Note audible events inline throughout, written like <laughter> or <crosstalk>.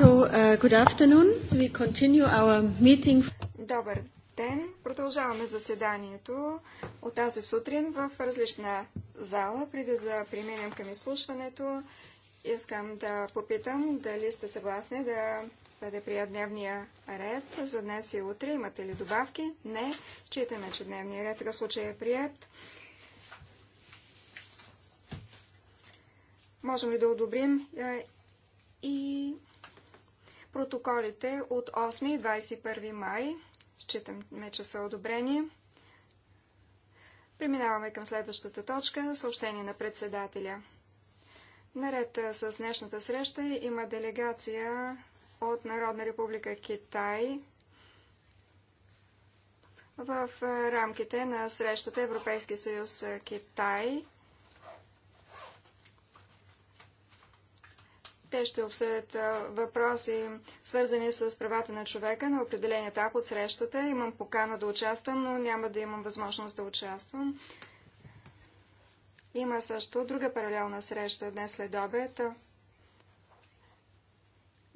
Uh, good afternoon. We continue our meeting. Добър ден. Продължаваме заседанието от тази сутрин в различна зала. Преди да преминем към изслушването, искам да попитам дали сте съгласни да бъде прият дневния ред за днес и утре. Имате ли добавки? Не. Читаме, че дневния ред в случай е прият. Можем ли да одобрим е, и Протоколите от 8 и 21 май, считаме, че са одобрени. Преминаваме към следващата точка – съобщение на председателя. Наред с днешната среща има делегация от Народна република Китай в рамките на срещата Европейски съюз Китай – Те ще обсъдят въпроси, свързани с правата на човека на определен етап от срещата. Имам покана да участвам, но няма да имам възможност да участвам. Има също друга паралелна среща днес след обед.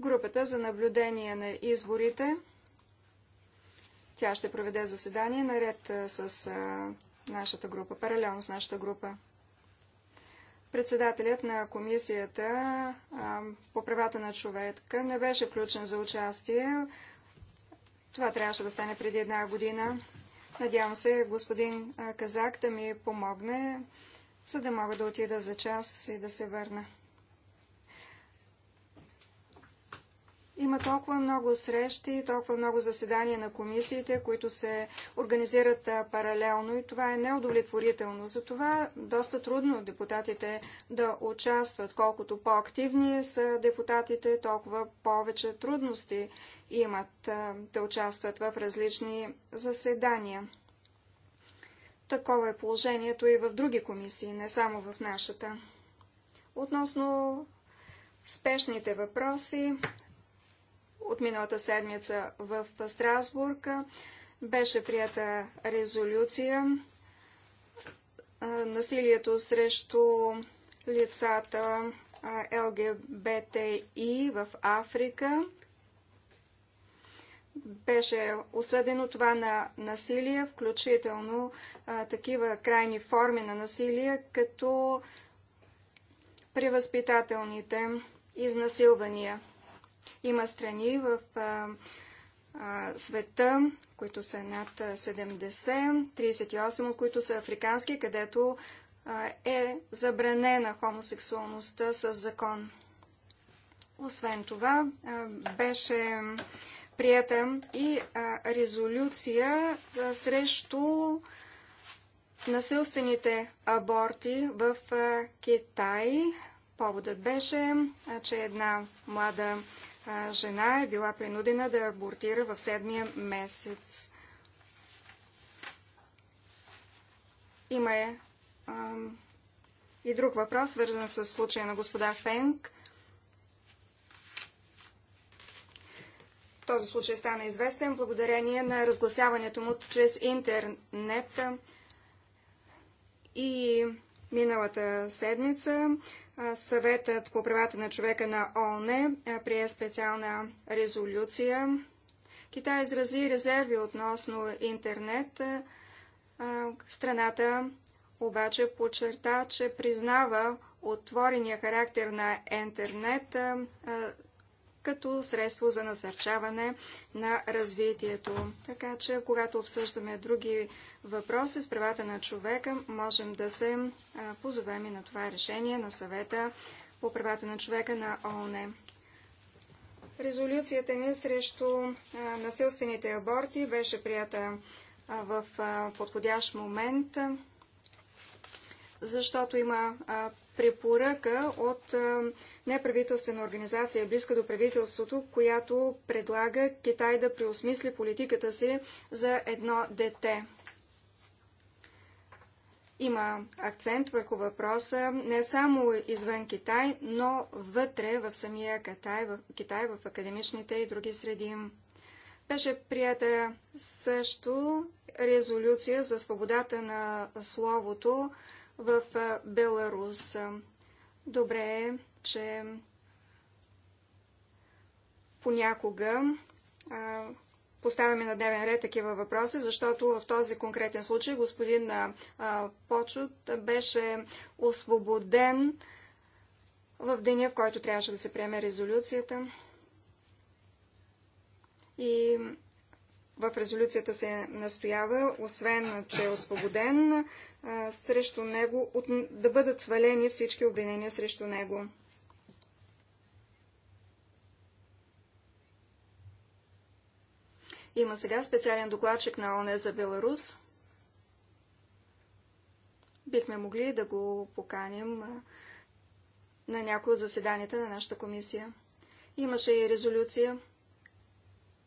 Групата за наблюдение на изборите. Тя ще проведе заседание наред с нашата група, паралелно с нашата група. Председателят на комисията по правата на човека не беше включен за участие. Това трябваше да стане преди една година. Надявам се господин Казак да ми помогне, за да мога да отида за час и да се върна. Има толкова много срещи, толкова много заседания на комисиите, които се организират паралелно и това е неудовлетворително. Затова доста трудно депутатите да участват. Колкото по-активни са депутатите, толкова повече трудности имат да участват в различни заседания. Такова е положението и в други комисии, не само в нашата. Относно спешните въпроси, от миналата седмица в Страсбург. Беше прията резолюция. Насилието срещу лицата ЛГБТИ в Африка беше осъдено това на насилие, включително а, такива крайни форми на насилие, като превъзпитателните изнасилвания. Има страни в света, които са над 70, 38 от които са африкански, където е забранена хомосексуалността с закон. Освен това, беше прията и резолюция срещу насилствените аборти в Китай. Поводът беше, че една млада жена е била принудена да абортира в седмия месец. Има е ам, и друг въпрос, свързан с случая на господа Фенк. Този случай стана известен благодарение на разгласяването му чрез интернет. И миналата седмица Съветът по правата на човека на ООН прие специална резолюция. Китай изрази резерви относно интернет. Страната обаче подчерта, че признава отворения характер на интернет като средство за насърчаване на развитието. Така че, когато обсъждаме други въпроси с правата на човека, можем да се позовем и на това решение на съвета по правата на човека на ООН. Резолюцията ни срещу насилствените аборти беше прията в подходящ момент, защото има препоръка от неправителствена организация, близка до правителството, която предлага Китай да преосмисли политиката си за едно дете. Има акцент върху въпроса не само извън Китай, но вътре в самия Китай, в, Китай, в академичните и други среди. Беше прията също резолюция за свободата на словото в Беларус. Добре е, че понякога поставяме на дневен ред такива въпроси, защото в този конкретен случай господин Почут беше освободен в деня, в който трябваше да се приеме резолюцията. И в резолюцията се настоява, освен, че е освободен, срещу него, от, да бъдат свалени всички обвинения срещу него. Има сега специален докладчик на ОНЕ за Беларус. Бихме могли да го поканим на някои от заседанията на нашата комисия. Имаше и резолюция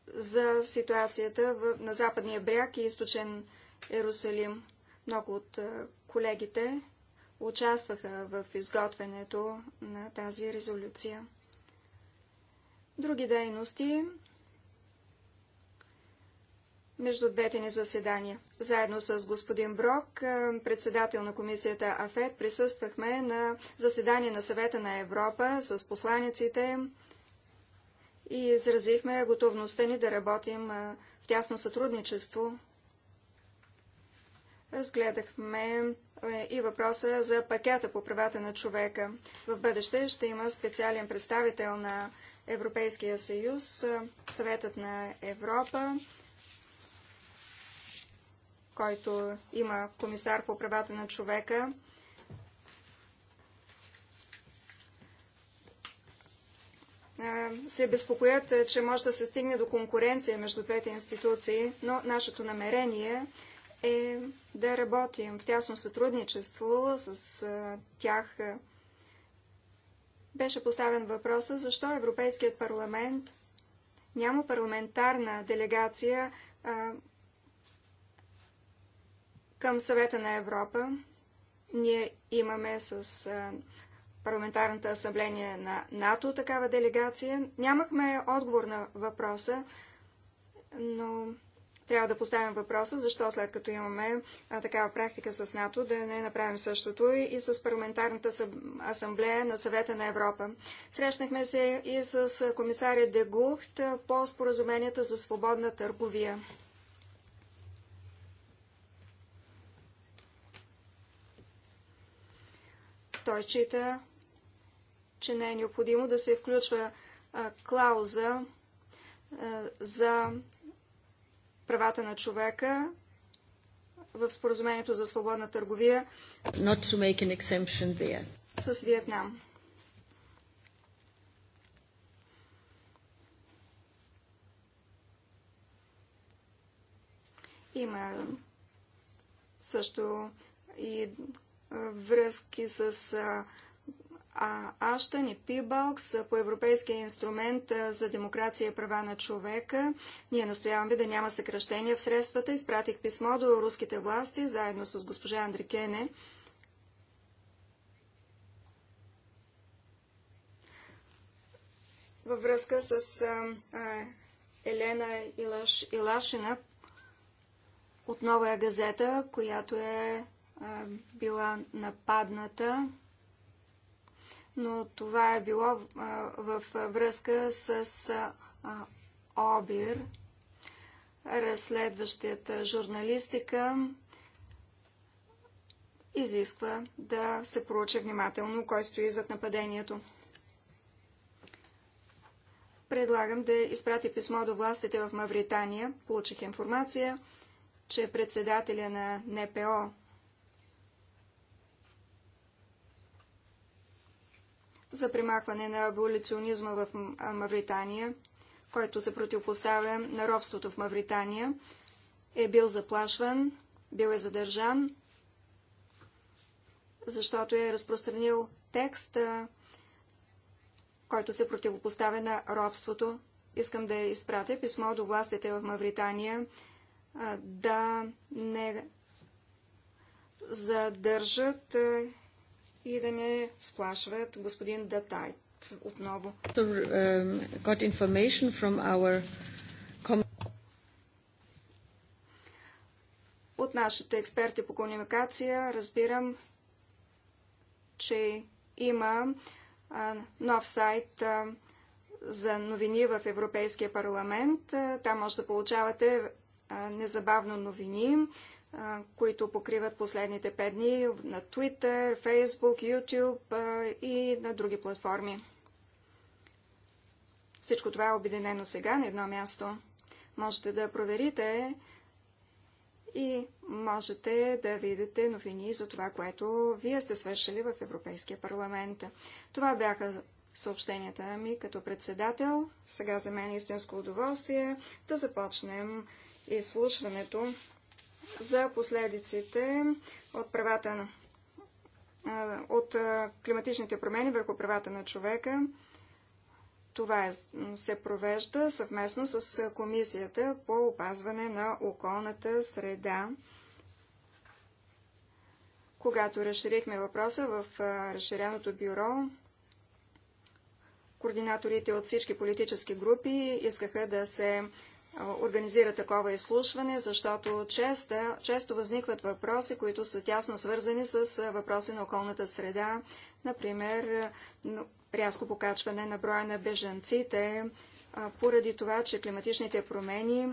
за ситуацията в, на Западния бряг и Източен Ерусалим. Много от е, колегите участваха в изготвянето на тази резолюция. Други дейности между двете ни заседания. Заедно с господин Брок, е, председател на комисията АФЕД, присъствахме на заседание на съвета на Европа с посланиците и изразихме готовността ни да работим е, в тясно сътрудничество Разгледахме е, и въпроса за пакета по правата на човека. В бъдеще ще има специален представител на Европейския съюз, е, Съветът на Европа, който има комисар по правата на човека. Е, се безпокоят, че може да се стигне до конкуренция между двете институции, но нашето намерение е е да работим в тясно сътрудничество с тях. Беше поставен въпроса защо Европейският парламент няма парламентарна делегация а, към съвета на Европа. Ние имаме с а, парламентарната асамблея на НАТО такава делегация. Нямахме отговор на въпроса, но трябва да поставим въпроса, защо след като имаме а, такава практика с НАТО, да не направим същото и, и с парламентарната асамблея на съвета на Европа. Срещнахме се и с комисаря Дегухт по споразуменията за свободна търговия. Той чита, че не е необходимо да се включва а, клауза а, за правата на човека в споразумението за свободна търговия с Виетнам. Има също и връзки с а Аштан и Пибалкс по Европейския инструмент за демокрация и права на човека. Ние настояваме да няма съкръщения в средствата. Изпратих писмо до руските власти, заедно с госпожа Андрикене. Във връзка с а, а, Елена Илаш, Илашина, от новая е газета, която е а, била нападната но това е било в връзка с Обир, разследващата журналистика изисква да се проучи внимателно кой стои зад нападението. Предлагам да изпрати писмо до властите в Мавритания. Получих информация, че председателя на НПО за примахване на аболиционизма в Мавритания, който се противопоставя на робството в Мавритания, е бил заплашван, бил е задържан, защото е разпространил текст, който се противопоставя на робството. Искам да изпратя писмо до властите в Мавритания да не задържат и да не сплашват господин Датайт отново. Um, От нашите експерти по комуникация разбирам, че има а, нов сайт а, за новини в Европейския парламент. Там може да получавате а, незабавно новини които покриват последните 5 дни на Twitter, Facebook, YouTube и на други платформи. Всичко това е обединено сега на едно място. Можете да проверите и можете да видите новини за това, което вие сте свършили в Европейския парламент. Това бяха съобщенията ми като председател. Сега за мен е истинско удоволствие да започнем изслушването за последиците от правата на от климатичните промени върху правата на човека. Това е, се провежда съвместно с Комисията по опазване на околната среда. Когато разширихме въпроса в разширеното бюро, координаторите от всички политически групи искаха да се организира такова изслушване, защото често, често възникват въпроси, които са тясно свързани с въпроси на околната среда, например рязко покачване на броя на бежанците, поради това, че климатичните промени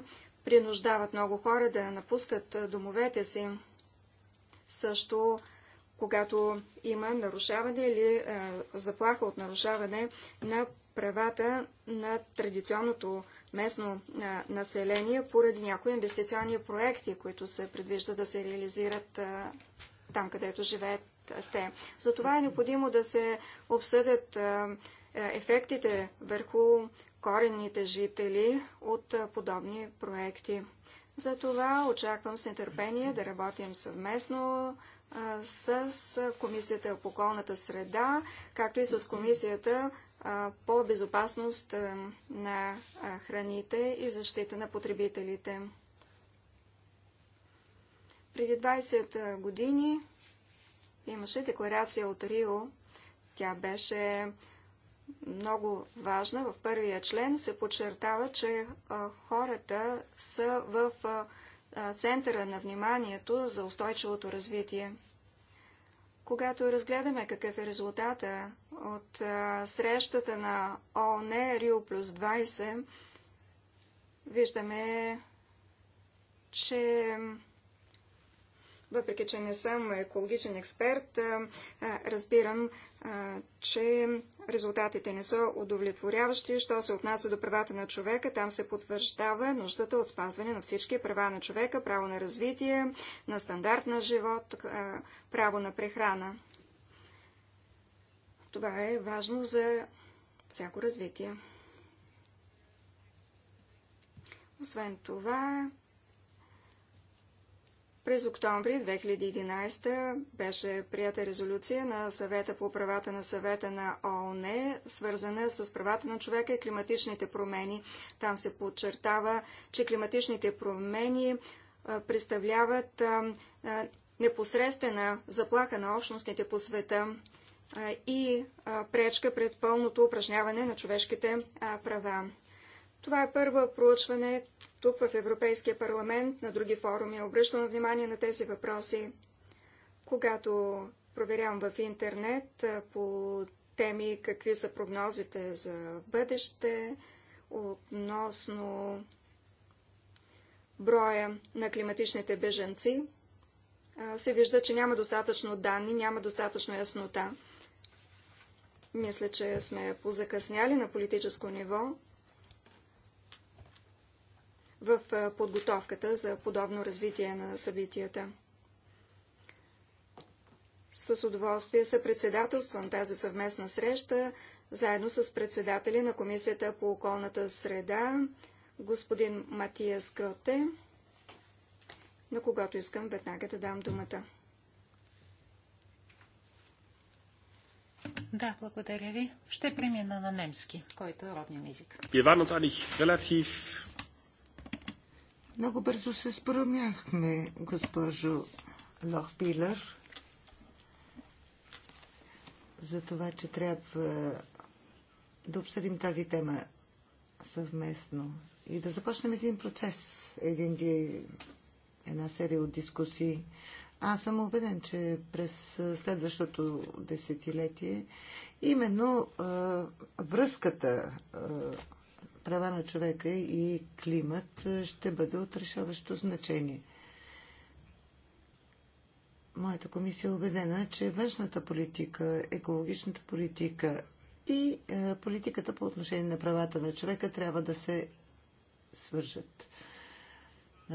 принуждават много хора да напускат домовете си. Също когато има нарушаване или заплаха от нарушаване на правата на традиционното местно население поради някои инвестиционни проекти, които се предвижда да се реализират там, където живеят те. Затова е необходимо да се обсъдят е, ефектите върху коренните жители от подобни проекти. Затова очаквам с нетърпение да работим съвместно с Комисията по околната среда, както и с Комисията по безопасност на храните и защита на потребителите. Преди 20 години имаше декларация от Рио. Тя беше много важна. В първия член се подчертава, че хората са в центъра на вниманието за устойчивото развитие. Когато разгледаме какъв е резултата от срещата на ООН Рио плюс 20, виждаме, че въпреки, че не съм екологичен експерт, разбирам, че резултатите не са удовлетворяващи. Що се отнася до правата на човека, там се потвърждава нуждата от спазване на всички права на човека, право на развитие, на стандарт на живот, право на прехрана. Това е важно за всяко развитие. Освен това, през октомври 2011 беше прията резолюция на съвета по правата на съвета на ООН, свързана с правата на човека и климатичните промени. Там се подчертава, че климатичните промени представляват непосредствена заплаха на общностите по света и пречка пред пълното упражняване на човешките права. Това е първо проучване тук в Европейския парламент, на други форуми. Обръщам внимание на тези въпроси. Когато проверявам в интернет по теми какви са прогнозите за бъдеще относно броя на климатичните беженци, се вижда, че няма достатъчно данни, няма достатъчно яснота. Мисля, че сме позакъсняли на политическо ниво в подготовката за подобно развитие на събитията. С удоволствие се председателствам тази съвместна среща, заедно с председатели на Комисията по околната среда, господин Матия Скроте, на когато искам веднага да дам думата. Да, благодаря ви. Ще премина на немски, който е родния език. Wir waren uns eigentlich relativ много бързо се спромяхме, госпожо Лохпилър, за това, че трябва да обсъдим тази тема съвместно и да започнем един процес, един, една серия от дискусии. Аз съм убеден, че през следващото десетилетие именно а, връзката а, права на човека и климат е, ще бъде от решаващо значение. Моята комисия е убедена, че външната политика, екологичната политика и е, политиката по отношение на правата на човека трябва да се свържат.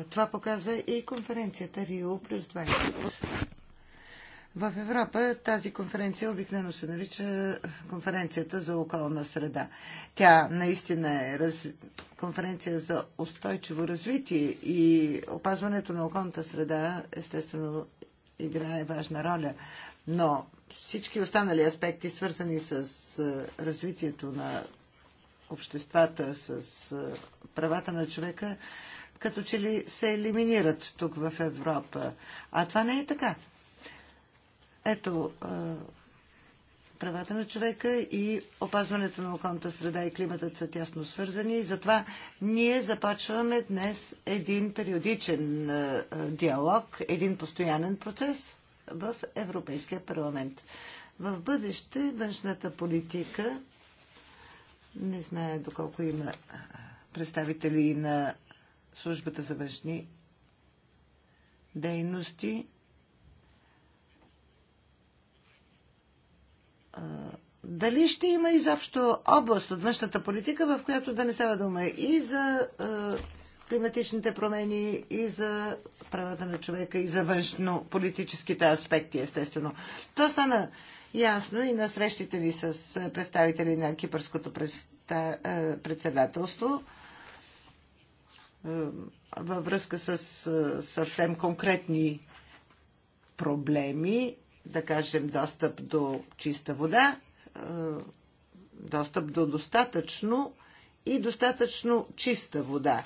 Това показа и конференцията Рио плюс 20. В Европа тази конференция обикновено се нарича конференцията за околна среда. Тя наистина е раз... конференция за устойчиво развитие и опазването на околната среда естествено играе важна роля. Но всички останали аспекти, свързани с развитието на обществата, с правата на човека, като че ли се елиминират тук в Европа. А това не е така. Ето, правата на човека и опазването на околната среда и климатът са тясно свързани. И затова ние започваме днес един периодичен диалог, един постоянен процес в Европейския парламент. В бъдеще външната политика, не знае доколко има представители на службата за външни дейности, дали ще има изобщо област от външната политика, в която да не става дума и за климатичните промени, и за правата на човека, и за външно-политическите аспекти, естествено. Това стана ясно и на срещите ни с представители на кипърското председателство във връзка с съвсем конкретни проблеми да кажем, достъп до чиста вода, достъп до достатъчно и достатъчно чиста вода,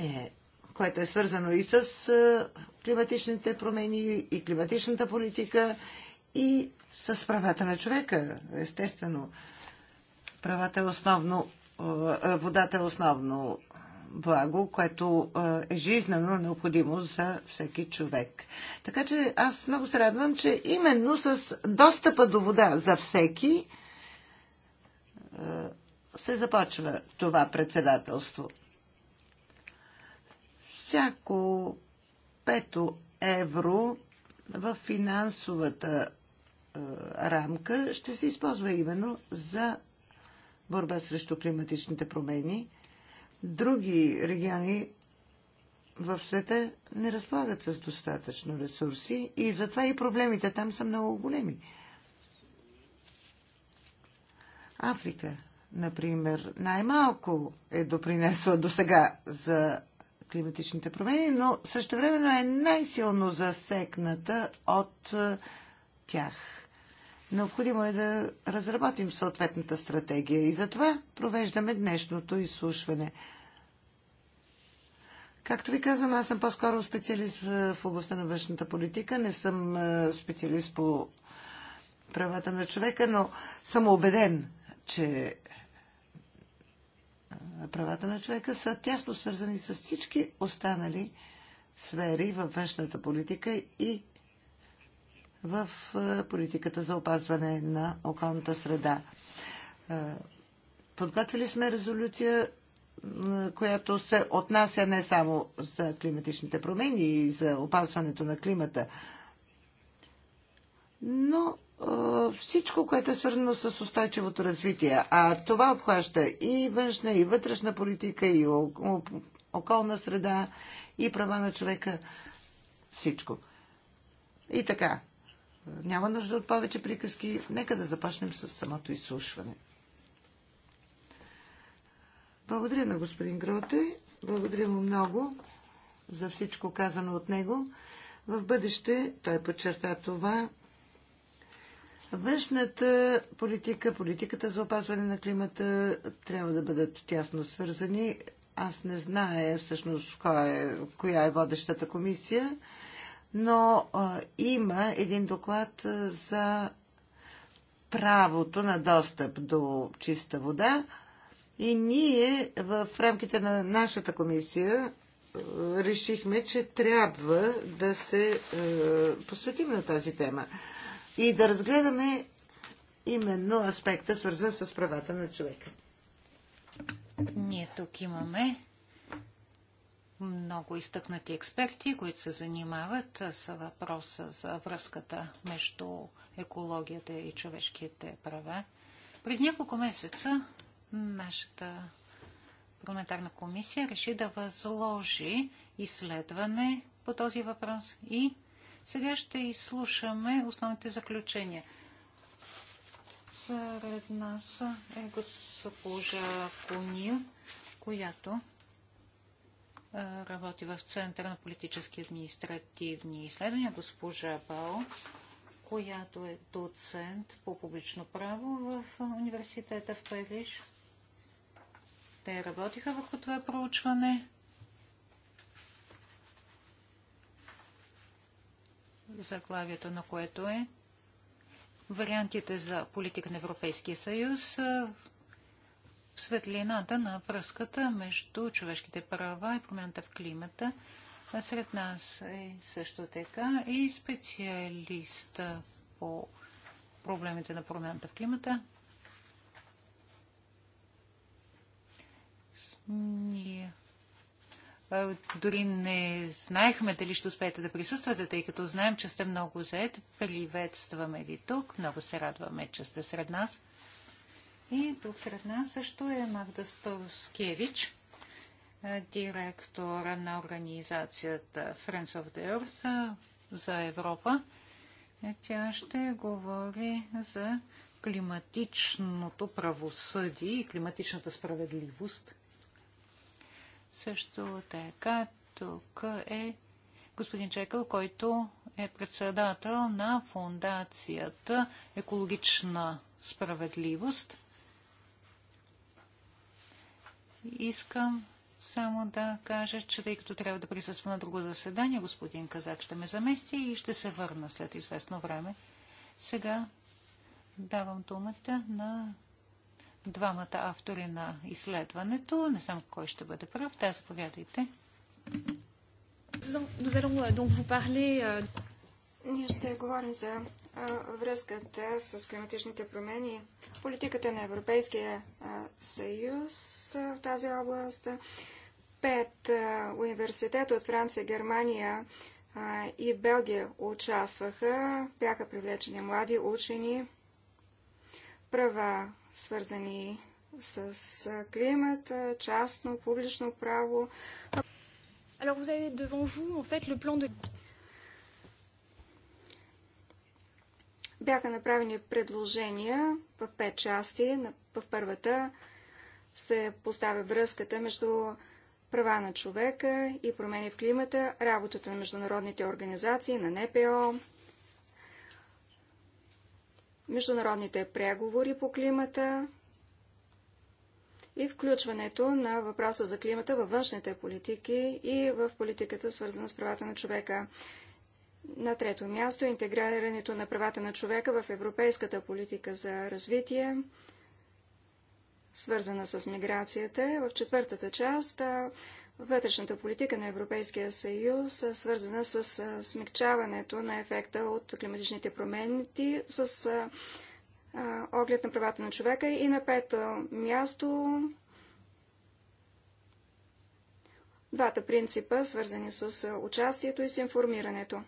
е, което е свързано и с климатичните промени, и климатичната политика, и с правата на човека, естествено. Правата е основно, водата е основно благо, което е жизнено необходимо за всеки човек. Така че аз много се радвам, че именно с достъпа до вода за всеки се започва това председателство. Всяко пето евро в финансовата рамка ще се използва именно за борба срещу климатичните промени други региони в света не разполагат с достатъчно ресурси и затова и проблемите там са много големи. Африка, например, най-малко е допринесла до сега за климатичните промени, но същевременно е най-силно засекната от е, тях. Необходимо е да разработим съответната стратегия и затова провеждаме днешното изслушване – Както ви казвам, аз съм по-скоро специалист в областта на външната политика. Не съм е, специалист по правата на човека, но съм убеден, че е, правата на човека са тясно свързани с всички останали сфери във външната политика и в е, политиката за опазване на околната среда. Подготвили сме резолюция която се отнася не само за климатичните промени и за опазването на климата, но всичко, което е свързано с устойчивото развитие. А това обхваща и външна, и вътрешна политика, и околна среда, и права на човека. Всичко. И така. Няма нужда от повече приказки. Нека да започнем с самото изслушване. Благодаря на господин Гроте. Благодаря му много за всичко казано от него. В бъдеще той подчерта това. Външната политика, политиката за опазване на климата трябва да бъдат тясно свързани. Аз не знае всъщност кой е, коя е водещата комисия, но а, има един доклад за правото на достъп до чиста вода. И ние в рамките на нашата комисия е, решихме, че трябва да се е, посветим на тази тема и да разгледаме именно аспекта, свързан с правата на човека. Ние тук имаме много изтъкнати експерти, които се занимават с въпроса за връзката между екологията и човешките права. Пред няколко месеца нашата парламентарна комисия реши да възложи изследване по този въпрос и сега ще изслушаме основните заключения. Сред нас е госпожа Конил, която работи в Центъра на политически и административни изследвания, госпожа Бао, която е доцент по публично право в университета в Париж – те работиха върху това проучване. Заглавието на което е вариантите за политика на Европейския съюз е в светлината на връзката между човешките права и промяната в климата. А сред нас е също така и специалист по проблемите на промяната в климата, Ние дори не знаехме дали ще успеете да присъствате, тъй като знаем, че сте много заед. Приветстваме ви тук. Много се радваме, че сте сред нас. И тук сред нас също е Магда Стоскевич, директора на организацията Friends of the Earth за Европа. Тя ще говори за климатичното правосъдие и климатичната справедливост. Също така тук е господин Чекъл, който е председател на фундацията Екологична справедливост. Искам само да кажа, че тъй като трябва да присъства на друго заседание, господин Казак ще ме замести и ще се върна след известно време. Сега давам думата на двамата автори на изследването. Не знам кой ще бъде прав. Да, заповядайте. Euh, euh, Ние ще говорим за връзката с климатичните промени, политиката на Европейския съюз в тази област. Пет университета от Франция, Германия и Белгия участваха. Бяха привлечени млади учени, права свързани с климата, частно, публично право. Alors vous avez devant vous en fait le plan de Бяха направени предложения в пет части. В първата се поставя връзката между права на човека и промени в климата, работата на международните организации, на НПО, международните преговори по климата и включването на въпроса за климата във външните политики и в политиката, свързана с правата на човека. На трето място е интегрирането на правата на човека в европейската политика за развитие, свързана с миграцията. В четвъртата част вътрешната политика на Европейския съюз, свързана с смягчаването на ефекта от климатичните промени с оглед на правата на човека и на пето място двата принципа, свързани с участието и с информирането.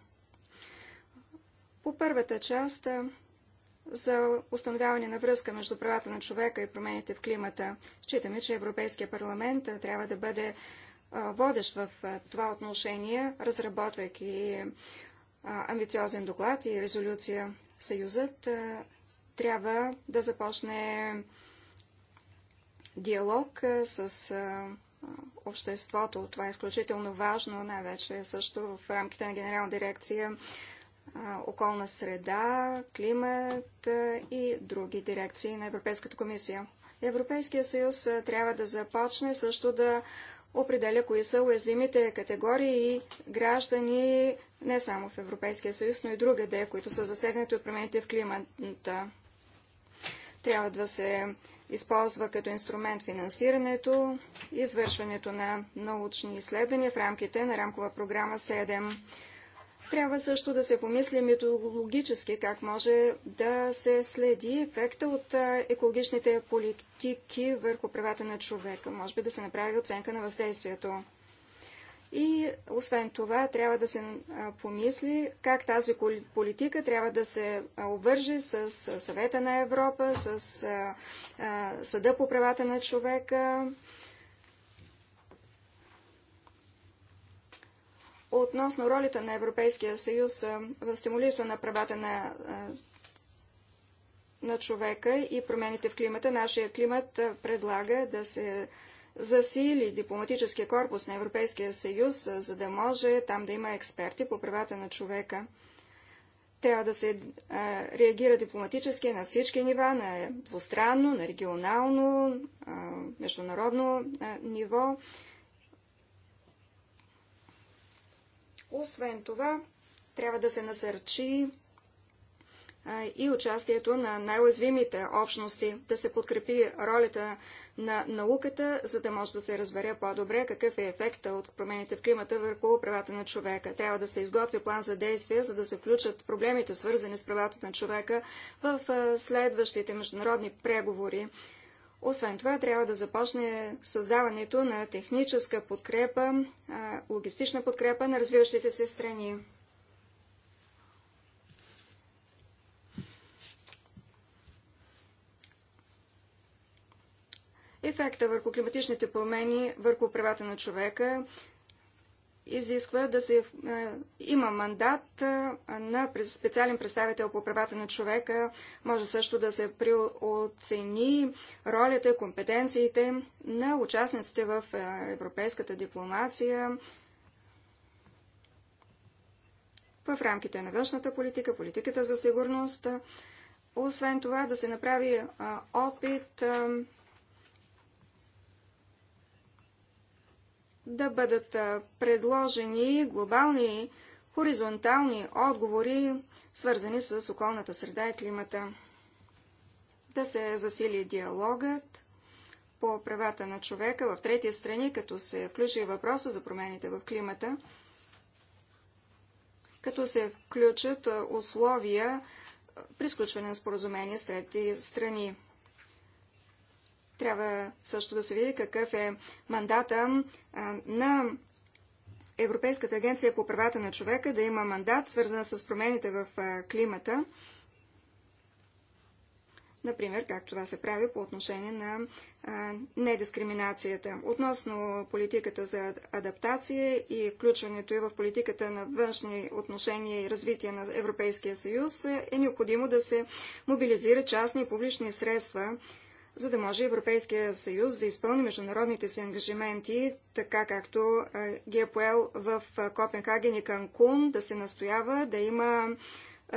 По първата част за установяване на връзка между правата на човека и промените в климата. Считаме, че Европейския парламент трябва да бъде водещ в това отношение, разработвайки амбициозен доклад и резолюция. Съюзът трябва да започне диалог с обществото. Това е изключително важно, най-вече също в рамките на Генерална дирекция околна среда, климат и други дирекции на Европейската комисия. Европейския съюз трябва да започне също да определя кои са уязвимите категории и граждани не само в Европейския съюз, но и другаде, които са засегнати от промените в климата. Трябва да се използва като инструмент финансирането, и извършването на научни изследвания в рамките на рамкова програма 7. Трябва също да се помисли методологически как може да се следи ефекта от екологичните политики върху правата на човека. Може би да се направи оценка на въздействието. И освен това, трябва да се помисли как тази политика трябва да се обвържи с съвета на Европа, с съда по правата на човека, Относно ролята на Европейския съюз в стимулирането на правата на, на човека и промените в климата, нашия климат предлага да се засили дипломатическия корпус на Европейския съюз, за да може там да има експерти по правата на човека. Трябва да се реагира дипломатически на всички нива, на двустранно, на регионално, международно ниво. Освен това, трябва да се насърчи и участието на най-уязвимите общности, да се подкрепи ролята на науката, за да може да се разбере по-добре какъв е ефекта от промените в климата върху правата на човека. Трябва да се изготви план за действие, за да се включат проблемите, свързани с правата на човека в следващите международни преговори освен това, трябва да започне създаването на техническа подкрепа, логистична подкрепа на развиващите се страни. Ефекта върху климатичните промени, върху правата на човека изисква да се е, има мандат е, на специален представител по правата на човека. Може също да се оцени ролята, компетенциите на участниците в е, европейската дипломация в рамките на външната политика, политиката за сигурност. Освен това да се направи опит да бъдат предложени глобални хоризонтални отговори, свързани с околната среда и климата. Да се засили диалогът по правата на човека в третия страни, като се включи въпроса за промените в климата, като се включат условия при сключване на споразумения с трети страни. Трябва също да се види какъв е мандата на Европейската агенция по правата на човека, да има мандат, свързан с промените в климата. Например, как това се прави по отношение на недискриминацията. Относно политиката за адаптация и включването и в политиката на външни отношения и развитие на Европейския съюз, е необходимо да се мобилизира частни и публични средства, за да може Европейския съюз да изпълни международните си ангажименти, така както ги е поел в Копенхаген и Канкун, да се настоява да има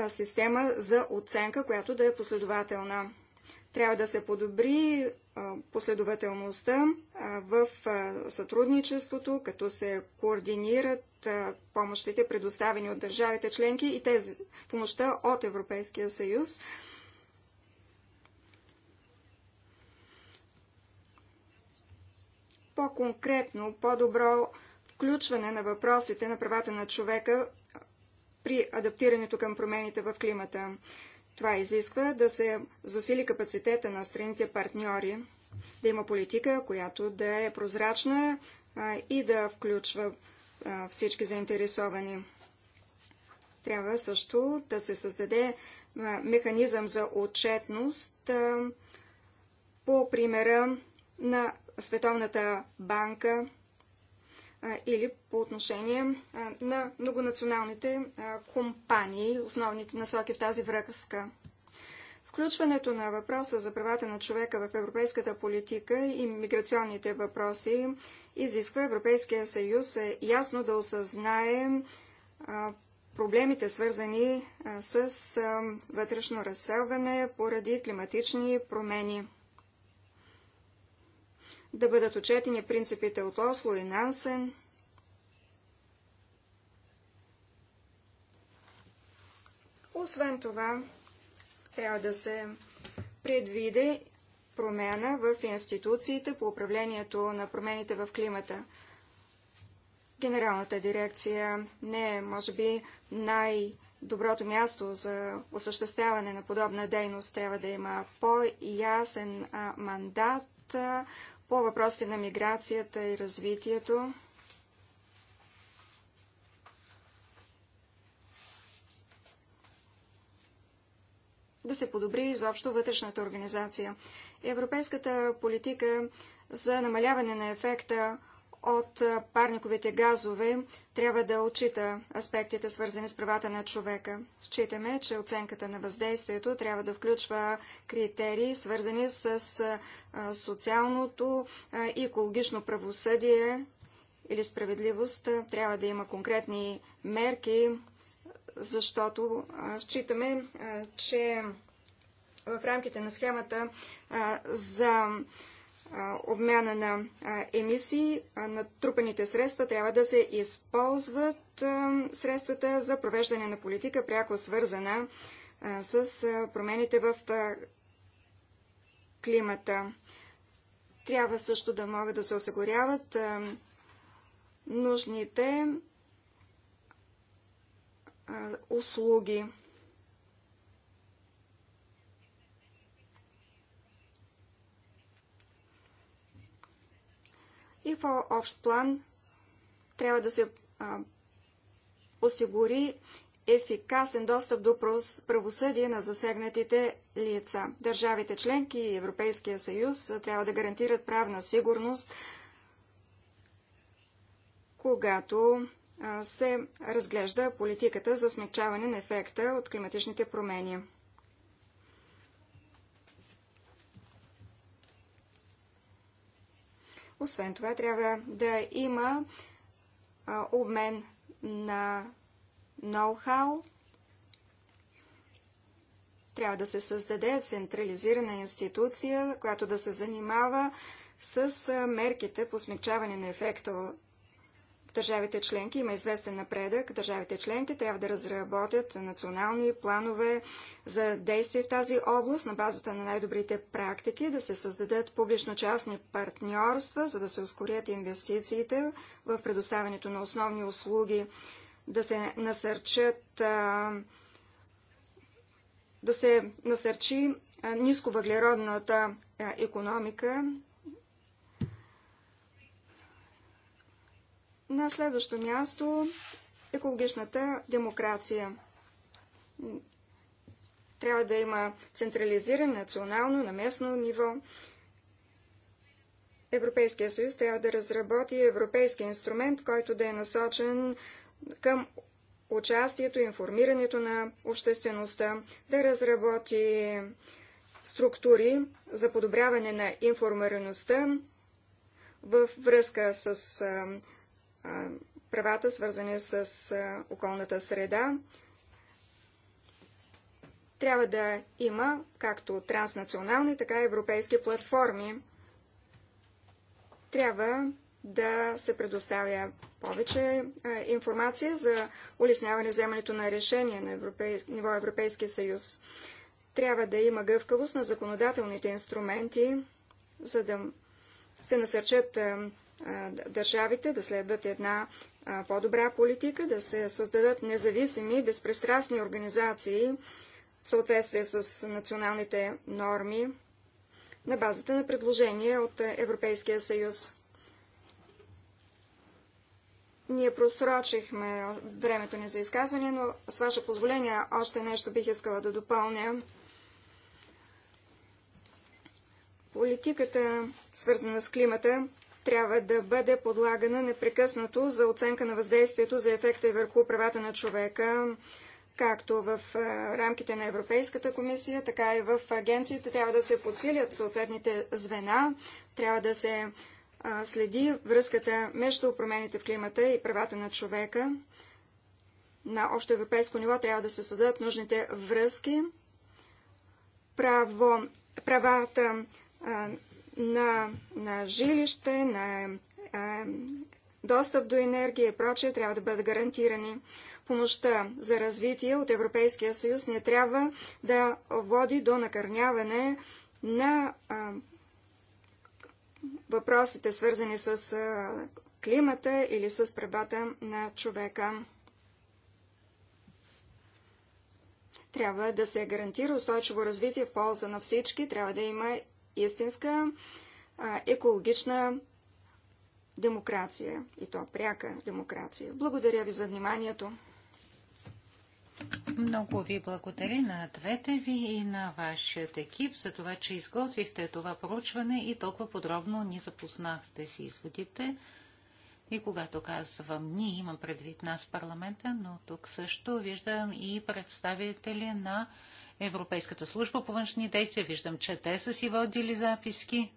система за оценка, която да е последователна. Трябва да се подобри последователността в сътрудничеството, като се координират помощите, предоставени от държавите членки и тези помощта от Европейския съюз по-конкретно, по-добро включване на въпросите на правата на човека при адаптирането към промените в климата. Това изисква да се засили капацитета на страните партньори, да има политика, която да е прозрачна и да включва всички заинтересовани. Трябва също да се създаде механизъм за отчетност по примера на Световната банка или по отношение на многонационалните компании, основните насоки в тази връзка. Включването на въпроса за правата на човека в европейската политика и миграционните въпроси изисква Европейския съюз ясно да осъзнае проблемите, свързани с вътрешно разселване поради климатични промени да бъдат отчетени принципите от Осло и Нансен. Освен това, трябва да се предвиде промяна в институциите по управлението на промените в климата. Генералната дирекция не е, може би, най-доброто място за осъществяване на подобна дейност. Трябва да има по-ясен мандат, по въпросите на миграцията и развитието. Да се подобри изобщо вътрешната организация. Европейската политика за намаляване на ефекта от парниковите газове трябва да отчита аспектите, свързани с правата на човека. Считаме, че оценката на въздействието трябва да включва критерии, свързани с социалното и екологично правосъдие или справедливост. Трябва да има конкретни мерки, защото считаме, че в рамките на схемата за обмяна на емисии, натрупаните средства трябва да се използват средствата за провеждане на политика, пряко свързана с промените в климата. Трябва също да могат да се осигуряват нужните услуги. И в общ план трябва да се а, осигури ефикасен достъп до правосъдие на засегнатите лица. Държавите членки и Европейския съюз трябва да гарантират правна сигурност, когато се разглежда политиката за смягчаване на ефекта от климатичните промени. Освен това, трябва да има обмен на ноу-хау. Трябва да се създаде централизирана институция, която да се занимава с мерките по смягчаване на ефекта държавите членки има известен напредък. Държавите членки трябва да разработят национални планове за действие в тази област на базата на най-добрите практики, да се създадат публично-частни партньорства, за да се ускорят инвестициите в предоставянето на основни услуги, да се насърчат да се насърчи нисковъглеродната економика На следващо място екологичната демокрация. Трябва да има централизиран национално, на местно ниво. Европейския съюз трябва да разработи европейски инструмент, който да е насочен към участието и информирането на обществеността, да разработи структури за подобряване на информираността във връзка с правата, свързани с околната среда. Трябва да има както транснационални, така и европейски платформи. Трябва да се предоставя повече информация за улесняване вземането на решения на европей... ниво Европейски съюз. Трябва да има гъвкавост на законодателните инструменти, за да се насърчат държавите да следват една по-добра политика, да се създадат независими, безпристрастни организации в съответствие с националните норми на базата на предложения от Европейския съюз. Ние просрочихме времето ни за изказване, но с ваше позволение още нещо бих искала да допълня. Политиката, свързана с климата, трябва да бъде подлагана непрекъснато за оценка на въздействието за ефекта върху правата на човека, както в рамките на Европейската комисия, така и в агенциите трябва да се подсилят съответните звена, трябва да се следи връзката между промените в климата и правата на човека. На общо европейско ниво трябва да се създадат нужните връзки. Право, правата на, на жилище, на е, достъп до енергия и прочее трябва да бъдат гарантирани. Помощта за развитие от Европейския съюз не трябва да води до накърняване на е, въпросите, свързани с е, климата или с правата на човека. Трябва да се гарантира устойчиво развитие в полза на всички, трябва да има истинска екологична демокрация и то пряка демокрация. Благодаря ви за вниманието. Много ви благодаря на двете ви и на вашият екип за това, че изготвихте това поручване и толкова подробно ни запознахте с изводите. И когато казвам ние, имам предвид нас парламента, но тук също виждам и представители на Европейската служба по външни действия. Виждам, че те са си водили записки.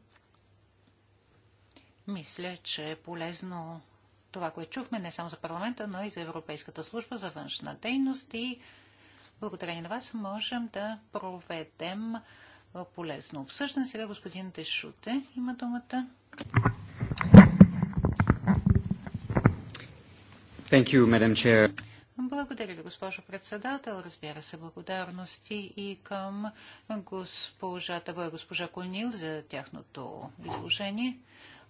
Мисля, че е полезно това, което чухме не само за парламента, но и за Европейската служба за външна дейност и благодарение на вас можем да проведем полезно обсъждане. Сега господин Дешуте има думата. Thank you, Madam Chair. Благодаря ви, госпожо председател. Разбира се, благодарности и към госпожа Таба и госпожа Конил за тяхното изложение.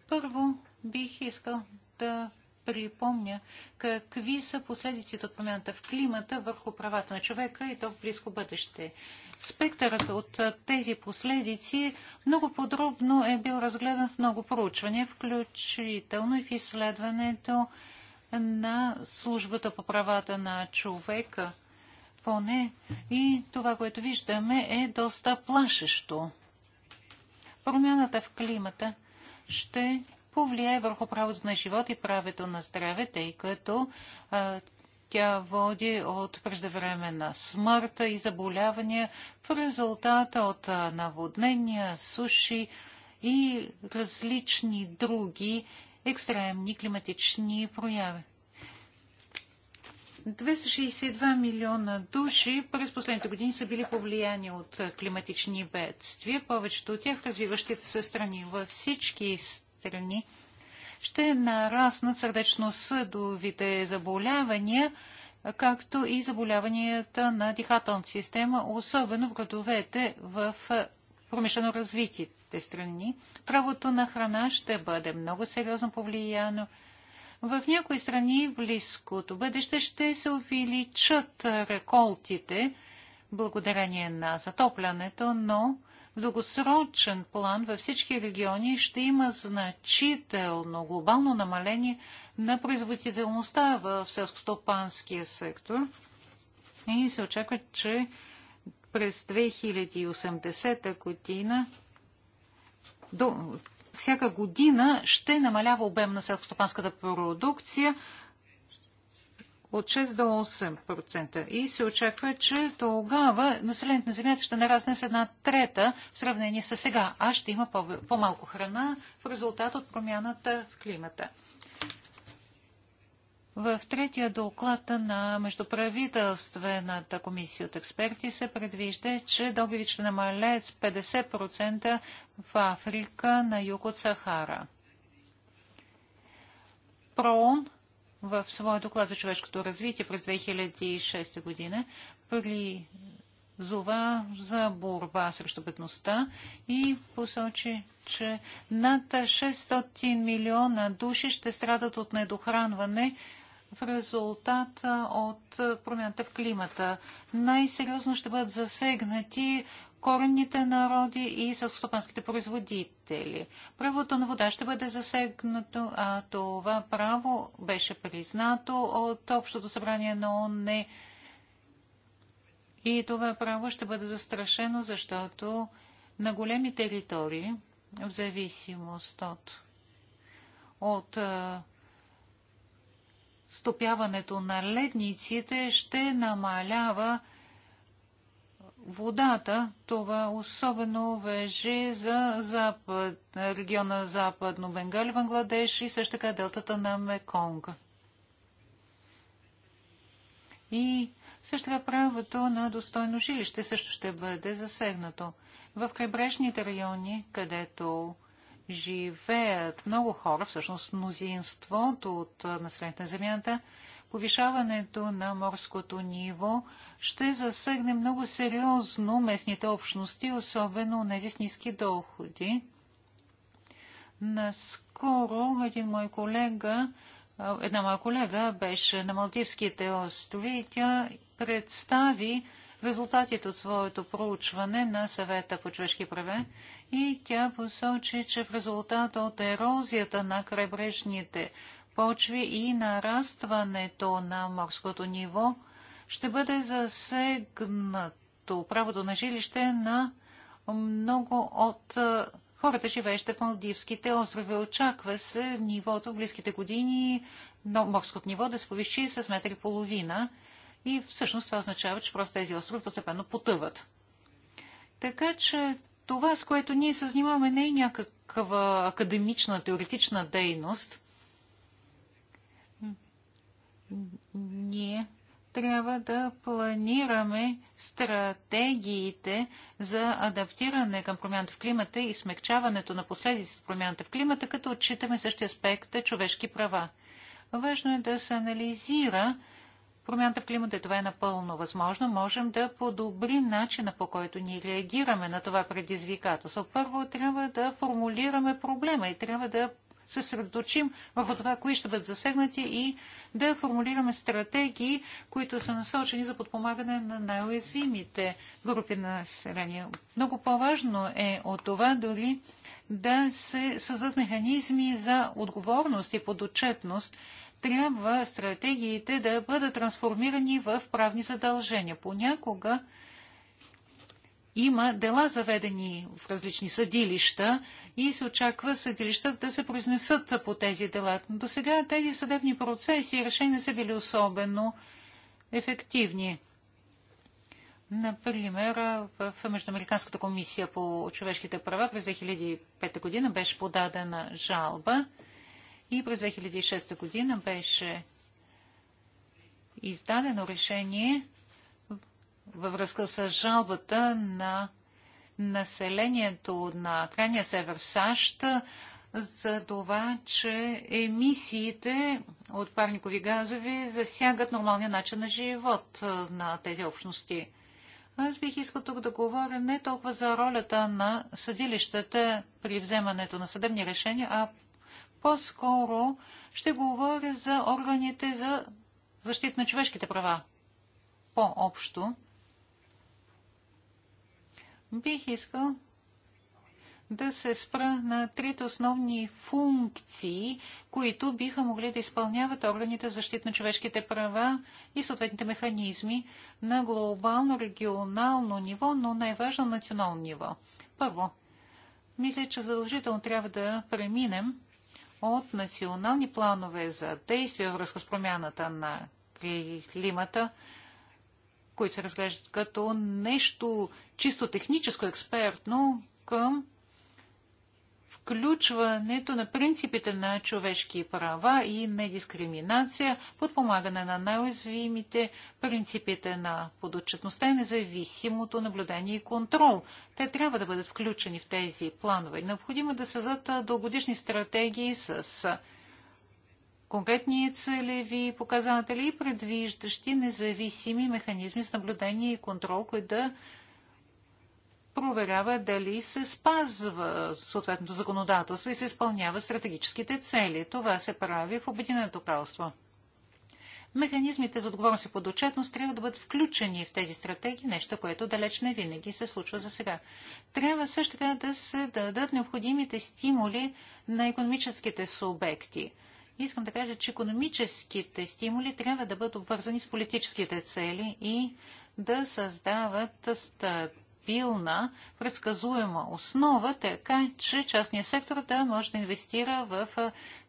Първо бих искал да припомня какви са последиците от промяната в климата върху правата на човека и то в близко бъдеще. Спектърът от тези последици много подробно е бил разгледан в много проучвания, включително и в изследването на службата по правата на човека, поне и това, което виждаме, е доста плашещо. Промяната в климата ще повлияе върху правото на живот и правото на здраве, тъй като а, тя води от преждевременна смърт и заболявания в резултата от наводнения, суши и различни други екстремни климатични прояви. 262 милиона души през последните години са били повлияни от климатични бедствия, повечето от тях в развиващите се страни. Във всички страни ще нараснат сърдечно-съдовите заболявания, както и заболяванията на дихателната система, особено в градовете в промишлено развитите развиващите страни, правото на храна ще бъде много сериозно повлияно. В някои страни в близкото бъдеще ще се увеличат реколтите благодарение на затоплянето, но в дългосрочен план във всички региони ще има значително глобално намаление на производителността в селскостопанския сектор и се очаква, че през 2080 година до, всяка година ще намалява обем на селскостопанската продукция от 6 до 8%. И се очаква, че тогава населението на Земята ще нарасне с една трета в сравнение с сега, а ще има по-малко храна в резултат от промяната в климата. В третия доклад на Междуправителствената комисия от експерти се предвижда, че добивите ще намалят с 50% в Африка на юг от Сахара. ПРООН в своя доклад за човешкото развитие през 2006 година при зова за борба срещу бедността и посочи, че над 600 милиона души ще страдат от недохранване в резултат от промяната в климата. Най-сериозно ще бъдат засегнати коренните народи и селскостопанските производители. Правото на вода ще бъде засегнато, а това право беше признато от Общото събрание на ООН. И това право ще бъде застрашено, защото на големи територии, в зависимост от, от стопяването на ледниците ще намалява водата. Това особено вежи за запад, региона Западно Бенгали, Бангладеш и също така делтата на Меконг. И също така правото на достойно жилище също ще бъде засегнато. В крайбрежните райони, където живеят много хора, всъщност мнозинството от населението на Земята, повишаването на морското ниво ще засегне много сериозно местните общности, особено тези с ниски доходи. Наскоро един мой колега, една моя колега беше на Малтивските острови и тя представи резултатите от своето проучване на съвета по човешки права и тя посочи, че в резултат от ерозията на крайбрежните почви и нарастването на морското ниво ще бъде засегнато правото на жилище на много от хората, живеещи в Малдивските острови. Очаква се нивото в близките години, но морското ниво да се повиши с метри половина. И всъщност това означава, че просто тези острови постепенно потъват. Така че това, с което ние се занимаваме, не е някаква академична, теоретична дейност. Ние трябва да планираме стратегиите за адаптиране към промяната в климата и смягчаването на последиците от промяната в климата, като отчитаме същия аспект човешки права. Важно е да се анализира промяната в климата, това е напълно възможно, можем да подобрим начина по който ние реагираме на това предизвикателство. Първо трябва да формулираме проблема и трябва да се съсредоточим върху това, кои ще бъдат засегнати и да формулираме стратегии, които са насочени за подпомагане на най-уязвимите групи на население. Много по-важно е от това дори да се създадат механизми за отговорност и подотчетност – трябва стратегиите да бъдат трансформирани в правни задължения. Понякога има дела заведени в различни съдилища и се очаква съдилища да се произнесат по тези дела. Но до сега тези съдебни процеси и решения са били особено ефективни. Например, в Междуамериканската комисия по човешките права през 2005 година беше подадена жалба и през 2006 година беше издадено решение във връзка с жалбата на населението на крайния север в САЩ за това, че емисиите от парникови газови засягат нормалния начин на живот на тези общности. Аз бих искал тук да говоря не толкова за ролята на съдилищата при вземането на съдебни решения, а по-скоро ще говоря за органите за защита на човешките права. По-общо бих искал да се спра на трите основни функции, които биха могли да изпълняват органите за защита на човешките права и съответните механизми на глобално, регионално ниво, но най-важно национално ниво. Първо, мисля, че задължително трябва да преминем от национални планове за действия във връзка с промяната на климата, които се разглеждат като нещо чисто техническо, експертно към включването на принципите на човешки права и на дискриминация, подпомагане на най-уязвимите, принципите на подотчетността и независимото наблюдение и контрол. Те трябва да бъдат включени в тези планове. Необходимо е да създадат дългодишни стратегии с конкретни целеви показатели и предвиждащи независими механизми с наблюдение и контрол, които да проверява дали се спазва съответното законодателство и се изпълнява стратегическите цели. Това се прави в Обединеното кралство. Механизмите за отговорност и подотчетност трябва да бъдат включени в тези стратегии, нещо, което далеч не винаги се случва за сега. Трябва също така да се дадат необходимите стимули на економическите субекти. Искам да кажа, че економическите стимули трябва да бъдат обвързани с политическите цели и да създават стъп стабилна, предсказуема основа, така че частният сектор да може да инвестира в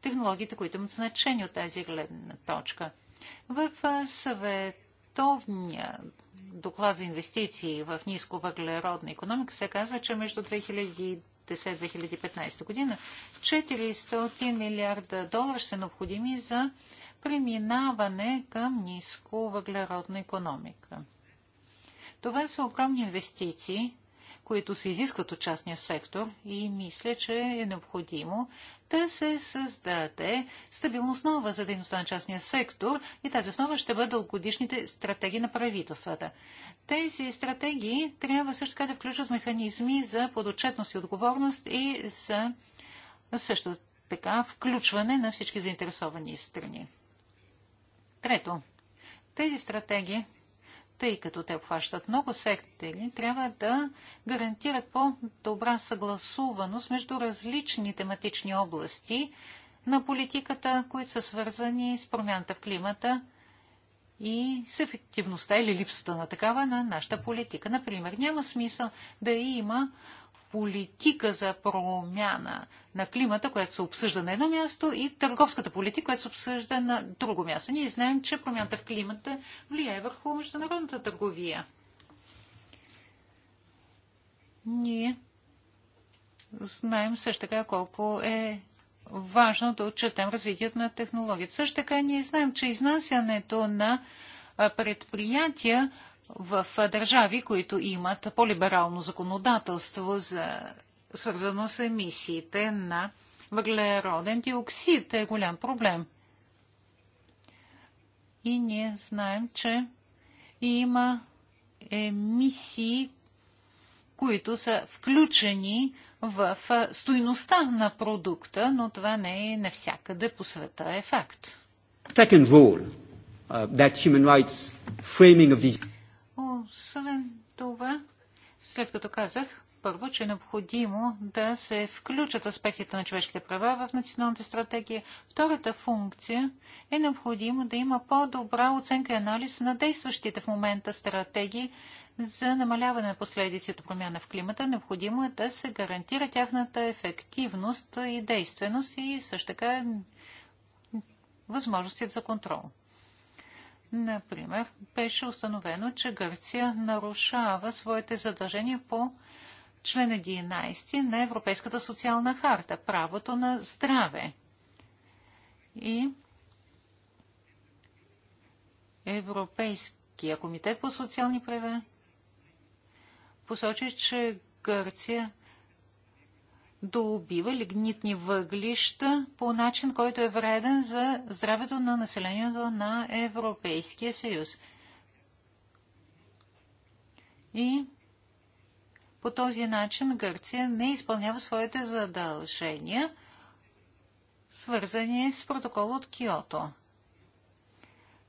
технологиите, които имат значение от тази гледна точка. В съветовния доклад за инвестиции в ниско въглеродна економика се казва, че между 2010 2015 година 400 милиарда долара ще са необходими за преминаване към ниско въглеродна економика. Това са огромни инвестиции, които се изискват от частния сектор и мисля, че е необходимо да се създаде стабилна основа за дейността на частния сектор и тази основа ще бъде дългогодишните стратегии на правителствата. Тези стратегии трябва също така да включват механизми за подотчетност и отговорност и за също така включване на всички заинтересовани страни. Трето, тези стратегии тъй като те обхващат много сектори, трябва да гарантират по-добра съгласуваност между различни тематични области на политиката, които са свързани с промяната в климата и с ефективността или липсата на такава на нашата политика. Например, няма смисъл да има политика за промяна на климата, която се обсъжда на едно място, и търговската политика, която се обсъжда на друго място. Ние знаем, че промяната в климата влияе върху международната търговия. Ние знаем също така колко е важно да отчетем развитието на технологията. Също така ние знаем, че изнасянето на предприятия в държави, които имат по-либерално законодателство, за, свързано с емисиите на въглероден диоксид, е голям проблем. И ние знаем, че има емисии, които са включени в стойността на продукта, но това не е навсякъде по света е факт. Second rule, uh, that human rights framing of these освен това, след като казах, първо, че е необходимо да се включат аспектите на човешките права в националната стратегия. Втората функция е необходимо да има по-добра оценка и анализ на действащите в момента стратегии за намаляване на последиците промяна в климата. Необходимо е да се гарантира тяхната ефективност и действеност и също така възможности за контрол. Например, беше установено, че Гърция нарушава своите задължения по член 11 на Европейската социална харта – правото на здраве. И Европейския комитет по социални права посочи, че Гърция убива лигнитни въглища по начин, който е вреден за здравето на населението на Европейския съюз. И по този начин Гърция не изпълнява своите задължения, свързани с протокол от Киото.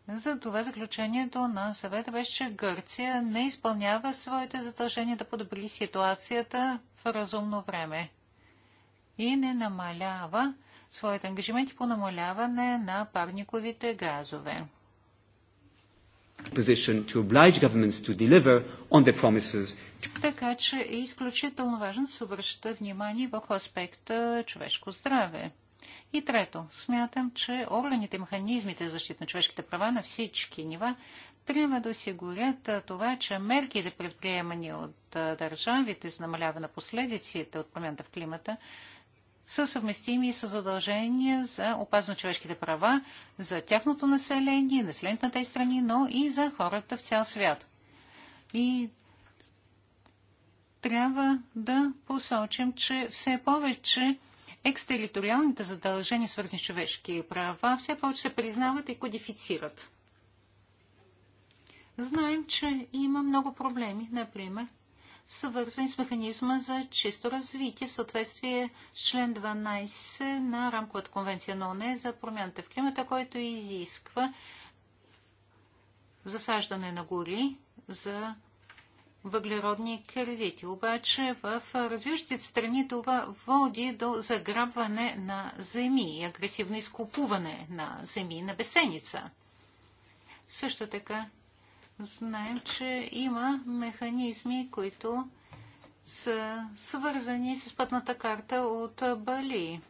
За това заключението на съвета беше, че Гърция не изпълнява своите задължения да подобри ситуацията в разумно време и не намалява своите ангажименти по намаляване на парниковите газове. Така че е изключително важно да се обръща внимание върху аспекта човешко здраве. И трето, смятам, че органите, механизмите за защита на човешките права на всички нива трябва да осигурят това, че мерките, предприемани от държавите за намаляване на последиците от промяната в климата, са съвместими с задължения за опазване на човешките права, за тяхното население, населението на тези страни, но и за хората в цял свят. И трябва да посочим, че все повече екстериториалните задължения, свързани с човешки права, все повече се признават и кодифицират. Знаем, че има много проблеми, например, свързани с механизма за чисто развитие в съответствие с член 12 на рамковата конвенция на ОНЕ за промяната в климата, който изисква засаждане на гори за въглеродни кредити. Обаче в развиващите страни това води до заграбване на земи и агресивно изкупуване на земи на бесеница. Също така знаем, че има механизми, които са свързани с пътната карта от Бали.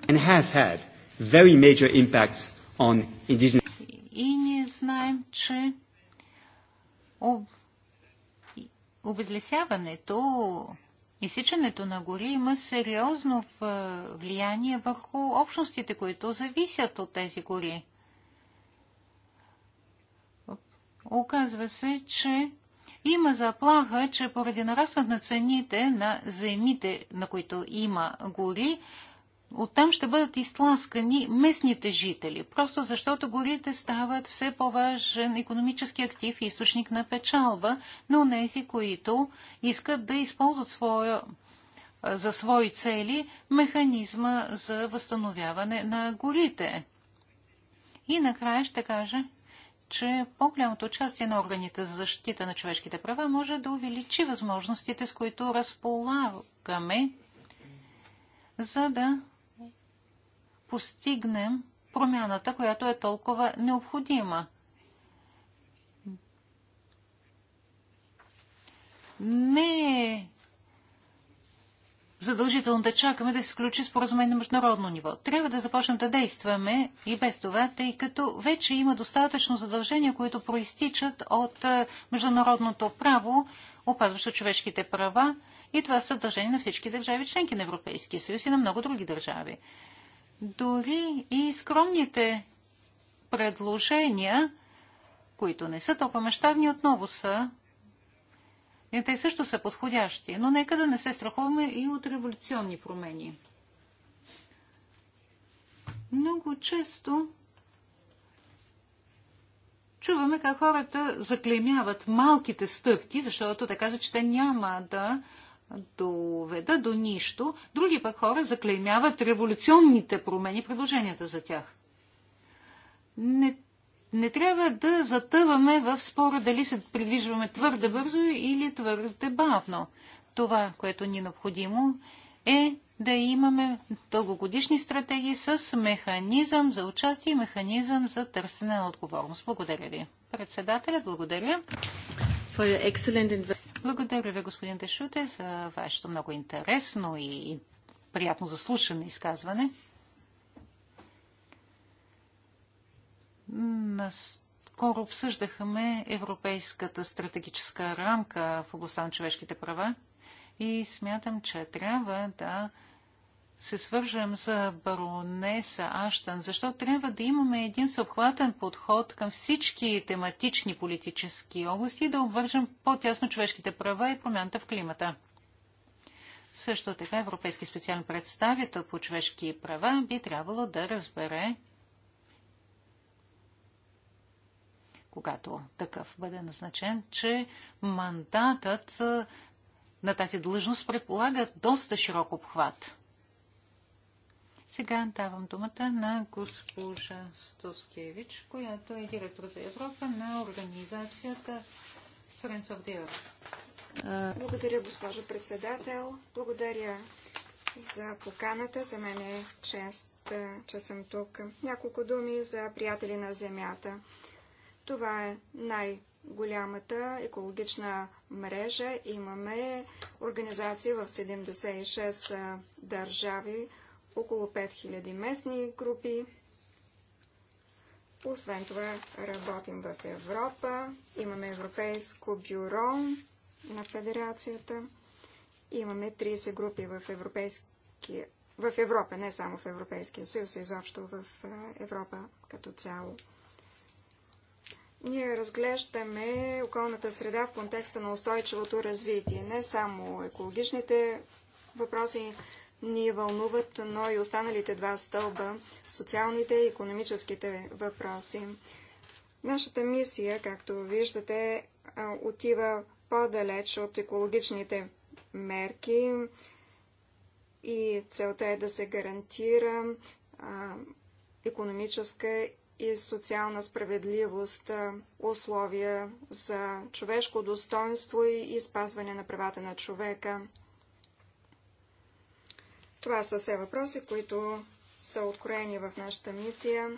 And has had very major impacts on indigenous... И ние знаем, че об... обезлесяването, изсичането на гори има сериозно влияние върху общностите, които зависят от тези гори. оказва се, че има заплаха, че поради нарастват на цените на земите, на които има гори, оттам ще бъдат изтласкани местните жители, просто защото горите стават все по-важен економически актив и източник на печалба на тези, които искат да използват своя, за свои цели механизма за възстановяване на горите. И накрая ще кажа, че по-голямото участие на органите за защита на човешките права може да увеличи възможностите, с които разполагаме, за да постигнем промяната, която е толкова необходима. Не е задължително да чакаме да се включи споразумение на международно ниво. Трябва да започнем да действаме и без това, тъй като вече има достатъчно задължения, които проистичат от е, международното право, опазващо човешките права и това са задължения на всички държави, членки на Европейския съюз и на много други държави. Дори и скромните предложения, които не са толкова мащабни, отново са е, те също са подходящи, но нека да не се страхуваме и от революционни промени. Много често чуваме как хората заклемяват малките стъпки, защото те казват, че те няма да доведа до нищо. Други пък хора заклеймяват революционните промени, предложенията за тях. Не не трябва да затъваме в спора дали се придвижваме твърде бързо или твърде бавно. Това, което ни е необходимо, е да имаме дългогодишни стратегии с механизъм за участие и механизъм за търсене на отговорност. Благодаря ви. Председателят, благодаря. Благодаря ви, господин Дешуте, за вашето много интересно и приятно заслушане изказване. Наскоро обсъждахме Европейската стратегическа рамка в областта на човешките права и смятам, че трябва да се свържем за баронеса Аштан, защото трябва да имаме един съобхватен подход към всички тематични политически области и да обвържем по-тясно човешките права и промяната в климата. Също така Европейски специален представител по човешки права би трябвало да разбере когато такъв бъде назначен, че мандатът на тази длъжност предполага доста широк обхват. Сега давам думата на госпожа Стоскевич, която е директор за Европа на организацията Friends of the Earth. Благодаря, госпожо председател. Благодаря за поканата. За мен е чест, че съм тук. Няколко думи за приятели на земята. Това е най-голямата екологична мрежа. Имаме организации в 76 държави, около 5000 местни групи. Освен това работим в Европа, имаме Европейско бюро на Федерацията, имаме 30 групи в, европейски... в Европа, не само в Европейския съюз, изобщо в Европа като цяло. Ние разглеждаме околната среда в контекста на устойчивото развитие. Не само екологичните въпроси ни вълнуват, но и останалите два стълба – социалните и економическите въпроси. Нашата мисия, както виждате, отива по-далеч от екологичните мерки и целта е да се гарантира економическа и социална справедливост, условия за човешко достоинство и спазване на правата на човека. Това са все въпроси, които са откроени в нашата мисия.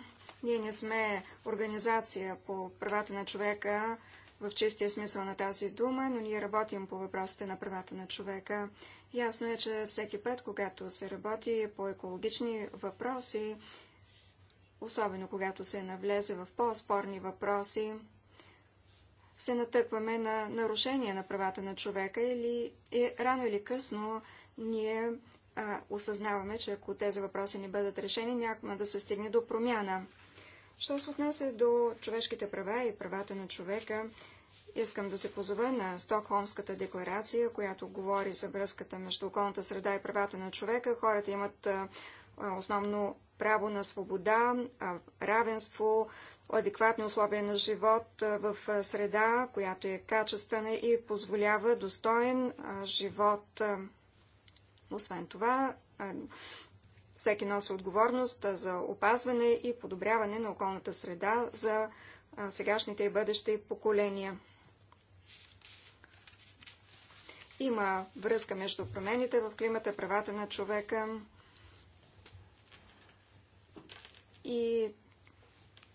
Ние не сме организация по правата на човека в чистия смисъл на тази дума, но ние работим по въпросите на правата на човека. Ясно е, че всеки път, когато се работи по екологични въпроси, особено когато се навлезе в по-спорни въпроси, се натъкваме на нарушение на правата на човека или и рано или късно ние а, осъзнаваме, че ако тези въпроси не бъдат решени, няма да се стигне до промяна. Що се отнася до човешките права и правата на човека, искам да се позова на Стокхолмската декларация, която говори за връзката между околната среда и правата на човека. Хората имат а, основно право на свобода, равенство, адекватни условия на живот в среда, която е качествена и позволява достоен живот. Освен това, всеки носи отговорност за опазване и подобряване на околната среда за сегашните и бъдещи поколения. Има връзка между промените в климата, правата на човека, и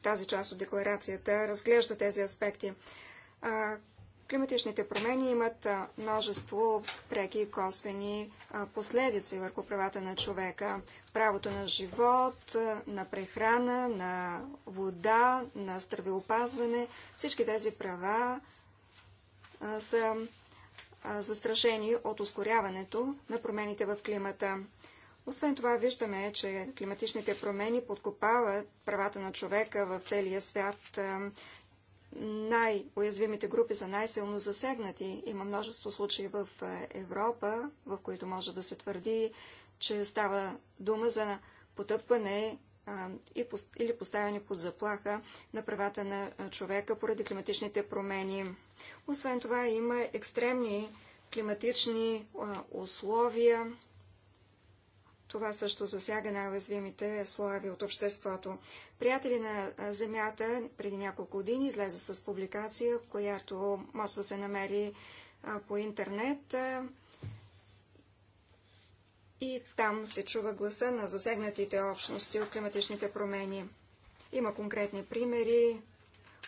тази част от декларацията разглежда тези аспекти. климатичните промени имат множество преки и косвени последици върху правата на човека. Правото на живот, на прехрана, на вода, на здравеопазване. Всички тези права са застрашени от ускоряването на промените в климата. Освен това, виждаме, че климатичните промени подкопават правата на човека в целия свят. Е, най-уязвимите групи са най-силно засегнати. Има множество случаи в е, Европа, в които може да се твърди, че става дума за потъпване е, или поставяне под заплаха на правата на човека поради климатичните промени. Освен това има екстремни климатични условия, това също засяга най-уязвимите слоеви от обществото. Приятели на Земята преди няколко години излезе с публикация, която може да се намери по интернет. и там се чува гласа на засегнатите общности от климатичните промени. Има конкретни примери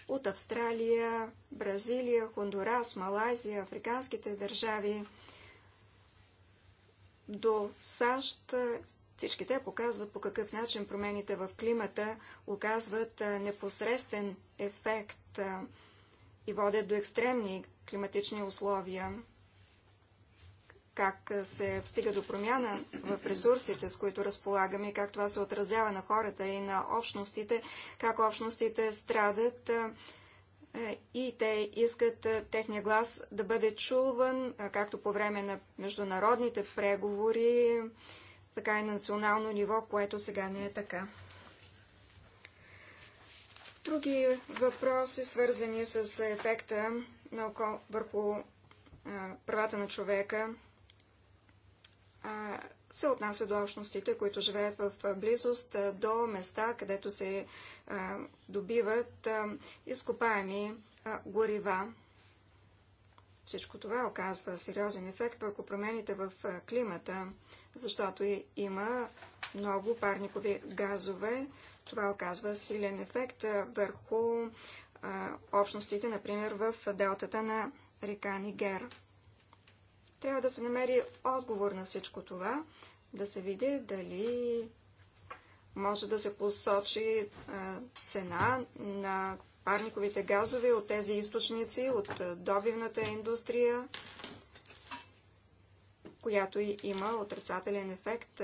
от Австралия, Бразилия, Хондурас, Малайзия, африканските държави до САЩ. Всички те показват по какъв начин промените в климата оказват непосредствен ефект и водят до екстремни климатични условия. Как се стига до промяна в ресурсите, с които разполагаме, как това се отразява на хората и на общностите, как общностите страдат е, и те искат е, техния глас да бъде чуван, е, както по време на международните преговори, така и на национално ниво, което сега не е така. Други въпроси, свързани с ефекта на око... върху а, правата на човека, а, се отнася до общностите, които живеят в близост до места, където се добиват изкопаеми горива. Всичко това оказва сериозен ефект върху промените в климата, защото има много парникови газове. Това оказва силен ефект върху общностите, например в делтата на река Нигер. Трябва да се намери отговор на всичко това, да се види дали може да се посочи цена на парниковите газове от тези източници, от добивната индустрия, която има отрицателен ефект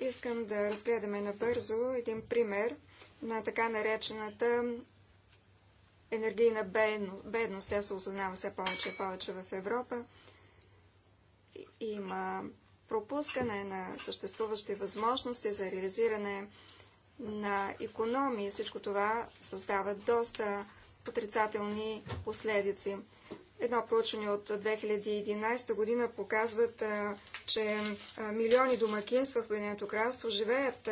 Искам да разгледаме набързо един пример на така наречената енергийна бедност. Тя се осъзнава все повече и повече в Европа. Има пропускане на съществуващи възможности за реализиране на економии. Всичко това създава доста отрицателни последици. Едно проучване от 2011 година показват, че милиони домакинства в Обединеното кралство живеят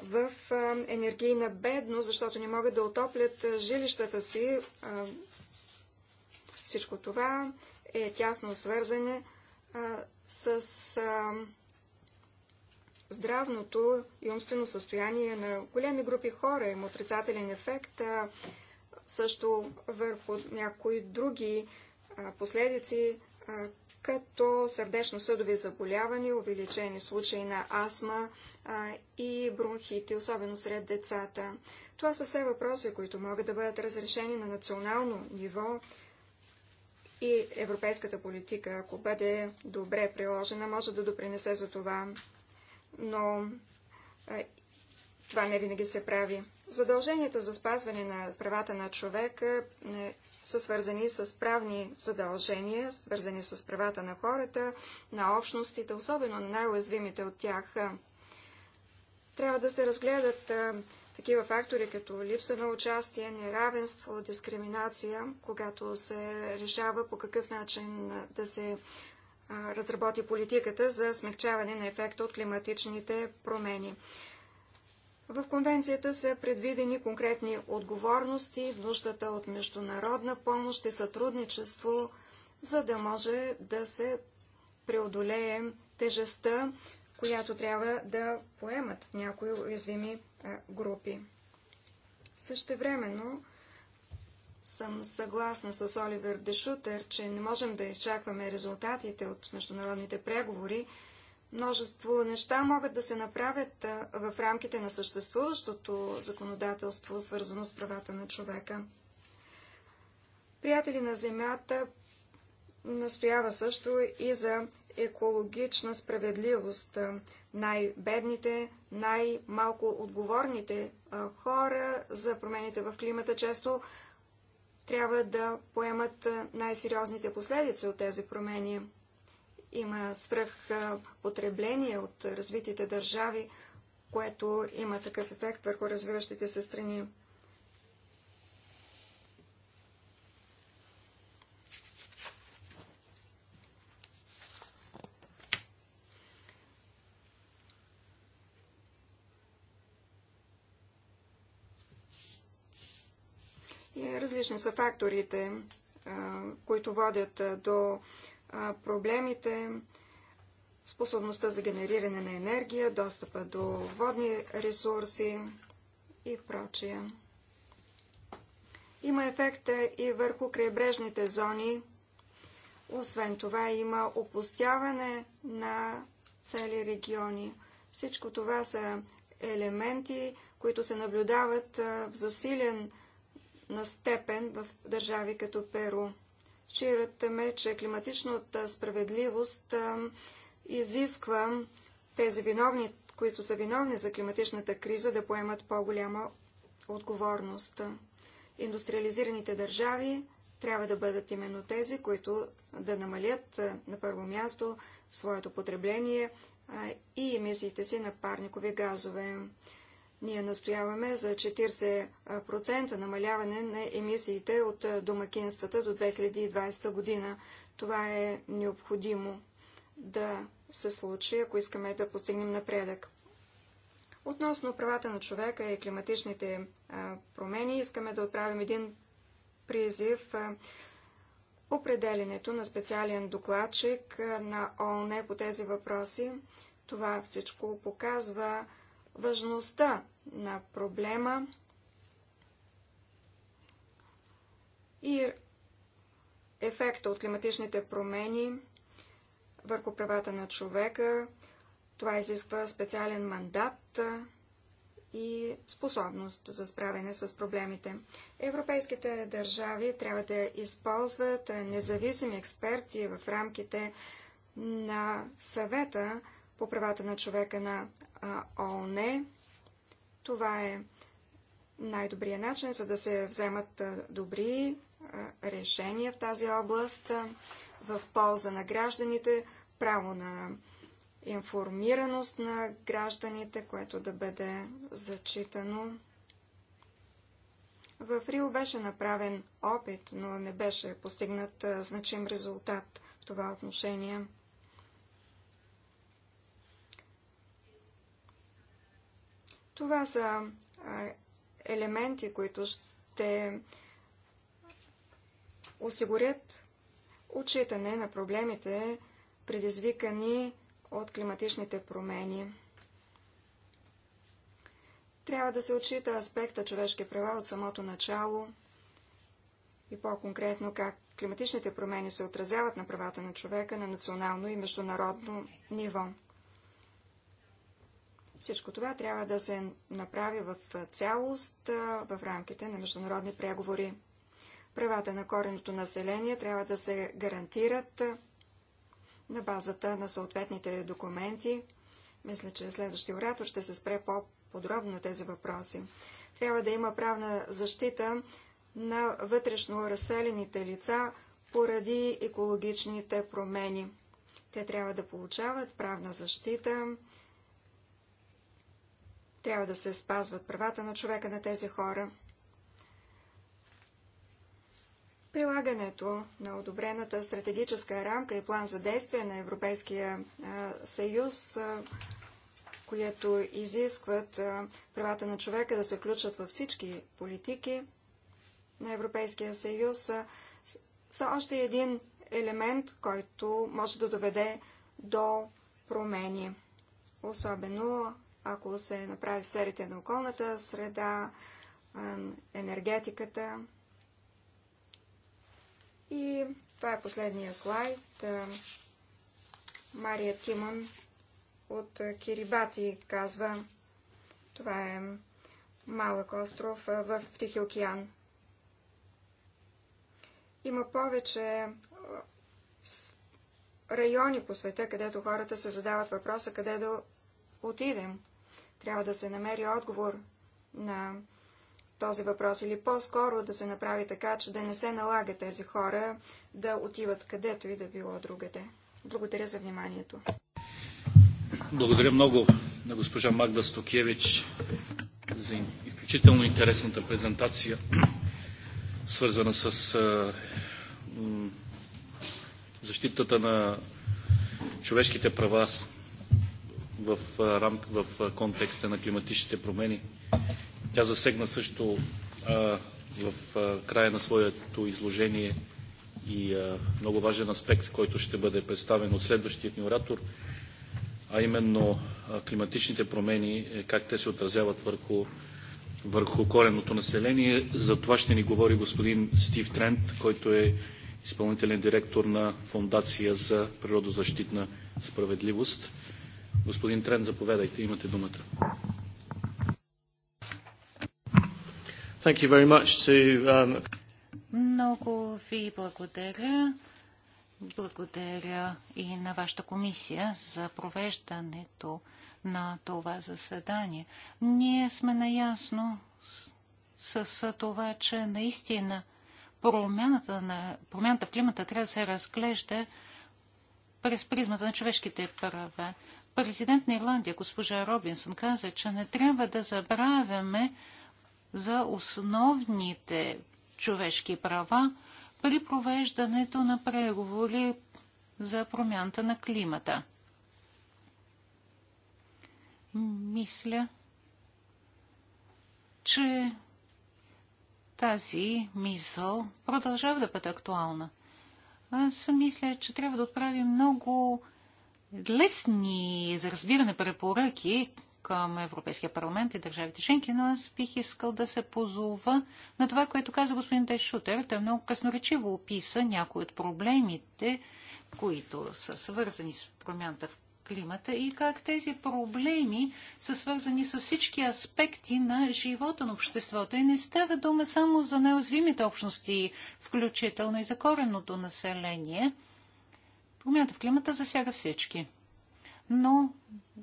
в енергийна бедност, защото не могат да отоплят жилищата си. Всичко това е тясно свързане с здравното и умствено състояние на големи групи хора. Има отрицателен ефект също върху някои други последици, като сърдечно-съдови заболявания, увеличени случаи на астма а, и бронхити, особено сред децата. Това са все въпроси, които могат да бъдат разрешени на национално ниво и европейската политика, ако бъде добре приложена, може да допринесе за това. Но а, това не винаги се прави. Задълженията за спазване на правата на човека са свързани с правни задължения, свързани с правата на хората, на общностите, особено на най-уязвимите от тях. Трябва да се разгледат такива фактори като липса на участие, неравенство, дискриминация, когато се решава по какъв начин да се разработи политиката за смягчаване на ефекта от климатичните промени. В конвенцията са предвидени конкретни отговорности, нуждата от международна помощ и сътрудничество, за да може да се преодолее тежестта, която трябва да поемат някои уязвими групи. Същевременно съм съгласна с Оливер Дешутер, че не можем да изчакваме резултатите от международните преговори, Множество неща могат да се направят в рамките на съществуващото законодателство, свързано с правата на човека. Приятели на Земята настоява също и за екологична справедливост. Най-бедните, най-малко отговорните хора за промените в климата често трябва да поемат най-сериозните последици от тези промени. Има свръх потребление от развитите държави, което има такъв ефект върху развиващите се страни. различни са факторите, които водят до проблемите, способността за генериране на енергия, достъпа до водни ресурси и прочие. Има ефекта и върху крайбрежните зони. Освен това има опустяване на цели региони. Всичко това са елементи, които се наблюдават в засилен на степен в държави като Перу. Чирате че климатичната справедливост изисква тези виновни, които са виновни за климатичната криза, да поемат по-голяма отговорност. Индустриализираните държави трябва да бъдат именно тези, които да намалят на първо място своето потребление и емисиите си на парникови газове. Ние настояваме за 40% намаляване на емисиите от домакинствата до 2020 година. Това е необходимо да се случи, ако искаме да постигнем напредък. Относно правата на човека и климатичните промени, искаме да отправим един призив определенето на специален докладчик на ООН по тези въпроси. Това всичко показва важността на проблема и ефекта от климатичните промени върху правата на човека. Това изисква специален мандат и способност за справяне с проблемите. Европейските държави трябва да използват независими експерти в рамките на съвета по правата на човека на ООН, това е най-добрият начин, за да се вземат добри решения в тази област в полза на гражданите, право на информираност на гражданите, което да бъде зачитано. В Рио беше направен опит, но не беше постигнат значим резултат в това отношение. Това са елементи, които ще осигурят отчитане на проблемите, предизвикани от климатичните промени. Трябва да се отчита аспекта човешки права от самото начало и по-конкретно как климатичните промени се отразяват на правата на човека на национално и международно ниво. Всичко това трябва да се направи в цялост в рамките на международни преговори. Правата на кореното население трябва да се гарантират на базата на съответните документи. Мисля, че следващия оратор ще се спре по-подробно на тези въпроси. Трябва да има правна защита на вътрешно разселените лица поради екологичните промени. Те трябва да получават правна защита трябва да се спазват правата на човека на тези хора. Прилагането на одобрената стратегическа рамка и план за действие на Европейския съюз, които изискват правата на човека да се включат във всички политики на Европейския съюз, са още един елемент, който може да доведе до промени, особено ако се направи в сферите на околната среда, енергетиката. И това е последния слайд. Мария Тимон от Кирибати казва, това е малък остров в Тихи океан. Има повече райони по света, където хората се задават въпроса къде да отидем. Трябва да се намери отговор на този въпрос или по-скоро да се направи така, че да не се налага тези хора да отиват където и да било другаде. Благодаря за вниманието. Благодаря много на госпожа Магда Стокевич за изключително интересната презентация, <clears throat> свързана с защитата на човешките права, в, рам, в контекста на климатичните промени. Тя засегна също а, в а, края на своето изложение и а, много важен аспект, който ще бъде представен от следващия ни оратор, а именно а, климатичните промени, е, как те се отразяват върху, върху коренното население. За това ще ни говори господин Стив Трент, който е изпълнителен директор на Фундация за природозащитна справедливост. Господин Трен, заповядайте, имате думата. Thank you very much to, um... Много ви благодаря. Благодаря и на вашата комисия за провеждането на това заседание. Ние сме наясно с, с това, че наистина промяната, на, промяната в климата трябва да се разглежда през призмата на човешките права. Президент на Ирландия, госпожа Робинсон, каза, че не трябва да забравяме за основните човешки права при провеждането на преговори за промяната на климата. Мисля, че тази мисъл продължава да бъде актуална. Аз мисля, че трябва да отправим много лесни за разбиране препоръки към Европейския парламент и държавите членки, но аз бих искал да се позова на това, което каза господин Тайшутер. Той много красноречиво описа някои от проблемите, които са свързани с промяната в климата и как тези проблеми са свързани с всички аспекти на живота на обществото. И не става дума само за най общности, включително и за коренното население – Промяната в климата засяга всички. Но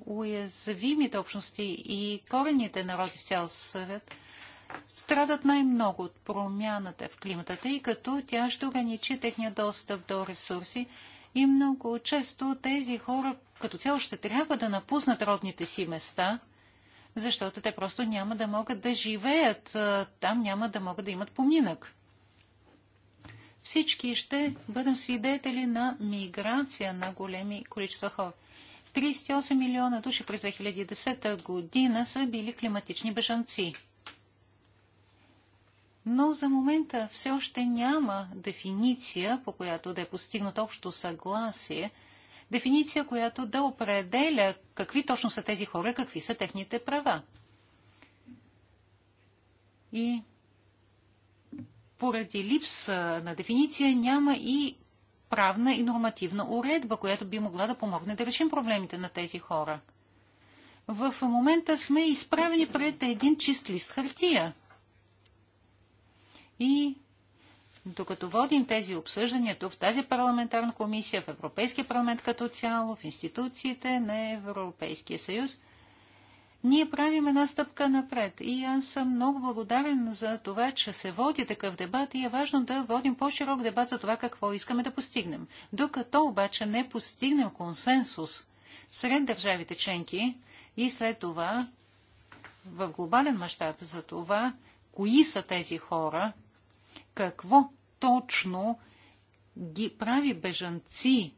уязвимите общности и корените народи в цял свят страдат най-много от промяната в климата, тъй като тя ще ограничи техния достъп до ресурси и много често тези хора като цяло ще трябва да напуснат родните си места, защото те просто няма да могат да живеят там, няма да могат да имат поминък всички ще бъдем свидетели на миграция на големи количества хора. 38 милиона души през 2010 година са били климатични бежанци. Но за момента все още няма дефиниция, по която да е постигнато общо съгласие, дефиниция, която да определя какви точно са тези хора, какви са техните права. И поради липса на дефиниция няма и правна и нормативна уредба, която би могла да помогне да решим проблемите на тези хора. В момента сме изправени пред един чист лист хартия. И докато водим тези обсъждания тук в тази парламентарна комисия, в Европейския парламент като цяло, в институциите на Европейския съюз – ние правим една стъпка напред и аз съм много благодарен за това, че се води такъв дебат и е важно да водим по-широк дебат за това какво искаме да постигнем. Докато обаче не постигнем консенсус сред държавите членки и след това в глобален мащаб за това, кои са тези хора, какво точно ги прави бежанци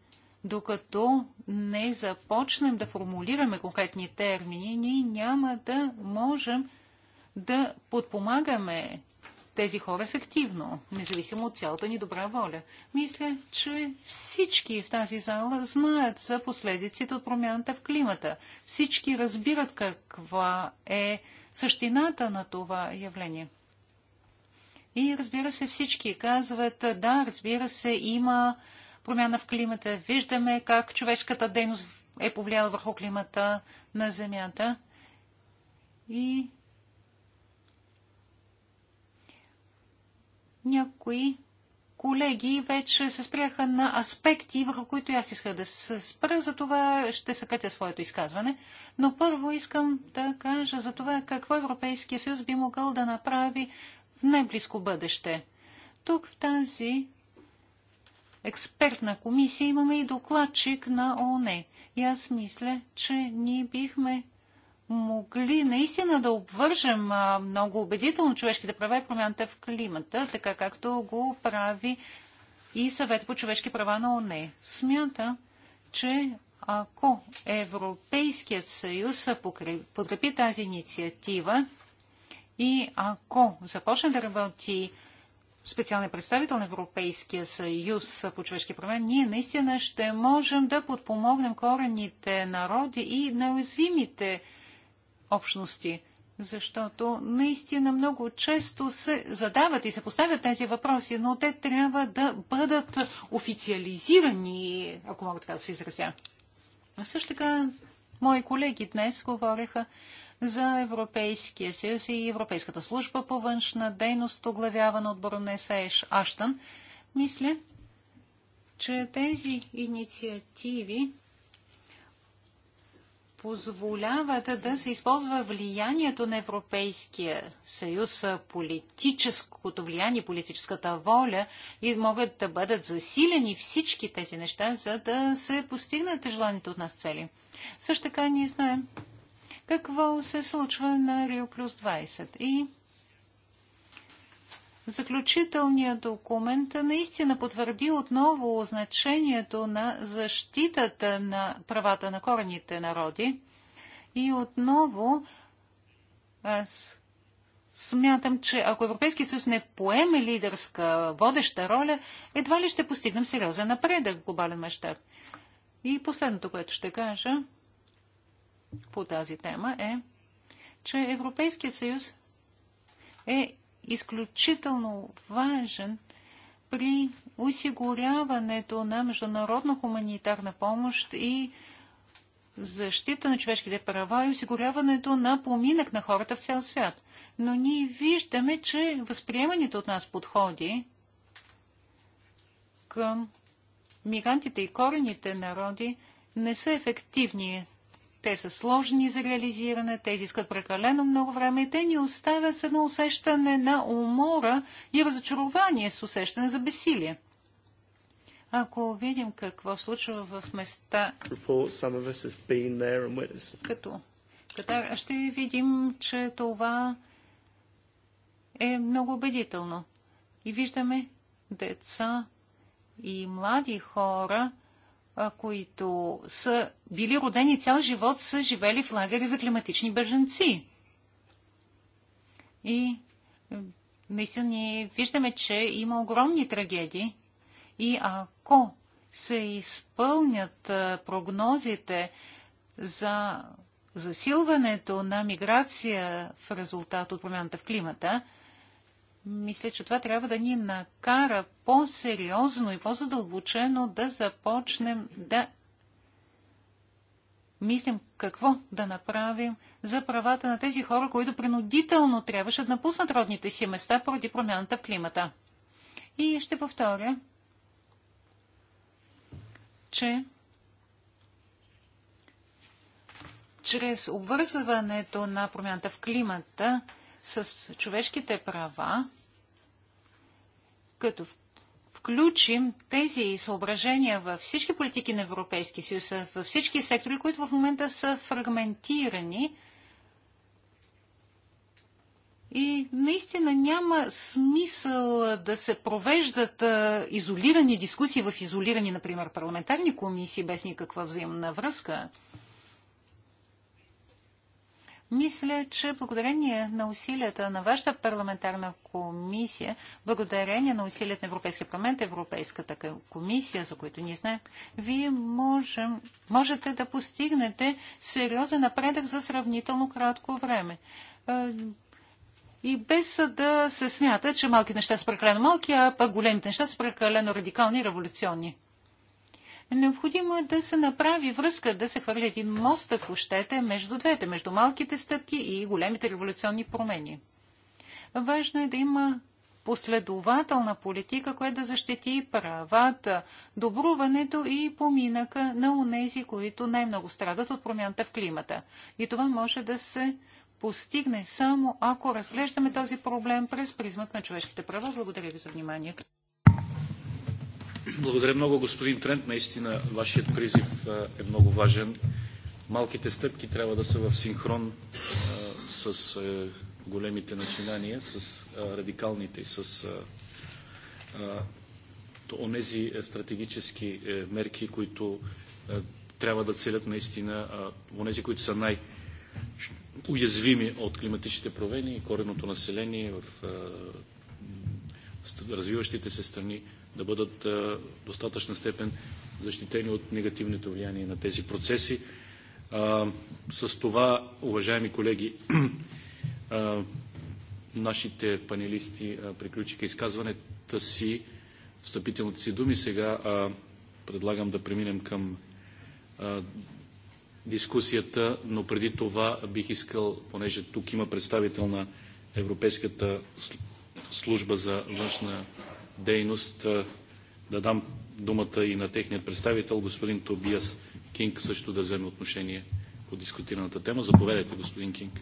докато не започнем да формулираме конкретни термини, ние няма да можем да подпомагаме тези хора ефективно, независимо от цялата ни добра воля. Мисля, че всички в тази зала знаят за последиците от промяната в климата. Всички разбират каква е същината на това явление. И разбира се, всички казват, да, разбира се, има промяна в климата, виждаме как човешката дейност е повлияла върху климата на Земята. И някои колеги вече се спряха на аспекти, върху които аз исках да се спра, за това ще съкътя своето изказване. Но първо искам да кажа за това какво Европейския съюз би могъл да направи в най-близко бъдеще. Тук в тази експертна комисия, имаме и докладчик на ООН. И аз мисля, че ние бихме могли наистина да обвържем много убедително човешките права и промяната в климата, така както го прави и съвет по човешки права на ОНЕ. Смята, че ако Европейският съюз подкрепи тази инициатива и ако започне да работи специалния представител на Европейския съюз по човешки права, ние наистина ще можем да подпомогнем корените народи и неуязвимите общности. Защото наистина много често се задават и се поставят тези въпроси, но те трябва да бъдат официализирани, ако мога така да се изразя. А също така, мои колеги днес говореха за Европейския съюз и Европейската служба по външна дейност, оглавявана от баронеса Еш Аштън. Мисля, че тези инициативи позволяват да се използва влиянието на Европейския съюз, политическото влияние, политическата воля и могат да бъдат засилени всички тези неща, за да се постигнат желаните от нас цели. Също така ние знаем, какво се случва на Рио плюс 20. И Заключителният документ наистина потвърди отново значението на защитата на правата на корните народи. И отново аз смятам, че ако Европейски съюз не поеме лидерска водеща роля, едва ли ще постигнем сериозен напредък в глобален мащаб. И последното, което ще кажа, по тази тема е, че Европейският съюз е изключително важен при осигуряването на международна хуманитарна помощ и защита на човешките права и осигуряването на поминък на хората в цял свят. Но ние виждаме, че възприемането от нас подходи към мигрантите и корените народи не са ефективни те са сложни за реализиране, те изискват прекалено много време и те ни оставят с едно усещане на умора и разочарование с усещане за бесилие. Ако видим какво случва в места, като Катар, ще видим, че това е много убедително. И виждаме деца и млади хора, които са били родени цял живот, са живели в лагери за климатични беженци. И наистина ние виждаме, че има огромни трагедии. И ако се изпълнят прогнозите за засилването на миграция в резултат от промяната в климата, мисля, че това трябва да ни накара по-сериозно и по-задълбочено да започнем да мислим какво да направим за правата на тези хора, които принудително трябваше да напуснат родните си места поради промяната в климата. И ще повторя, че чрез обвързването на промяната в климата с човешките права, като включим тези съображения във всички политики на Европейски съюз, във всички сектори, които в момента са фрагментирани, и наистина няма смисъл да се провеждат изолирани дискусии в изолирани, например, парламентарни комисии без никаква взаимна връзка. Мисля, че благодарение на усилията на вашата парламентарна комисия, благодарение на усилията на Европейския парламент, Европейската комисия, за които ние знаем, вие можем, можете да постигнете сериозен напредък за сравнително кратко време. И без да се смята, че малки неща са прекалено малки, а пък големите неща са прекалено радикални и революционни. Необходимо е да се направи връзка, да се хвърли един мост, ако щете, между двете, между малките стъпки и големите революционни промени. Важно е да има последователна политика, която да защити правата, добруването и поминъка на унези, които най-много страдат от промяната в климата. И това може да се постигне само ако разглеждаме този проблем през призмата на човешките права. Благодаря ви за вниманието. Благодаря много, господин Трент. Наистина, вашият призив е много важен. Малките стъпки трябва да са в синхрон с е, големите начинания, с радикалните, и с онези е, стратегически е, мерки, които трябва да целят наистина онези, които са най- уязвими от климатичните провени, и кореното население в развиващите се страни да бъдат в достатъчна степен защитени от негативното влияние на тези процеси. С това, уважаеми колеги, нашите панелисти приключиха изказването си, встъпителните си думи. Сега предлагам да преминем към дискусията, но преди това бих искал, понеже тук има представител на Европейската служба за външна дейност. Да дам думата и на техният представител, господин Тобиас Кинг, също да вземе отношение по дискутираната тема. Заповядайте, господин Кинг.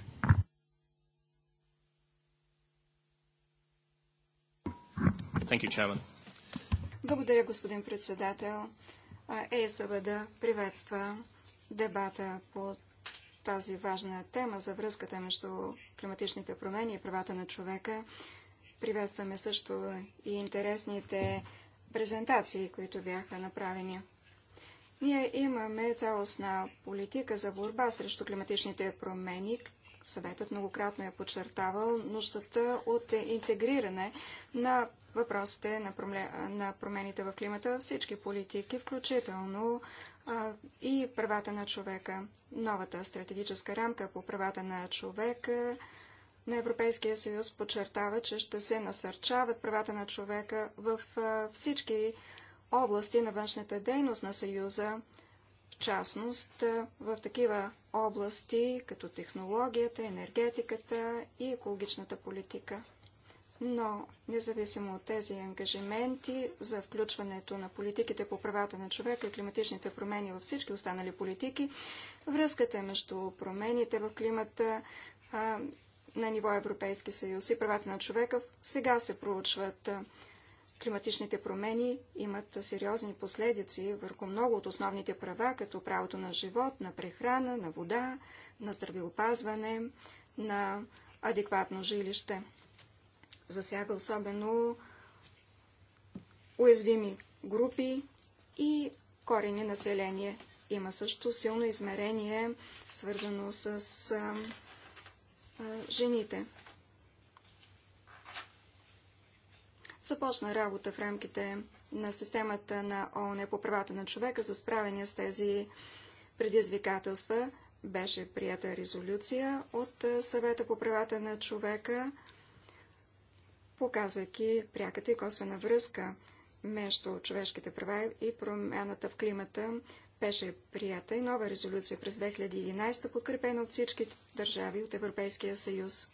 Thank you, Chairman. Благодаря, господин председател. ЕСВ да приветства дебата по тази важна тема за връзката между климатичните промени и правата на човека. Приветстваме също и интересните презентации, които бяха направени. Ние имаме цялостна политика за борба срещу климатичните промени. Съветът многократно е подчертавал нуждата от интегриране на въпросите на, промените в климата във всички политики, включително и правата на човека. Новата стратегическа рамка по правата на човека на Европейския съюз подчертава, че ще се насърчават правата на човека в всички области на външната дейност на Съюза, в частност в такива области като технологията, енергетиката и екологичната политика. Но, независимо от тези ангажименти за включването на политиките по правата на човека и климатичните промени във всички останали политики, връзката между промените в климата на ниво Европейски съюз и правата на човека сега се проучват. Климатичните промени имат сериозни последици върху много от основните права, като правото на живот, на прехрана, на вода, на здравеопазване, на адекватно жилище. Засяга особено уязвими групи и корени население. Има също силно измерение, свързано с жените. Започна работа в рамките на системата на ООН по правата на човека за справяне с тези предизвикателства. Беше прията резолюция от съвета по правата на човека, показвайки пряката и косвена връзка между човешките права и промяната в климата беше прията и нова резолюция през 2011, подкрепена от всички държави от Европейския съюз.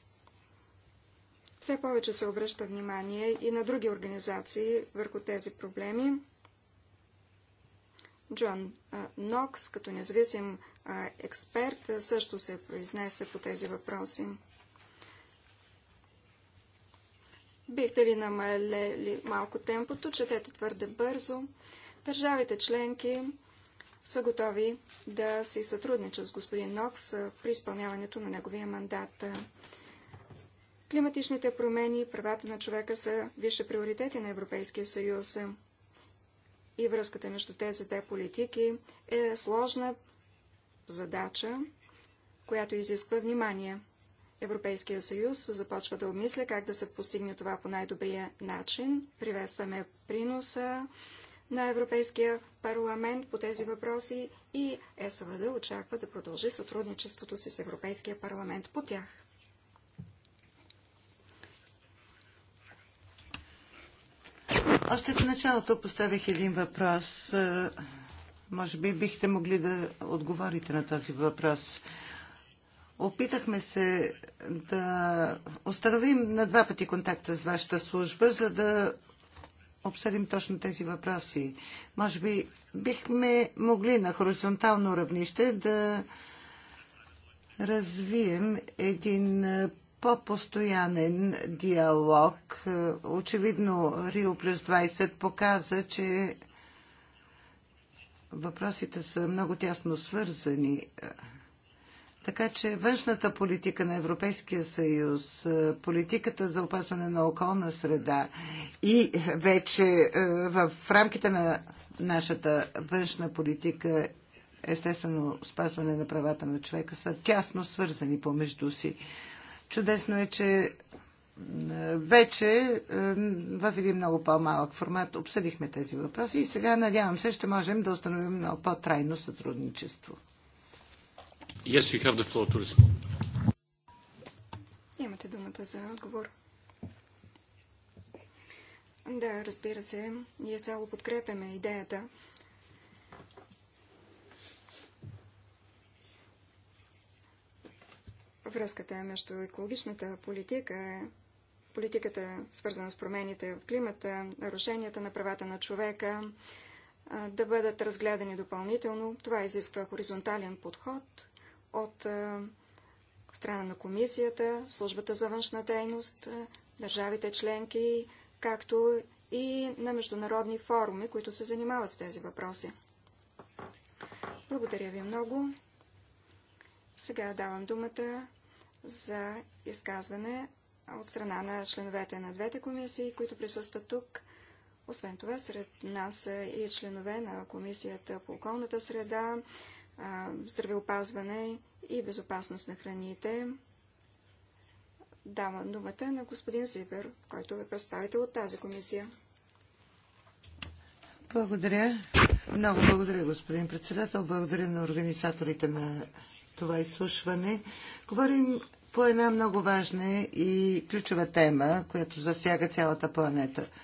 Все повече се обръща внимание и на други организации върху тези проблеми. Джон Нокс, като независим експерт, също се произнесе по тези въпроси. Бихте ли намалели малко темпото? Четете твърде бързо. Държавите членки са готови да си сътрудничат с господин Нокс при изпълняването на неговия мандат. Климатичните промени и правата на човека са висше приоритети на Европейския съюз. И връзката между тези две политики е сложна задача, която изисква внимание. Европейския съюз започва да обмисля как да се постигне това по най-добрия начин. Приветстваме приноса на Европейския парламент по тези въпроси и СВД очаква да продължи сътрудничеството си с Европейския парламент по тях. Още в началото поставих един въпрос. Е, може би бихте могли да отговорите на този въпрос. Опитахме се да установим на два пъти контакта с вашата служба, за да обсъдим точно тези въпроси. Може би бихме могли на хоризонтално равнище да развием един по-постоянен диалог. Очевидно Рио плюс 20 показа, че въпросите са много тясно свързани така че външната политика на Европейския съюз, е, политиката за опазване на околна среда и вече е, в рамките на нашата външна политика естествено спазване на правата на човека са тясно свързани помежду си. Чудесно е, че е, вече в един много по-малък формат обсъдихме тези въпроси и сега надявам се ще можем да установим много по-трайно сътрудничество. Yes, you have the floor to respond. Имате думата за отговор. Да, разбира се, ние цяло подкрепяме идеята. Връзката между екологичната политика, политиката свързана с промените в климата, нарушенията на правата на човека, да бъдат разгледани допълнително. Това изисква хоризонтален подход – от е, страна на комисията, службата за външна дейност, е, държавите членки, както и на международни форуми, които се занимават с тези въпроси. Благодаря ви много. Сега давам думата за изказване от страна на членовете на двете комисии, които присъстват тук. Освен това, сред нас са и членове на Комисията по околната среда, здравеопазване и безопасност на храните. Давам думата на господин Зибер, който е представител от тази комисия. Благодаря. Много благодаря, господин председател. Благодаря на организаторите на това изслушване. Говорим по една много важна и ключова тема, която засяга цялата планета –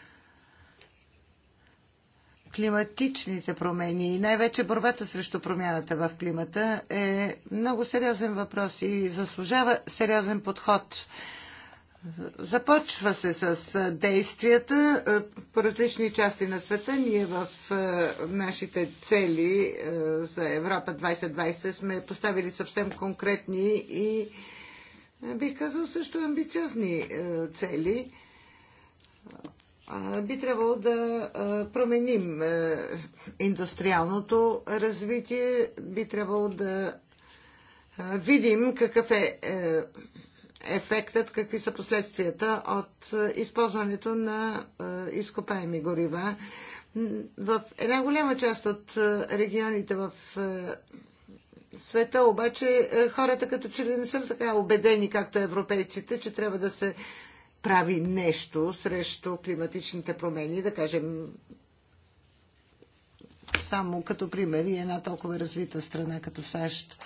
климатичните промени и най-вече борбата срещу промяната в климата е много сериозен въпрос и заслужава сериозен подход. Започва се с действията по различни части на света. Ние в нашите цели за Европа 2020 сме поставили съвсем конкретни и бих казал също амбициозни цели би трябвало да променим индустриалното развитие, би трябвало да видим какъв е, е ефектът, какви са последствията от използването на изкопаеми горива. В една голяма част от регионите в света обаче хората като че ли не са така убедени, както европейците, че трябва да се прави нещо срещу климатичните промени, да кажем само като пример и една толкова развита страна като САЩ.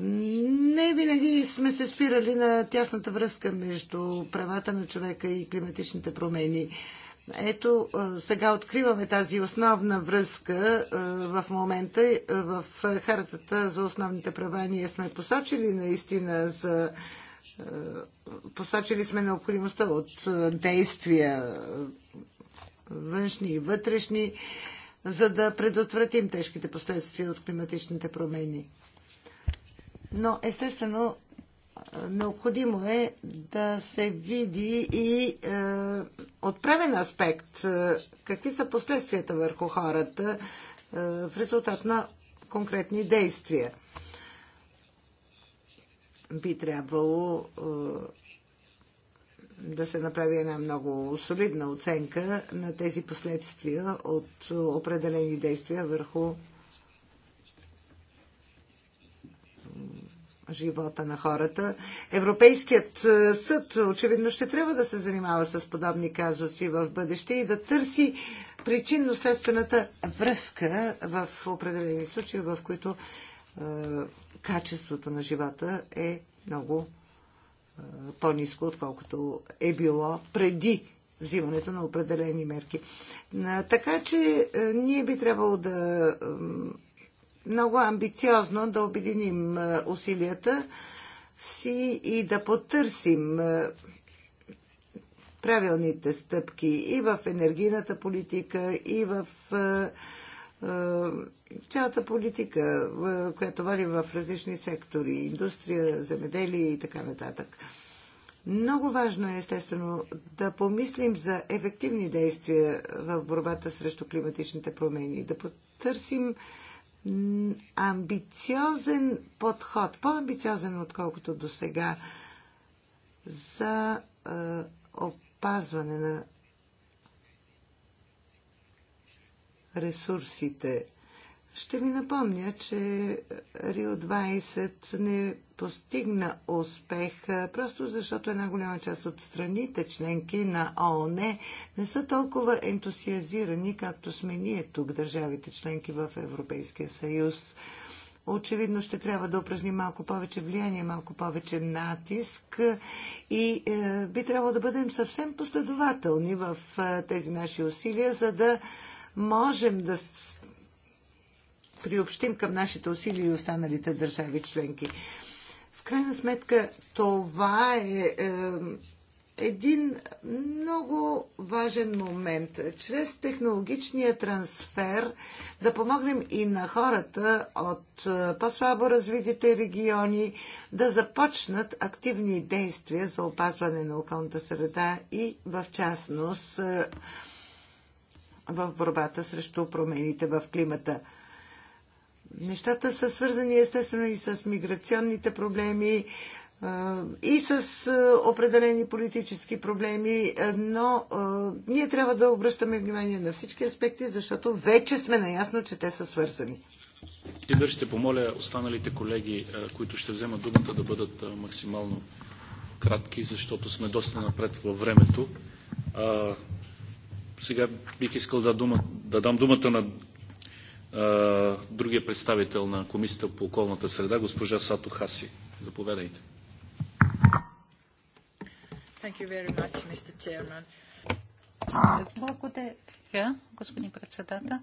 Не винаги сме се спирали на тясната връзка между правата на човека и климатичните промени. Ето, сега откриваме тази основна връзка в момента в Хартата за основните права. Ние сме посочили наистина за Посочили сме необходимостта от е, действия е, външни и вътрешни, за да предотвратим тежките последствия от климатичните промени. Но естествено, е, необходимо е да се види и е, отправен аспект. Е, какви са последствията върху хората е, в резултат на конкретни действия би трябвало е, да се направи една много солидна оценка на тези последствия от определени действия върху живота на хората. Европейският е, съд очевидно ще трябва да се занимава с подобни казуси в бъдеще и да търси причинно-следствената връзка в определени случаи, в които е, качеството на живота е много е, по-низко, отколкото е било преди взимането на определени мерки. Е, така че ние би трябвало да много амбициозно да обединим усилията си и да потърсим правилните стъпки и в енергийната политика, и в е, цялата политика, е, която водим в различни сектори, индустрия, земеделие и така нататък. Много важно е, естествено, да помислим за ефективни действия в борбата срещу климатичните промени, да потърсим амбициозен подход, по-амбициозен отколкото до сега, за е, опазване на ресурсите. Ще ви напомня, че Рио 20 не постигна успех, просто защото една голяма част от страните, членки на ООН, не са толкова ентусиазирани, както сме ние тук, държавите членки в Европейския съюз. Очевидно ще трябва да упражни малко повече влияние, малко повече натиск и е, би трябвало да бъдем съвсем последователни в е, тези наши усилия, за да можем да приобщим към нашите усилия и останалите държави членки. В крайна сметка, това е, е един много важен момент. Чрез технологичния трансфер да помогнем и на хората от е, по-слабо развитите региони да започнат активни действия за опазване на околната среда и в частност е, в борбата срещу промените в климата. Нещата са свързани естествено и с миграционните проблеми, и с определени политически проблеми, но ние трябва да обръщаме внимание на всички аспекти, защото вече сме наясно, че те са свързани. Идър ще помоля останалите колеги, които ще вземат думата, да бъдат максимално кратки, защото сме доста напред във времето. Сега бих искал да, дума, да дам думата на а, другия представител на Комисията по околната среда, госпожа Сато Хаси. Заповядайте. Thank you very much, Mr. Chairman. Благодаря, господин председател.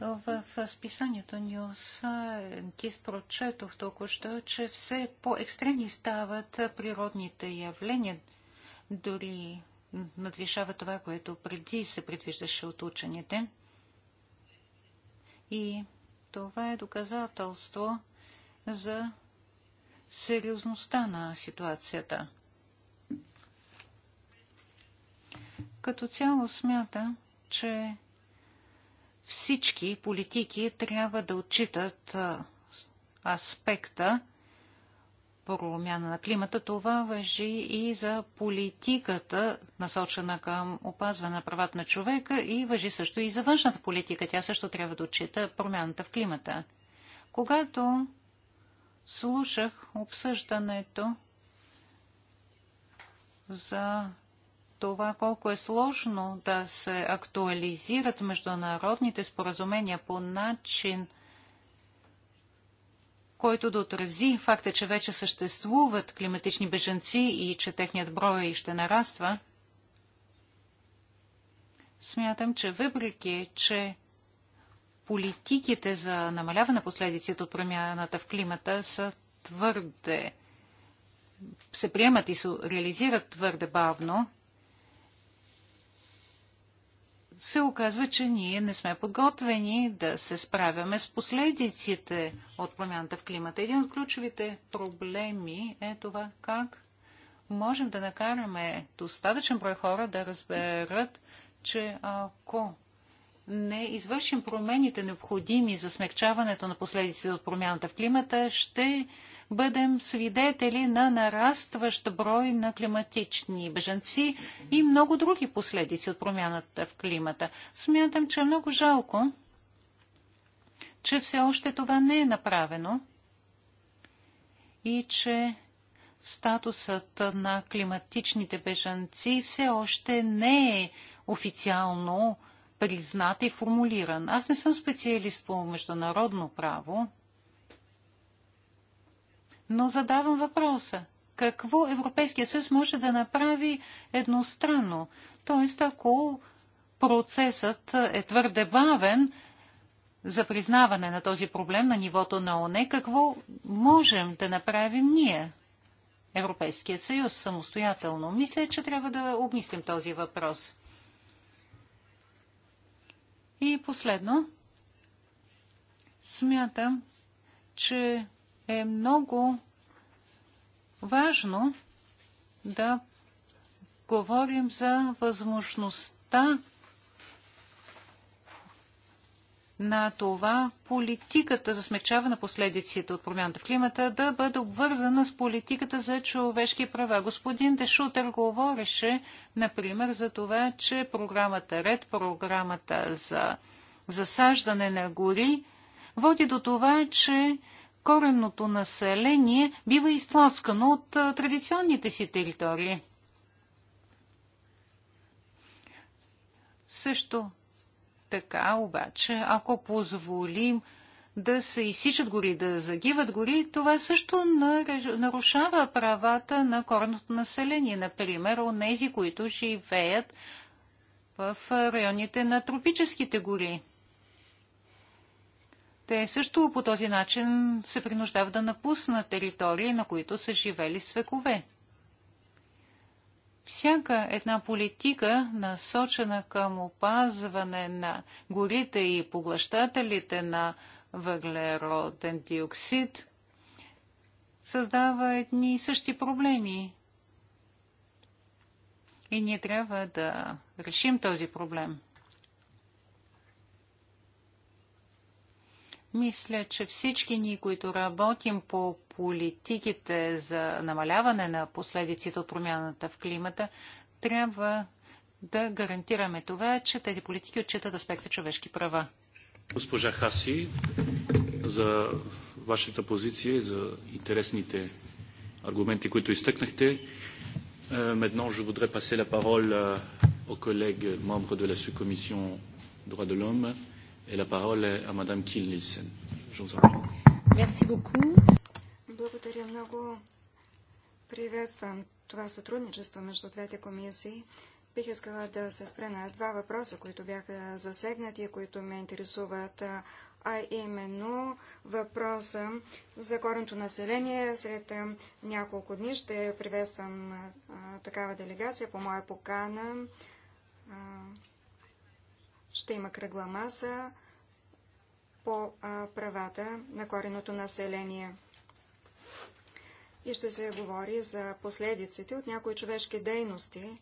В списанието Ньюс ти прочетох току-що, че все по-екстремни стават природните явления. Дори надвишава това, което преди се предвиждаше от учените. И това е доказателство за сериозността на ситуацията. Като цяло смята, че всички политики трябва да отчитат аспекта промяна на климата, това въжи и за политиката, насочена към опазване на правата на човека и въжи също и за външната политика. Тя също трябва да отчита промяната в климата. Когато слушах обсъждането за това колко е сложно да се актуализират международните споразумения по начин – който да отрази факта, че вече съществуват климатични беженци и че техният брой ще нараства, смятам, че въпреки, че политиките за намаляване на последиците от промяната в климата са твърде се приемат и се реализират твърде бавно, се оказва, че ние не сме подготвени да се справяме с последиците от промяната в климата. Един от ключовите проблеми е това как можем да накараме достатъчен брой хора да разберат, че ако не извършим промените необходими за смягчаването на последиците от промяната в климата, ще бъдем свидетели на нарастващ брой на климатични бежанци и много други последици от промяната в климата. Смятам, че е много жалко, че все още това не е направено и че статусът на климатичните бежанци все още не е официално признат и формулиран. Аз не съм специалист по международно право, но задавам въпроса. Какво Европейския съюз може да направи едностранно? Тоест, ако процесът е твърде бавен за признаване на този проблем на нивото на ОНЕ, какво можем да направим ние? Европейския съюз самостоятелно. Мисля, че трябва да обмислим този въпрос. И последно, смятам, че е много важно да говорим за възможността на това политиката за смечаване на последиците от промяната в климата да бъде обвързана с политиката за човешки права. Господин Дешутер говореше, например, за това, че програмата РЕД, програмата за засаждане на гори, води до това, че коренното население бива изтласкано от традиционните си територии. Също така, обаче, ако позволим да се изсичат гори, да загиват гори, това също нарушава правата на коренното население. Например, онези, които живеят в районите на тропическите гори те също по този начин се принуждават да напуснат територии, на които са живели свекове. Всяка една политика, насочена към опазване на горите и поглъщателите на въглероден диоксид, създава едни и същи проблеми. И ние трябва да решим този проблем. Мисля, че всички ние, които работим по политиките за намаляване на последиците от промяната в климата, трябва да гарантираме това, че тези политики отчитат аспекта човешки права. Госпожа Хаси, за вашата позиция, за интересните аргументи, които изтъкнахте. Е, maintenant, je voudrais passer la parole е, aux collègues membres de la sous-commission droits de l'homme Et la parole est à Madame Kiel Nielsen. Je vous en prie. Merci beaucoup. Благодаря много. Приветствам това сътрудничество между двете комисии. Бих искала да се спре на два въпроса, които бяха засегнати и които ме интересуват, а именно въпроса за корното население. След няколко дни ще приветствам такава делегация по моя покана ще има кръгла маса по правата на кореното население. И ще се говори за последиците от някои човешки дейности,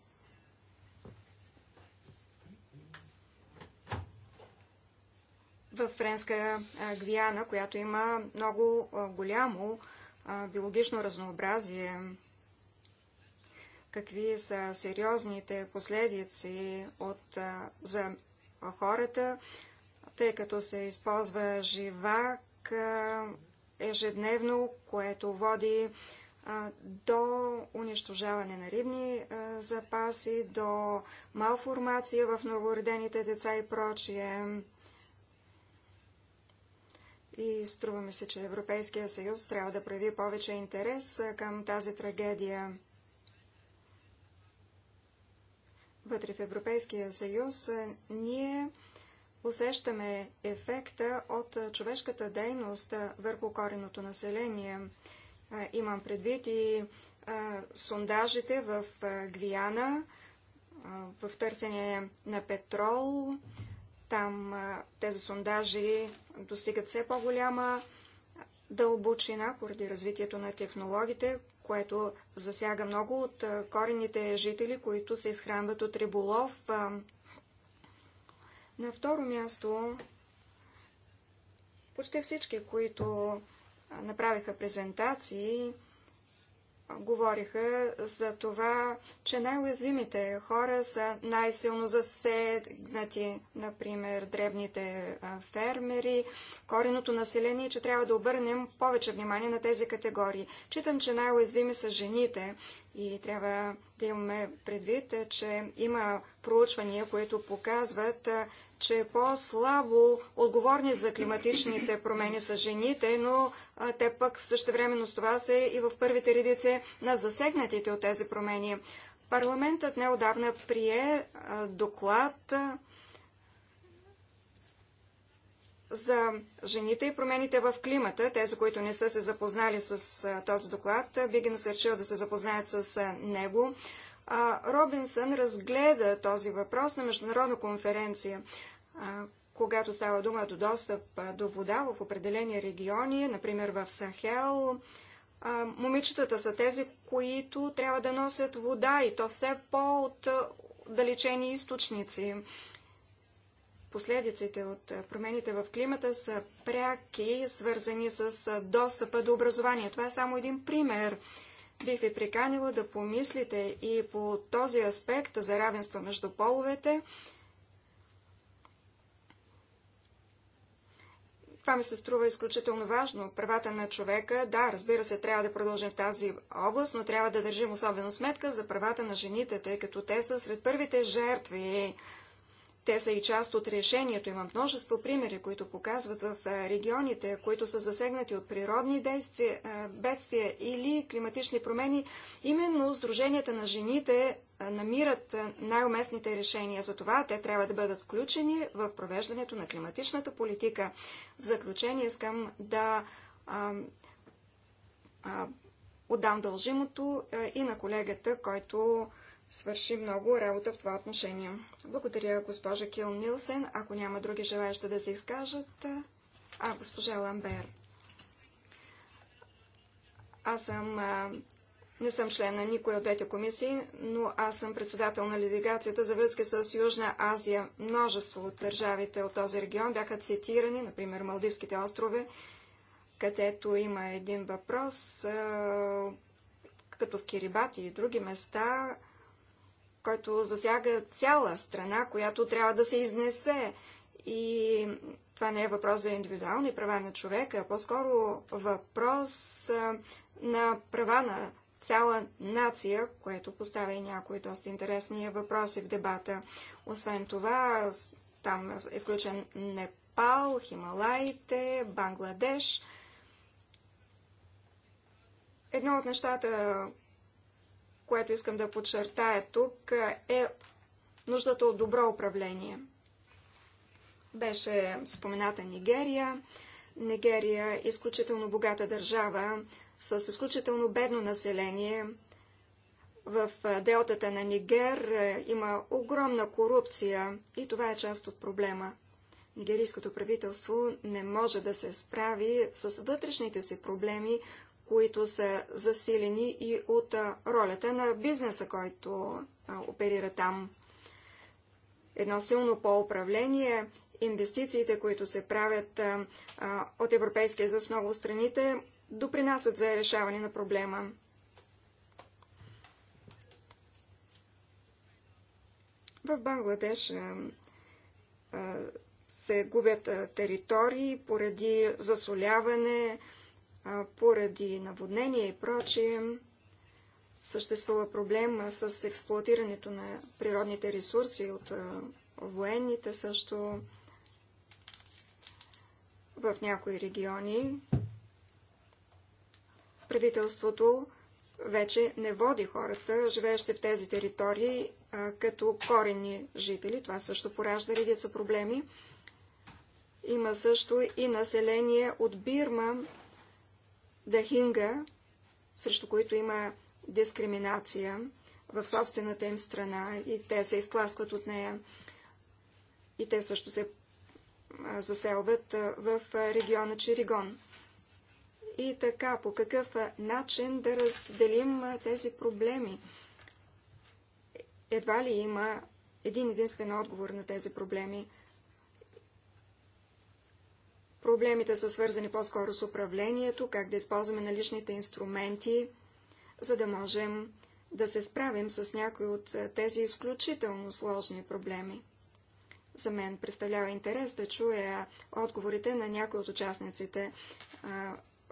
в Френска Гвиана, която има много голямо биологично разнообразие. Какви са сериозните последици от, за хората, тъй като се използва живак ежедневно, което води до унищожаване на рибни запаси, до малформация в новородените деца и прочие. И струваме се, че Европейския съюз трябва да прави повече интерес към тази трагедия. вътре в Европейския съюз, е, ние усещаме ефекта от е, човешката дейност е, върху кореното население. Имам предвид и сондажите в Гвиана, в търсене на петрол. Там тези сондажи достигат все по-голяма дълбочина поради развитието на технологиите, което засяга много от корените жители, които се изхранват от риболов. На второ място, почти всички, които направиха презентации, говориха за това, че най-уязвимите хора са най-силно засегнати, например, дребните фермери, кореното население, че трябва да обърнем повече внимание на тези категории. Читам, че най-уязвими са жените, и трябва да имаме предвид, че има проучвания, които показват, че по-слабо отговорни за климатичните промени са жените, но те пък същевременно с това са и в първите редици на засегнатите от тези промени. Парламентът неодавна прие доклад за жените и промените в климата. Тези, които не са се запознали с този доклад, би ги насърчил да се запознаят с него. Робинсън разгледа този въпрос на международна конференция, когато става дума до достъп до вода в определени региони, например в Сахел. Момичетата са тези, които трябва да носят вода и то все по отдалечени източници. Последиците от промените в климата са пряки, свързани с достъпа до образование. Това е само един пример. Бих ви приканила да помислите и по този аспект за равенство между половете. Това ми се струва изключително важно. Правата на човека, да, разбира се, трябва да продължим в тази област, но трябва да държим особено сметка за правата на жените, тъй като те са сред първите жертви те са и част от решението. Има множество примери, които показват в регионите, които са засегнати от природни действия, бедствия или климатични промени. Именно Сдруженията на жените намират най-уместните решения. Затова те трябва да бъдат включени в провеждането на климатичната политика. В заключение искам да а, а, отдам дължимото и на колегата, който свърши много работа в това отношение. Благодаря, госпожа Кил Нилсен. Ако няма други желаяща да се изкажат... А, госпожа Ламбер. Аз съм... А, не съм член на никоя от двете комисии, но аз съм председател на делегацията за връзки с Южна Азия. Множество от държавите от този регион бяха цитирани, например Малдивските острови, където има един въпрос, а, като в Кирибати и други места, който засяга цяла страна, която трябва да се изнесе. И това не е въпрос за индивидуални права на човека, а по-скоро въпрос на права на цяла нация, което поставя и някои доста интересни въпроси в дебата. Освен това, там е включен Непал, Хималаите, Бангладеш. Едно от нещата, което искам да подчертая тук, е нуждата от добро управление. Беше спомената Нигерия. Нигерия е изключително богата държава, с изключително бедно население. В делтата на Нигер има огромна корупция и това е част от проблема. Нигерийското правителство не може да се справи с вътрешните си проблеми, които са засилени и от ролята на бизнеса, който оперира там. Едно силно по-управление, инвестициите, които се правят от Европейския съюз много страните, допринасят за решаване на проблема. В Бангладеш се губят територии поради засоляване, поради наводнение и прочие съществува проблем с експлуатирането на природните ресурси от военните също в някои региони. Правителството вече не води хората, живеещи в тези територии, като корени жители. Това също поражда редица проблеми. Има също и население от Бирма, дахинга, срещу които има дискриминация в собствената им страна и те се изтласкват от нея. И те също се заселват в региона Чиригон. И така, по какъв начин да разделим тези проблеми? Едва ли има един единствен отговор на тези проблеми. Проблемите са свързани по-скоро с управлението, как да използваме наличните инструменти, за да можем да се справим с някои от е, тези изключително сложни проблеми. За мен представлява интерес да чуя отговорите на някои от участниците е,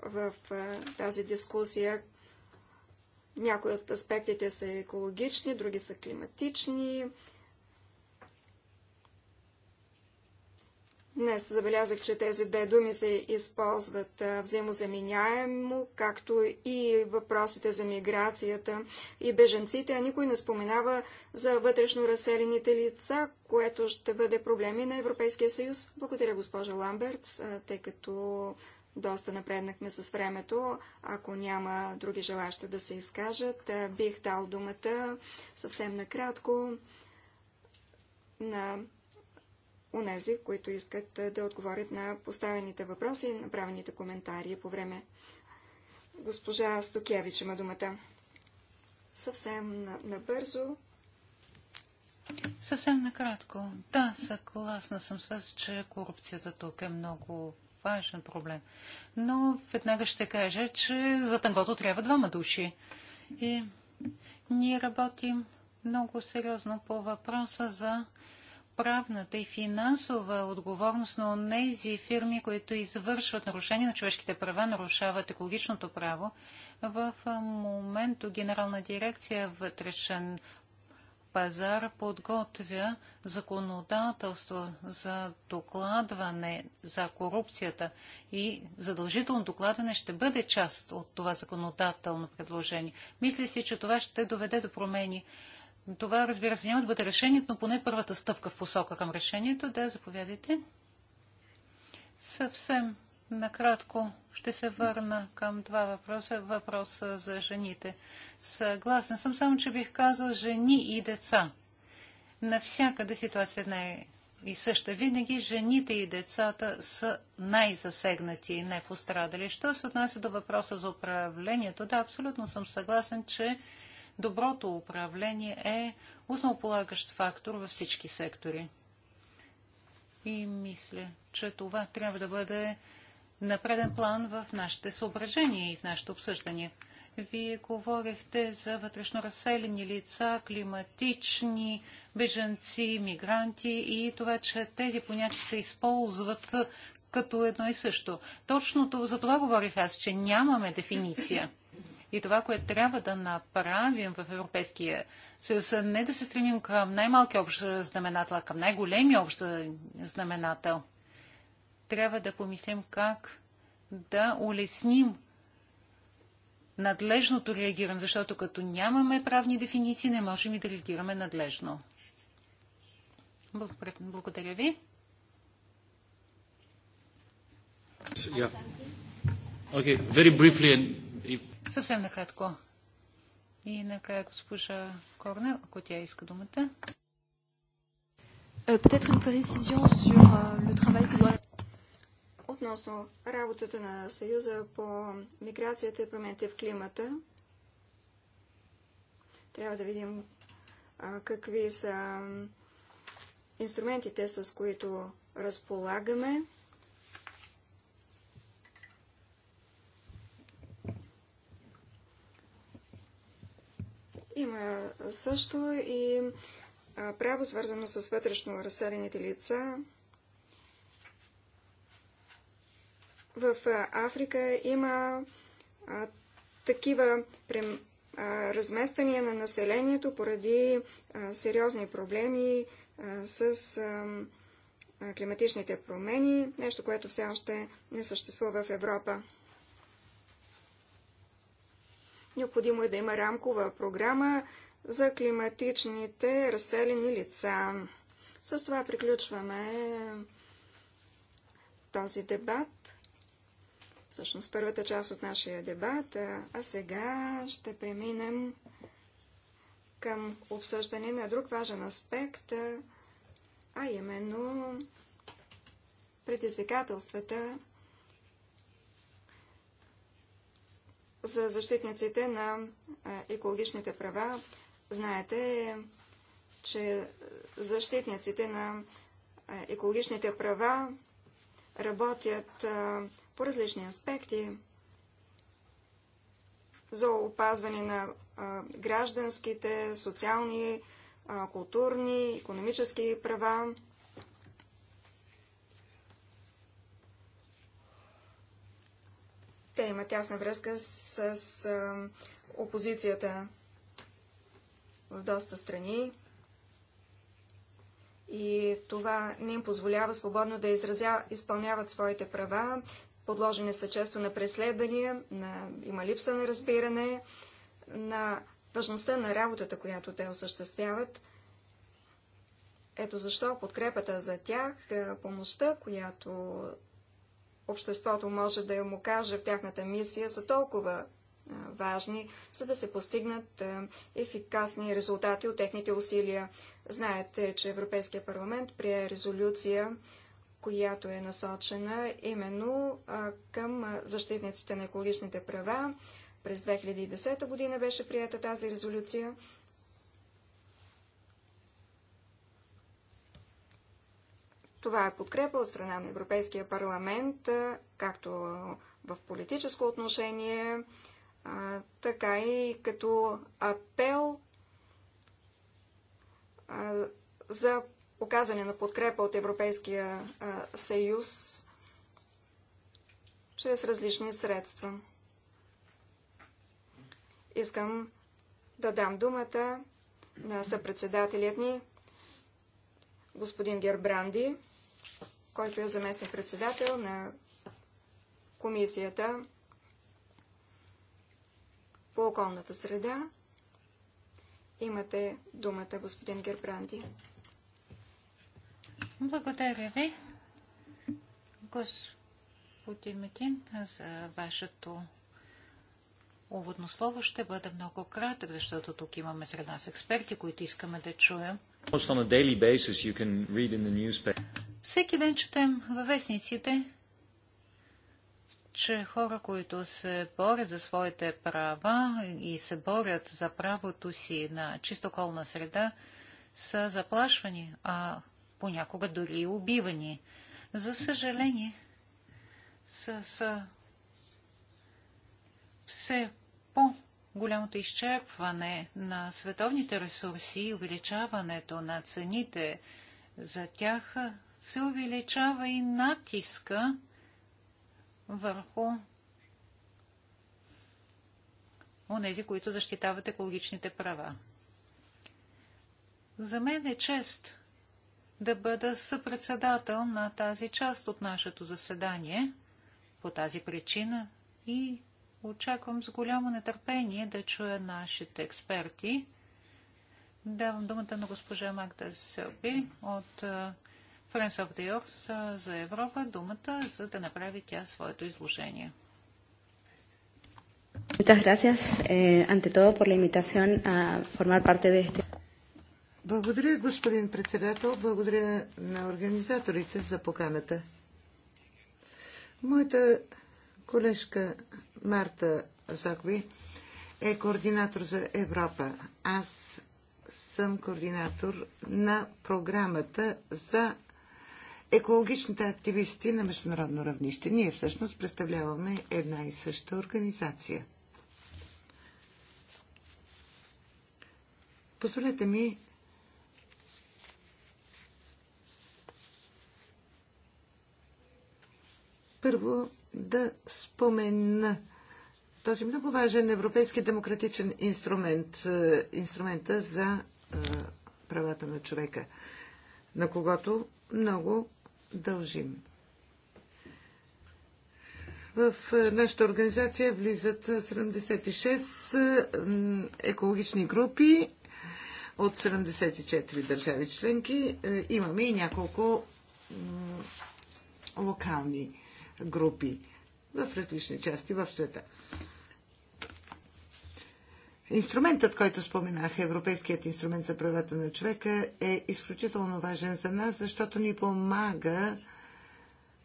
в е, тази дискусия. Някои от аспектите са екологични, други са климатични, Днес забелязах, че тези две думи се използват взаимозаменяемо, както и въпросите за миграцията и беженците, а никой не споменава за вътрешно разселените лица, което ще бъде проблеми на Европейския съюз. Благодаря, госпожа Ламберт, тъй като доста напреднахме с времето. Ако няма други желащи да се изкажат, бих дал думата съвсем накратко на унези, които искат да отговорят на поставените въпроси и направените коментари по време. Госпожа Стокевич има думата. Съвсем набързо. Съвсем накратко. Да, съгласна съм с вас, че корупцията тук е много важен проблем. Но веднага ще кажа, че за тангото трябва двама души. И ние работим много сериозно по въпроса за правната и финансова отговорност на тези фирми, които извършват нарушения на човешките права, нарушават екологичното право. В момента Генерална дирекция вътрешен пазар подготвя законодателство за докладване за корупцията и задължително докладване ще бъде част от това законодателно предложение. Мисля си, че това ще доведе до промени. Това, разбира се, няма да бъде решението, но поне първата стъпка в посока към решението. Да, заповядайте. Съвсем накратко ще се върна към два въпроса. Въпроса за жените. Съгласен съм, само че бих казал жени и деца. Навсякъде не е и също винаги жените и децата са най-засегнати и най-пострадали. Що се отнася до въпроса за управлението, да, абсолютно съм съгласен, че доброто управление е основополагащ фактор във всички сектори. И мисля, че това трябва да бъде на преден план в нашите съображения и в нашето обсъждане. Вие говорихте за вътрешно разселени лица, климатични беженци, мигранти и това, че тези понятия се използват като едно и също. Точно за това говорих аз, че нямаме дефиниция. И това, което трябва да направим в Европейския съюз, е не да се стремим към най-малки общ знаменател, а към най-големи общ знаменател. Трябва да помислим как да улесним надлежното реагиране, защото като нямаме правни дефиниции, не можем и да реагираме надлежно. Благодаря ви. Yeah. Okay, very briefly and и... Съвсем накратко. И накрая госпожа Корнел, ако тя иска думата. Е, е, Относно работата на Съюза по миграцията и промените в климата, трябва да видим е, какви са инструментите, с които разполагаме. Има също и право, свързано с вътрешно разселените лица. В Африка има такива размествания на населението поради сериозни проблеми с климатичните промени, нещо, което все още не съществува в Европа. Необходимо е да има рамкова програма за климатичните разселени лица. С това приключваме този дебат. Всъщност първата част от нашия дебат. А сега ще преминем към обсъждане на друг важен аспект, а именно предизвикателствата За защитниците на екологичните права знаете, че защитниците на екологичните права работят по различни аспекти за опазване на гражданските, социални, културни, економически права. Те имат тясна връзка с, с опозицията в доста страни и това не им позволява свободно да изразя, изпълняват своите права. Подложени са често на преследвания, на, има липса на разбиране, на важността на работата, която те осъществяват. Ето защо подкрепата за тях, е, помощта, която обществото може да му каже в тяхната мисия, са толкова важни, за да се постигнат ефикасни резултати от техните усилия. Знаете, че Европейския парламент прие резолюция, която е насочена именно към защитниците на екологичните права. През 2010 година беше прията тази резолюция. Това е подкрепа от страна на Европейския парламент, както в политическо отношение, така и като апел за оказване на подкрепа от Европейския съюз чрез различни средства. Искам да дам думата на съпредседателят ни господин Гербранди, който е заместник председател на комисията по околната среда. Имате думата, господин Гербранди. Благодаря ви, господин Метин, за вашето уводно слово. Ще бъде много кратък, защото тук имаме сред нас експерти, които искаме да чуем. Всеки ден четем във вестниците, че хора, които се борят за своите права и се борят за правото си на чистоколна среда, са заплашвани, а понякога дори и убивани. За съжаление, са с все по голямото изчерпване на световните ресурси и увеличаването на цените за тях се увеличава и натиска върху онези, които защитават екологичните права. За мен е чест да бъда съпредседател на тази част от нашето заседание. По тази причина и Очаквам с голямо нетърпение да чуя нашите експерти. Давам думата на госпожа Магда Сърби от Friends of the Earth за Европа думата, за да направи тя своето изложение. Eh, Благодаря, господин председател. Благодаря на организаторите за поканата. Моята колежка Марта Зокби е координатор за Европа. Аз съм координатор на програмата за екологичните активисти на международно равнище. Ние всъщност представляваме една и съща организация. Позволете ми първо да спомена този много важен европейски демократичен инструмент, е, инструмента за е, правата на човека, на когото много дължим. В е, нашата организация влизат 76 екологични групи от 74 държави членки. Имаме и няколко локални групи в различни части в света. Инструментът, който споменах, Европейският инструмент за правата на човека, е изключително важен за нас, защото ни помага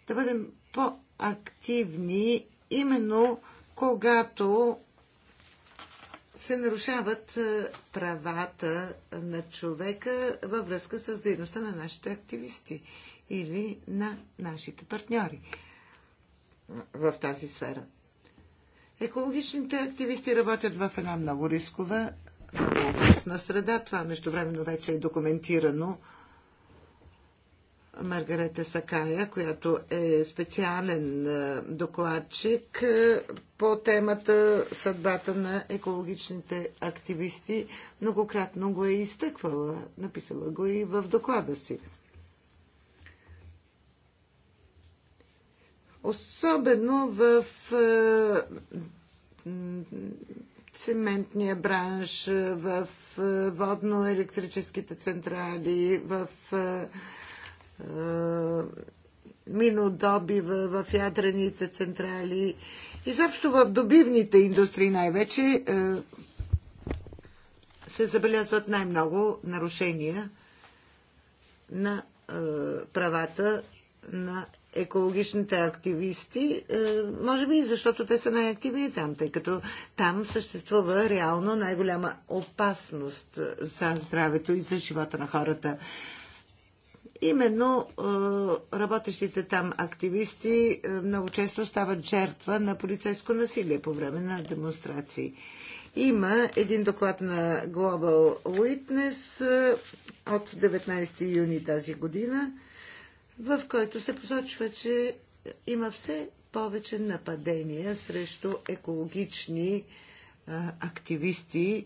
да бъдем по-активни, именно когато се нарушават е, правата на човека във връзка с дейността на нашите активисти или на нашите партньори в тази сфера. Екологичните активисти работят в една много рискова, много опасна среда. Това междувременно вече е документирано. Маргарета Сакая, която е специален е, докладчик е, по темата съдбата на екологичните активисти, многократно го е изтъквала, написала го и в доклада си. Особено в е, цементния бранш, в е, водно-електрическите централи, в е, минодобива, в ядрените централи, изобщо в добивните индустрии най-вече се забелязват най-много нарушения на правата на екологичните активисти, е, може би и защото те са най-активни там, тъй като там съществува реално най-голяма опасност за здравето и за живота на хората. Именно е, работещите там активисти е, много често стават жертва на полицейско насилие по време на демонстрации. Има един доклад на Global Witness от 19 юни тази година – в който се посочва, че има все повече нападения срещу екологични а, активисти,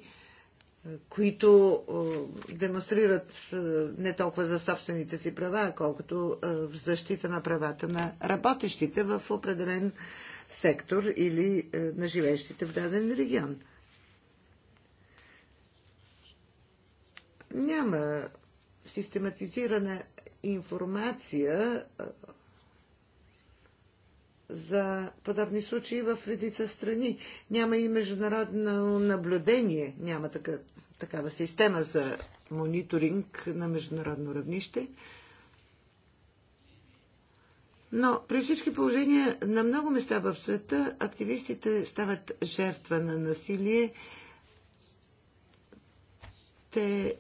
а, които а, демонстрират а, не толкова за собствените си права, колкото а, в защита на правата на работещите в определен сектор или а, на живеещите в даден регион. Няма систематизиране информация за подобни случаи в редица страни. Няма и международно наблюдение, няма така, такава система за мониторинг на международно равнище. Но при всички положения на много места в света активистите стават жертва на насилие. Те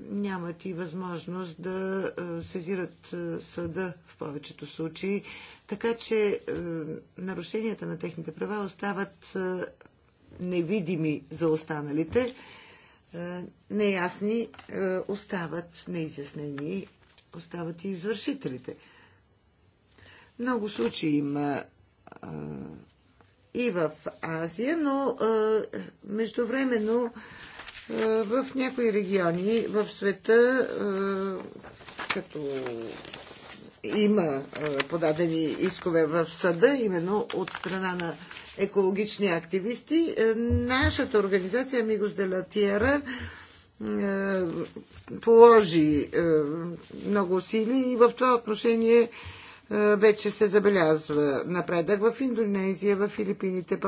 нямат и възможност да е, сезират е, съда в повечето случаи. Така че е, нарушенията на техните права остават невидими за останалите, неясни остават, неизяснени остават и извършителите. Много случаи има и в Азия, но междувременно е, в някои региони в света, е, като има е, подадени искове в съда, именно от страна на екологични активисти, нашата организация Мигос де Латиера положи много усилия и в това отношение е, вече се забелязва напредък в Индонезия, в Филипините,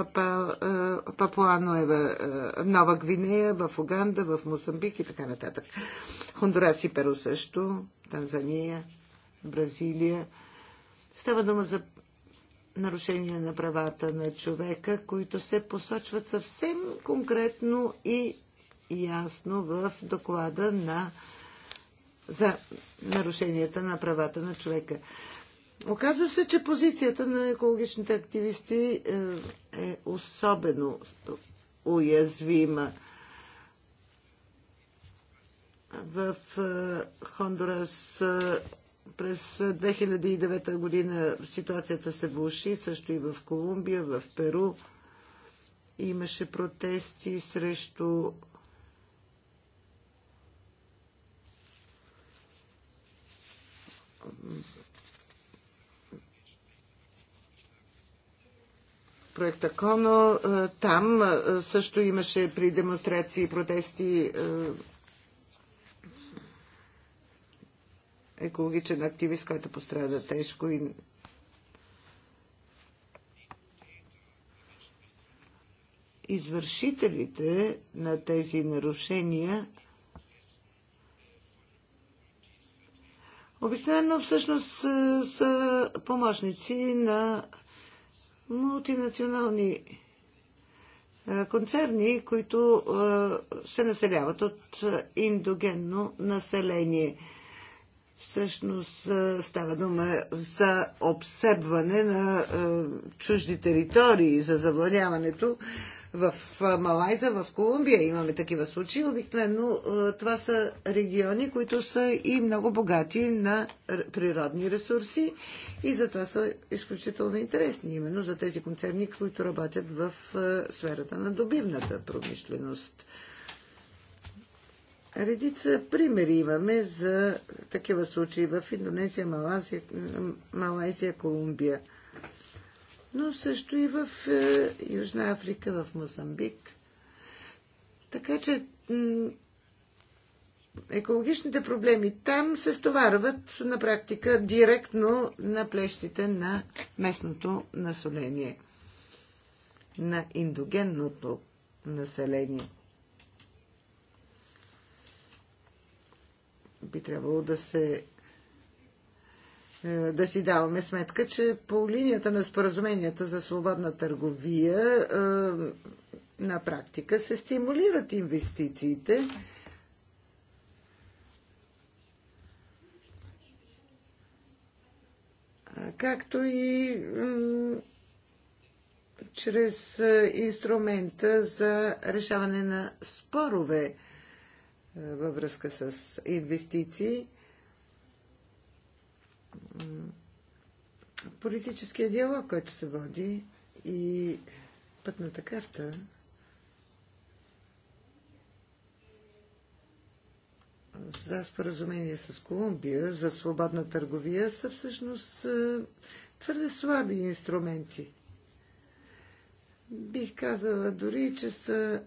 Папуано е в е, Нова Гвинея, в Уганда, в Мусамбик и така нататък. Хондурас и Перу също, Танзания, Бразилия. Става дума за нарушения на правата на човека, които се посочват съвсем конкретно и ясно в доклада на за нарушенията на правата на човека. Оказва се, че позицията на екологичните активисти е, е особено уязвима. В е, Хондурас е, през 2009 година ситуацията се влуши, също и в Колумбия, в Перу. Имаше протести срещу проекта Коно. Е, там е, също имаше при демонстрации и протести е, екологичен активист, който пострада тежко и извършителите на тези нарушения обикновено всъщност са помощници на мултинационални концерни, които се населяват от индогенно население. Всъщност става дума за обсебване на чужди територии, за завладяването в Малайза, в Колумбия имаме такива случаи. Обикновено това са региони, които са и много богати на природни ресурси и затова са изключително интересни, именно за тези концерни, които работят в сферата на добивната промишленост. Редица примери имаме за такива случаи в Индонезия, Малайзия, Малайзия Колумбия – но също и в е, Южна Африка, в Мозамбик. Така че екологичните проблеми там се стоварват на практика директно на плещите на местното население, на индогенното население. Би трябвало да се е, да си даваме сметка, че по линията на споразуменията за свободна търговия е, на практика се стимулират инвестициите. Както и чрез е, инструмента за решаване на спорове във връзка с инвестиции политическия диалог, който се води и пътната карта, за споразумение с Колумбия, за свободна търговия, са всъщност твърде слаби инструменти. Бих казала дори, че са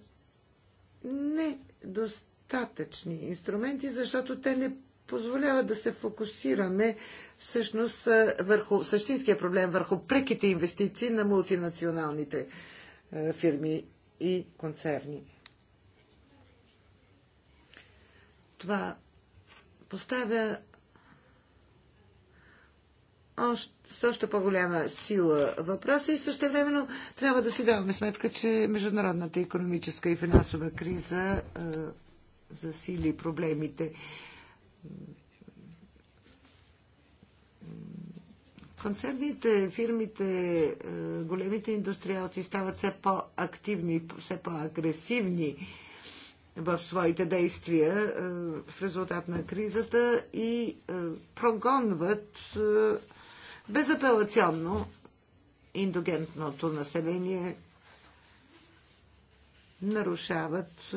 недостатъчни инструменти, защото те не позволява да се фокусираме всъщност върху същинския проблем, върху преките инвестиции на мултинационалните фирми и концерни. Това поставя с още по-голяма сила въпроса и също времено трябва да си даваме сметка, че международната економическа и финансова криза засили проблемите. Концерните, фирмите, е, големите индустриалци стават все по-активни, все по-агресивни в своите действия е, в резултат на кризата и е, прогонват безапелационно индогентното население, нарушават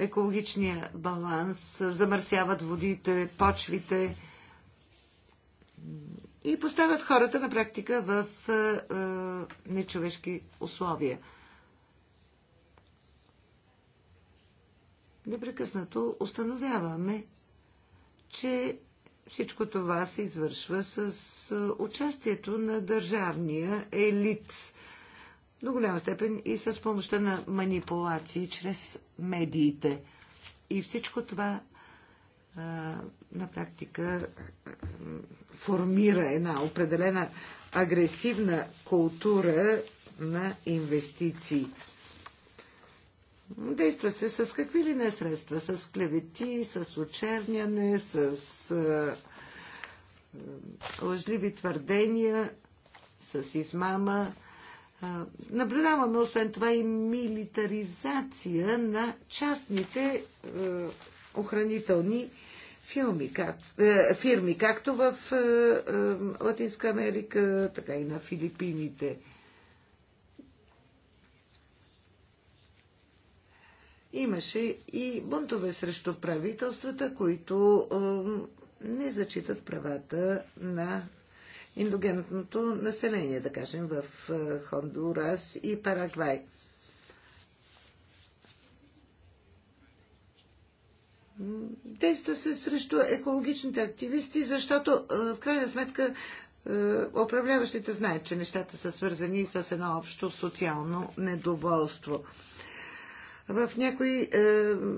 екологичния баланс, замърсяват водите, почвите и поставят хората на практика в е, е, нечовешки условия. Непрекъснато установяваме, че всичко това се извършва с е, участието на държавния елит до голяма степен и с помощта на манипулации чрез медиите. И всичко това на практика формира една определена агресивна култура на инвестиции. Действа се с какви ли не средства? С клевети, с очерняне, с лъжливи твърдения, с измама. Наблюдаваме освен това и милитаризация на частните е, охранителни фирми, как, е, фирми, както в е, е, Латинска Америка, така и на Филипините. Имаше и бунтове срещу правителствата, които е, не зачитат правата на индогенното население, да кажем, в е, Хондурас и Парагвай. Действа се срещу екологичните активисти, защото е, в крайна сметка е, управляващите знаят, че нещата са свързани с едно общо социално недоволство. В някои е,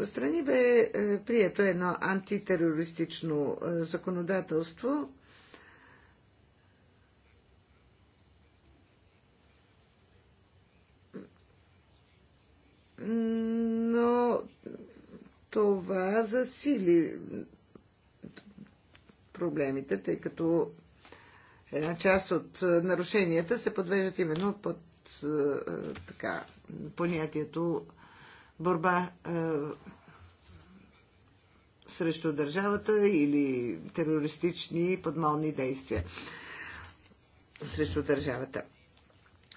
страни бе е, прието едно антитерористично е, законодателство, но това засили проблемите, тъй като една част от е, нарушенията се подвеждат именно под е, е, така, понятието борба срещу държавата или терористични подмолни действия срещу държавата.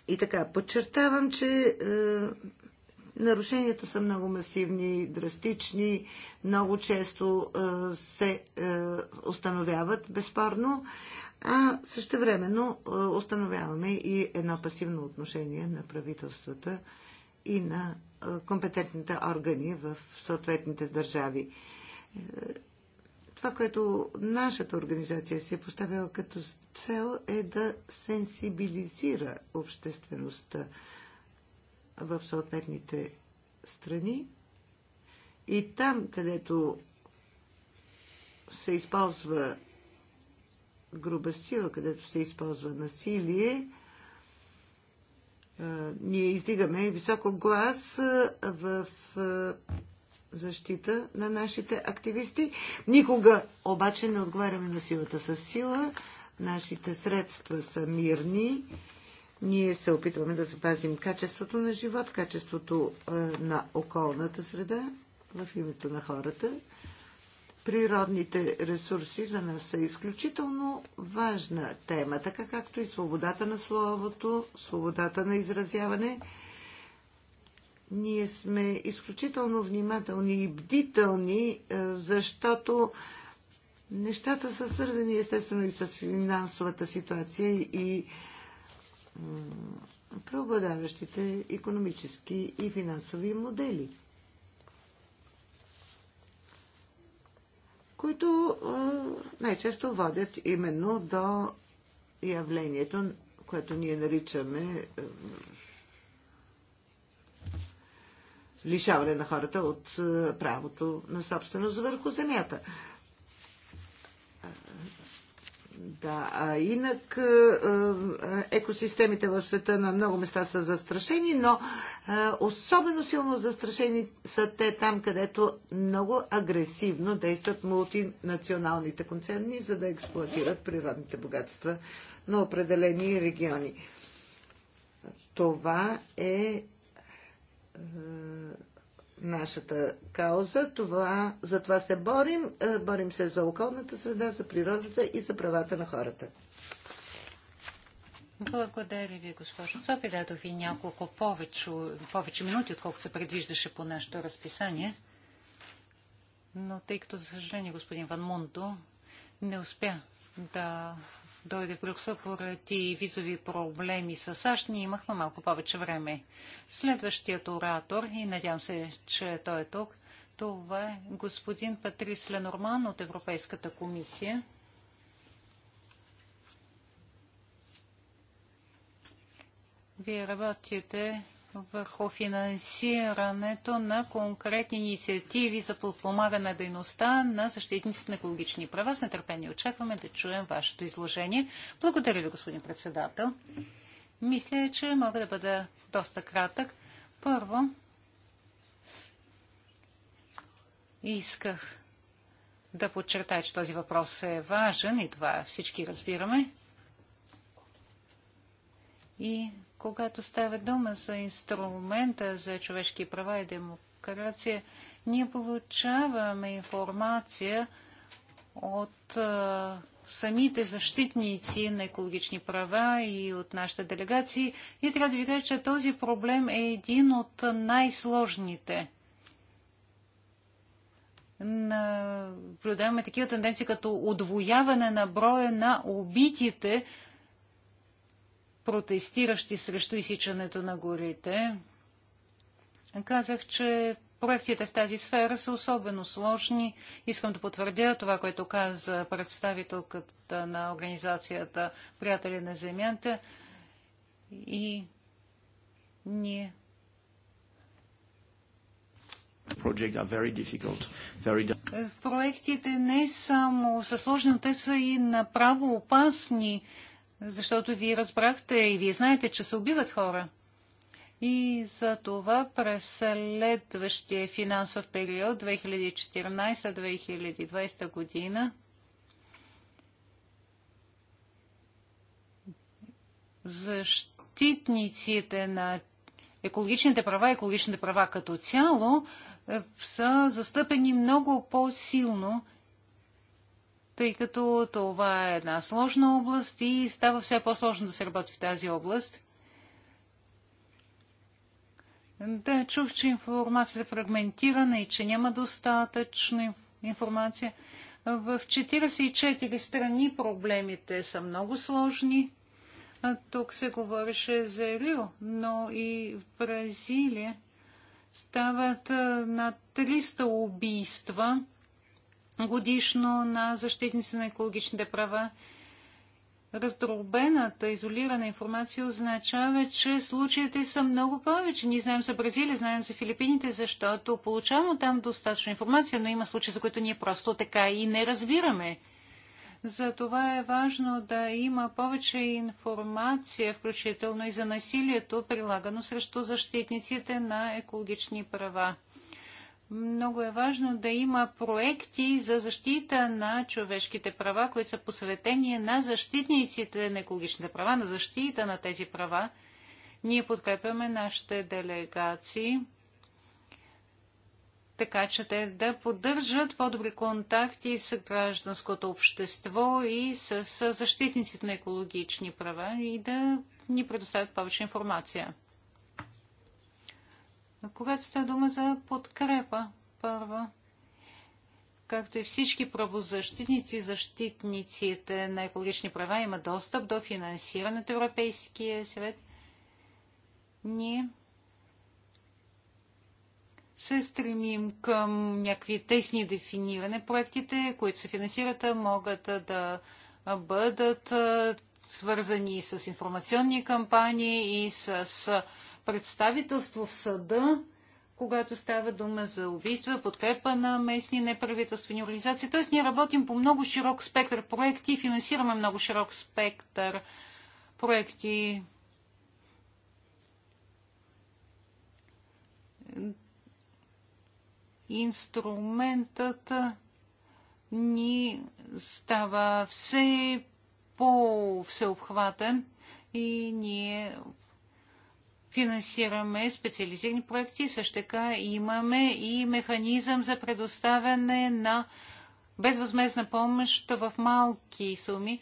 И така, подчертавам, че е, Нарушенията са много масивни, драстични, много често се установяват, безспорно, а също времено установяваме и едно пасивно отношение на правителствата и на компетентните органи в съответните държави. Това, което нашата организация си е поставила като цел е да сенсибилизира обществеността в съответните страни и там, където се използва груба сила, където се използва насилие, ние издигаме високо глас в защита на нашите активисти. Никога обаче не отговаряме на силата с сила. Нашите средства са мирни ние се опитваме да запазим качеството на живот, качеството на околната среда в името на хората. Природните ресурси за нас са изключително важна тема, така както и свободата на словото, свободата на изразяване. Ние сме изключително внимателни и бдителни, защото нещата са свързани естествено и с финансовата ситуация и преобладаващите економически и финансови модели, които най-често водят именно до явлението, което ние наричаме лишаване на хората от правото на собственост върху земята. Да, а инак екосистемите в света на много места са застрашени, но особено силно застрашени са те там, където много агресивно действат мултинационалните концерни, за да експлуатират природните богатства на определени региони. Това е нашата кауза. Това, за това се борим. Е, борим се за околната среда, за природата и за правата на хората. Благодаря ви, госпожо Цопи. Дадох ви няколко повече, повече минути, отколкото се предвиждаше по нашето разписание. Но тъй като, за съжаление, господин Ван Мунто не успя да дойде в Брюксел поради визови проблеми с САЩ, ние имахме малко повече време. Следващият оратор, и надявам се, че той е тук, това е господин Патрис Ленорман от Европейската комисия. Вие работите върху финансирането на конкретни инициативи за подпомагане на дейността на защитниците на екологични права. С нетърпение очакваме да чуем вашето изложение. Благодаря ви, господин председател. Мисля, че мога да бъда доста кратък. Първо, исках да подчертая, че този въпрос е важен и това всички разбираме. И когато става дума за инструмента за човешки права и демокрация, ние получаваме информация от а, самите защитници на екологични права и от нашите делегации. И трябва да ви кажа, че този проблем е един от най-сложните. Наблюдаваме такива тенденции като отвояване на броя на убитите протестиращи срещу изсичането на горите. Казах, че проектите в тази сфера са особено сложни. Искам да потвърдя това, което каза представителката на организацията Приятели на земята. И ние Проектите не само са сложни, но те са и направо опасни защото вие разбрахте и вие знаете, че се убиват хора. И за това през следващия финансов период 2014-2020 година защитниците на екологичните права, екологичните права като цяло е, са застъпени много по-силно тъй като това е една сложна област и става все по-сложно да се работи в тази област. Да, чух, че информацията е фрагментирана и че няма достатъчно информация. В 44 страни проблемите са много сложни. Тук се говореше за Рио, но и в Бразилия стават над 300 убийства годишно на защитници на екологичните права. Раздробената, изолирана информация означава, че случаите са много повече. Ние знаем за Бразилия, знаем за Филипините, защото получаваме там достатъчно информация, но има случаи, за които ние просто така и не разбираме. Затова е важно да има повече информация, включително и за насилието, прилагано срещу защитниците на екологични права. Много е важно да има проекти за защита на човешките права, които са посветени на защитниците на екологичните права, на защита на тези права. Ние подкрепяме нашите делегации, така че те да поддържат по-добри контакти с гражданското общество и с защитниците на екологични права и да ни предоставят повече информация. Когато става дума за подкрепа, първа, както и всички правозащитници, защитниците на екологични права има достъп до финансиране от Европейския съвет. Ние се стремим към някакви тесни дефиниране. Проектите, които се финансират, могат да бъдат свързани с информационни кампании и с представителство в съда, когато става дума за убийства, подкрепа на местни неправителствени организации. Тоест ние работим по много широк спектър проекти, финансираме много широк спектър проекти. Инструментът ни става все по-всеобхватен и ние финансираме специализирани проекти, също така имаме и механизъм за предоставяне на безвъзмезна помощ в малки суми.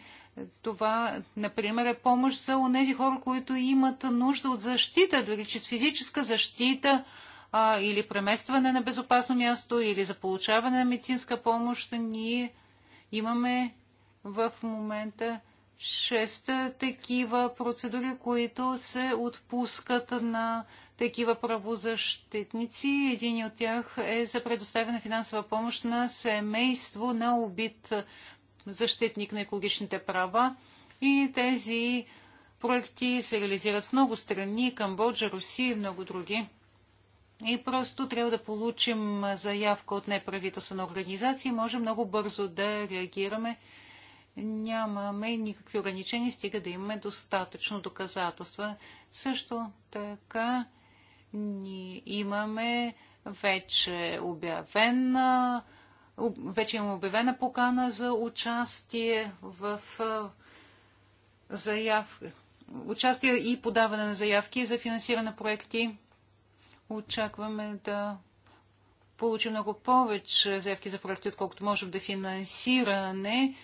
Това, например, е помощ за тези хора, които имат нужда от защита, дори чрез физическа защита а, или преместване на безопасно място, или за получаване на медицинска помощ. Ние имаме в момента Шест такива процедури, които се отпускат на такива правозащитници. Един от тях е за предоставяне финансова помощ на семейство на убит защитник на екологичните права. И тези проекти се реализират в много страни, Камбоджа, Русия и много други. И просто трябва да получим заявка от неправителствена организация и може много бързо да реагираме нямаме никакви ограничения, стига да имаме достатъчно доказателства. Също така ни имаме вече обявена вече имаме обявена покана за участие в заявка. Участие и подаване на заявки за финансиране на проекти. Очакваме да получим много повече заявки за проекти, отколкото можем да финансиране.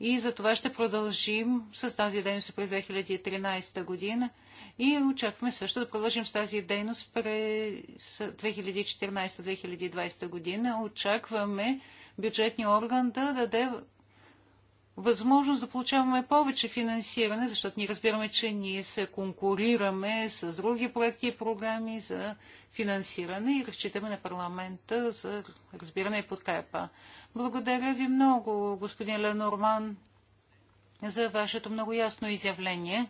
И за това ще продължим с тази дейност през 2013 година и очакваме също да продължим с тази дейност през 2014-2020 година. Очакваме бюджетния орган да даде възможност да получаваме повече финансиране, защото ние разбираме, че ние се конкурираме с други проекти и програми за финансиране и разчитаме на парламента за разбиране и подкрепа. Благодаря ви много, господин Ленорман, за вашето много ясно изявление.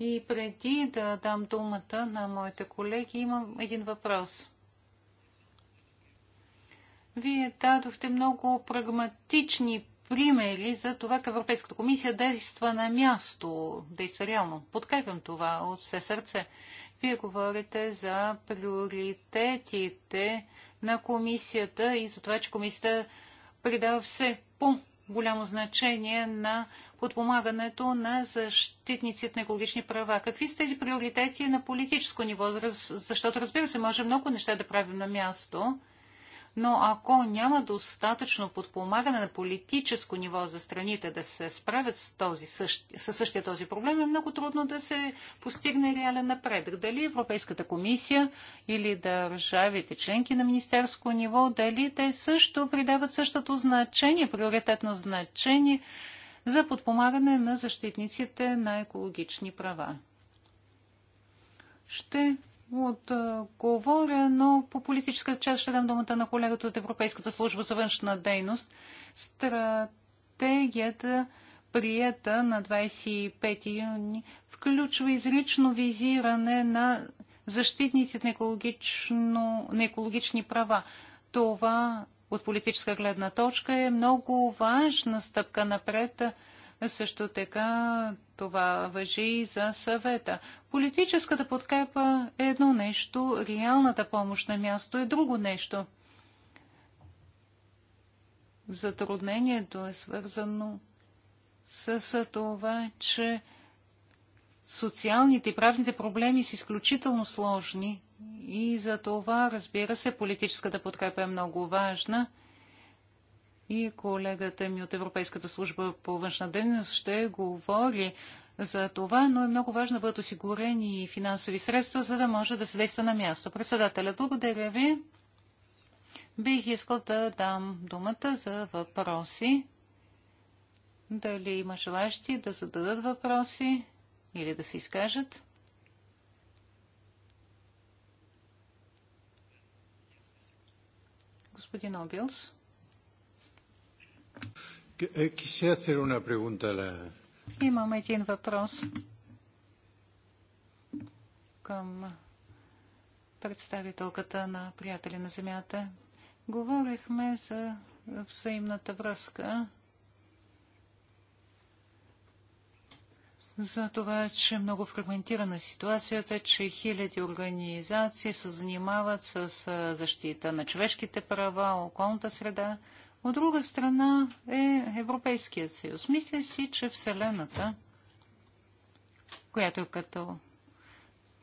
И преди да дам думата на моите колеги, имам един въпрос. Вие дадохте много прагматични примери за това, как Европейската комисия действа на място, действа реално. Подкрепям това от все сърце. Вие говорите за приоритетите на комисията и за това, че комисията придава все по-голямо значение на подпомагането на защитниците на екологични права. Какви са тези приоритети на политическо ниво? Защото, разбира се, може много неща да правим на място, но ако няма достатъчно подпомагане на политическо ниво за страните да се справят с, този, с същия този проблем, е много трудно да се постигне реален напредък. Дали Европейската комисия или държавите членки на министерско ниво, дали те също придават същото значение, приоритетно значение за подпомагане на защитниците на екологични права. Ще отговоря, но по политическа част ще дам думата на колегата от Европейската служба за външна дейност. Стратегията прията на 25 юни включва изрично визиране на защитниците на, екологично, на екологични права. Това от политическа гледна точка е много важна стъпка напред, също така това въжи и за съвета. Политическата подкрепа е едно нещо, реалната помощ на място е друго нещо. Затруднението е свързано с това, че социалните и правните проблеми са изключително сложни и за това, разбира се, политическата подкрепа е много важна – и колегата ми от Европейската служба по външна дейност ще говори за това, но е много важно да бъдат осигурени и финансови средства, за да може да се действа на място. Председателя, благодаря ви. Бих искал да дам думата за въпроси. Дали има желащи да зададат въпроси или да се изкажат? Господин Обилс. Имам един въпрос към представителката на приятели на Земята. Говорихме за взаимната връзка, за това, че е много фрагментирана ситуацията, че хиляди организации се занимават с защита на човешките права, околната среда, от друга страна е Европейският съюз. Мисля си, че Вселената, която е като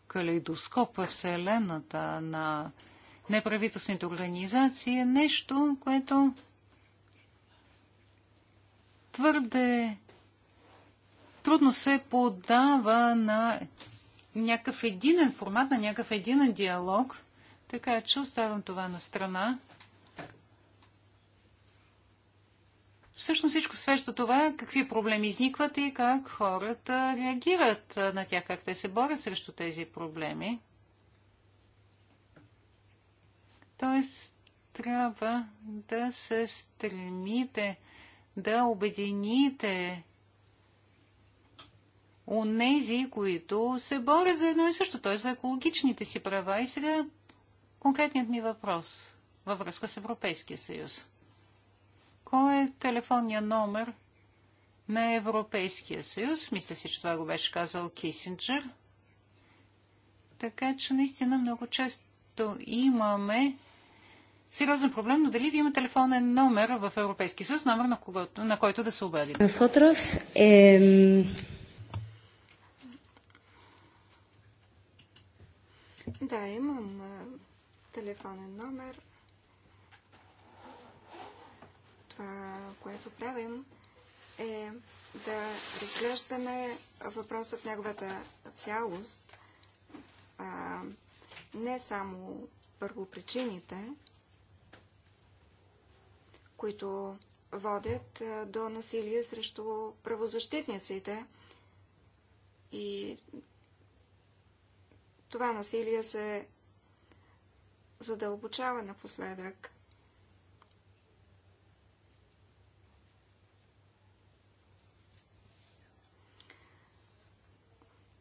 калейдоскоп е Вселената на неправителствените организации, е нещо, което твърде трудно се подава на някакъв единен формат, на някакъв единен диалог, така че оставям това на страна. Всъщност всичко свежда това какви проблеми изникват и как хората реагират на тях, как те се борят срещу тези проблеми. Тоест, трябва да се стремите да обедините онези, които се борят за едно и също, т.е. за екологичните си права. И сега конкретният ми въпрос във връзка с Европейския съюз. Кой е телефонния номер на Европейския съюз? Мисля си, че това го беше казал Кисинджер. Така че наистина много често имаме сериозен проблем, но дали ви има телефонен номер в Европейски съюз, номер на, кого, на който да се обадите? Nosotros, е... Да, имам е, телефонен номер това, което правим, е да разглеждаме въпроса в неговата цялост, а, не само първо причините, които водят до насилие срещу правозащитниците. И това насилие се задълбочава напоследък.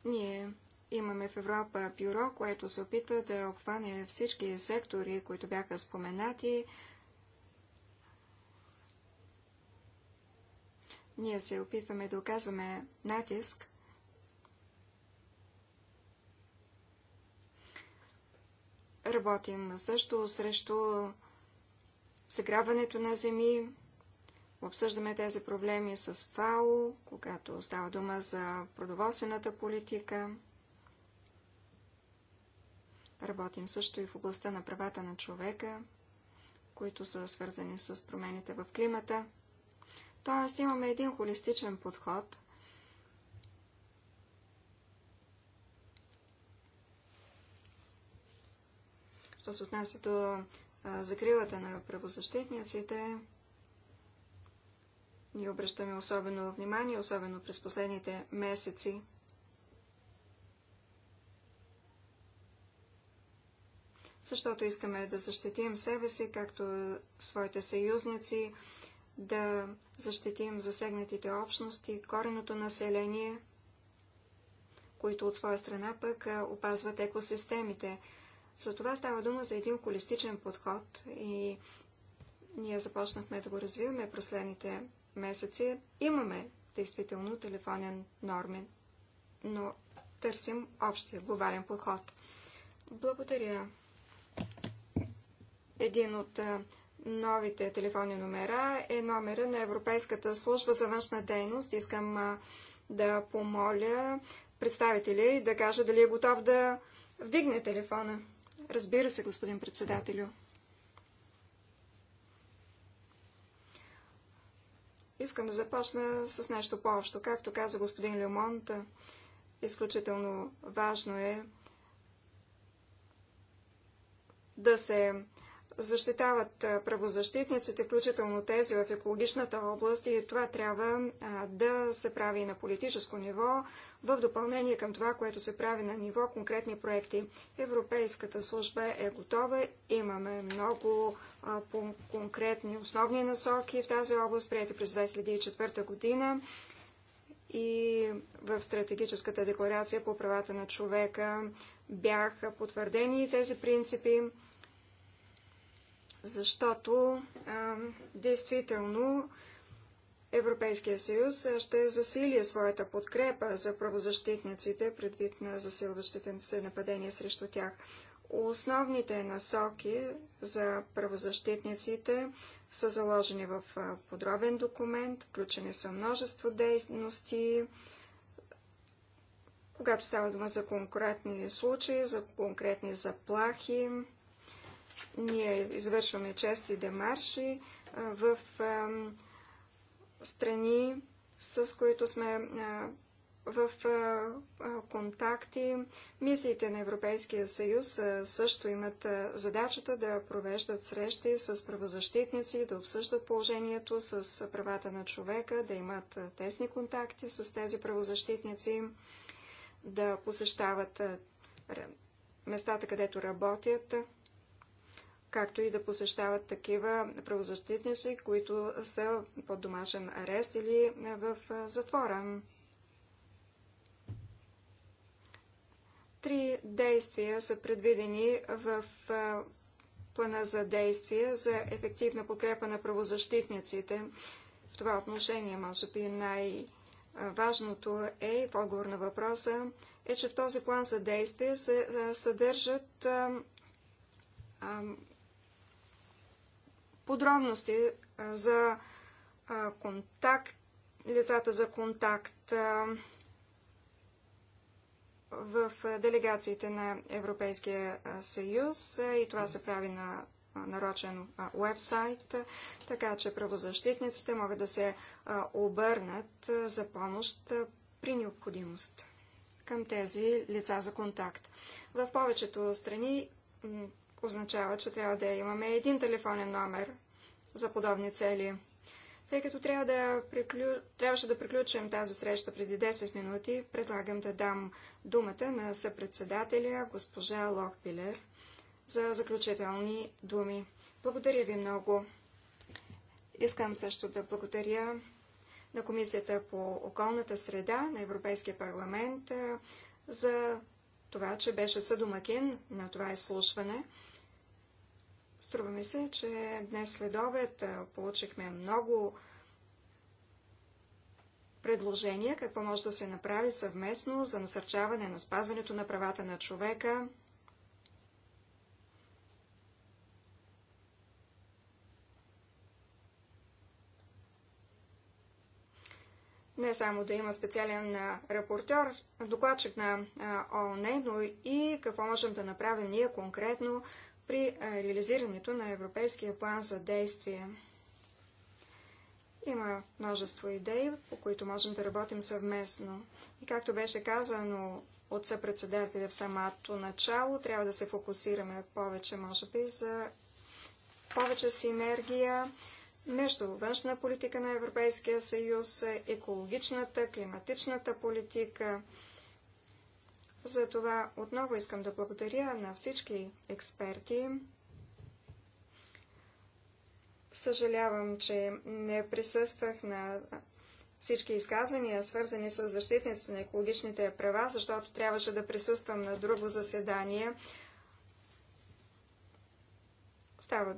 Ние имаме в Европа бюро, което се опитва да обхване всички сектори, които бяха споменати. Ние се опитваме да оказваме натиск Работим също срещу заграбването на земи, Обсъждаме тези проблеми с ФАО, когато става дума за продоволствената политика. Работим също и в областта на правата на човека, които са свързани с промените в климата. Тоест имаме един холистичен подход. Що се отнася до закрилата на правозащитниците, ни обръщаме особено внимание, особено през последните месеци. Защото искаме да защитим себе си, както своите съюзници, да защитим засегнатите общности, кореното население, които от своя страна пък опазват екосистемите. За това става дума за един холистичен подход и ние започнахме да го развиваме последните месеци имаме действително телефонен нормен, но търсим общия глобален подход. Благодаря. Един от новите телефонни номера е номера на Европейската служба за външна дейност. Искам да помоля представители да кажа дали е готов да вдигне телефона. Разбира се, господин председателю. Искам да започна с нещо по-общо. Както каза господин Лемонт, изключително важно е да се защитават правозащитниците, включително тези в екологичната област и това трябва да се прави и на политическо ниво, в допълнение към това, което се прави на ниво конкретни проекти. Европейската служба е готова, имаме много конкретни основни насоки в тази област, прияти през 2004 година и в стратегическата декларация по правата на човека бяха потвърдени тези принципи защото а, действително Европейския съюз ще засили своята подкрепа за правозащитниците, предвид на засилващите се нападения срещу тях. Основните насоки за правозащитниците са заложени в подробен документ, включени са множество дейности, когато става дума за конкретни случаи, за конкретни заплахи, ние извършваме чести демарши в страни, с които сме в контакти. Мисиите на Европейския съюз също имат задачата да провеждат срещи с правозащитници, да обсъждат положението с правата на човека, да имат тесни контакти с тези правозащитници, да посещават местата, където работят, както и да посещават такива правозащитници, които са под домашен арест или е, в е, затвора. Три действия са предвидени в е, плана за действие за ефективна подкрепа на правозащитниците. В това отношение, може би, най-важното е, в отговор на въпроса, е, че в този план за действие се съдържат подробности за контакт, лицата за контакт в делегациите на Европейския съюз и това се прави на нарочен уебсайт, така че правозащитниците могат да се обърнат за помощ при необходимост към тези лица за контакт. В повечето страни означава, че трябва да имаме един телефонен номер за подобни цели. Тъй като трябва да приклю... трябваше да приключим тази среща преди 10 минути, предлагам да дам думата на съпредседателя госпожа Локпилер за заключителни думи. Благодаря ви много. Искам също да благодаря на Комисията по околната среда на Европейския парламент за това, че беше съдомакин на това изслушване. Струва ми се, че днес след обед получихме много предложения, какво може да се направи съвместно за насърчаване на спазването на правата на човека. Не само да има специален репортер, докладчик на ООН, но и какво можем да направим ние конкретно при реализирането на Европейския план за действие. Има множество идеи, по които можем да работим съвместно. И както беше казано от съпредседателя в самото начало, трябва да се фокусираме повече, може би, за повече синергия между външна политика на Европейския съюз, екологичната, климатичната политика, затова отново искам да благодаря на всички експерти. Съжалявам, че не присъствах на всички изказвания, свързани с защитници на екологичните права, защото трябваше да присъствам на друго заседание. Става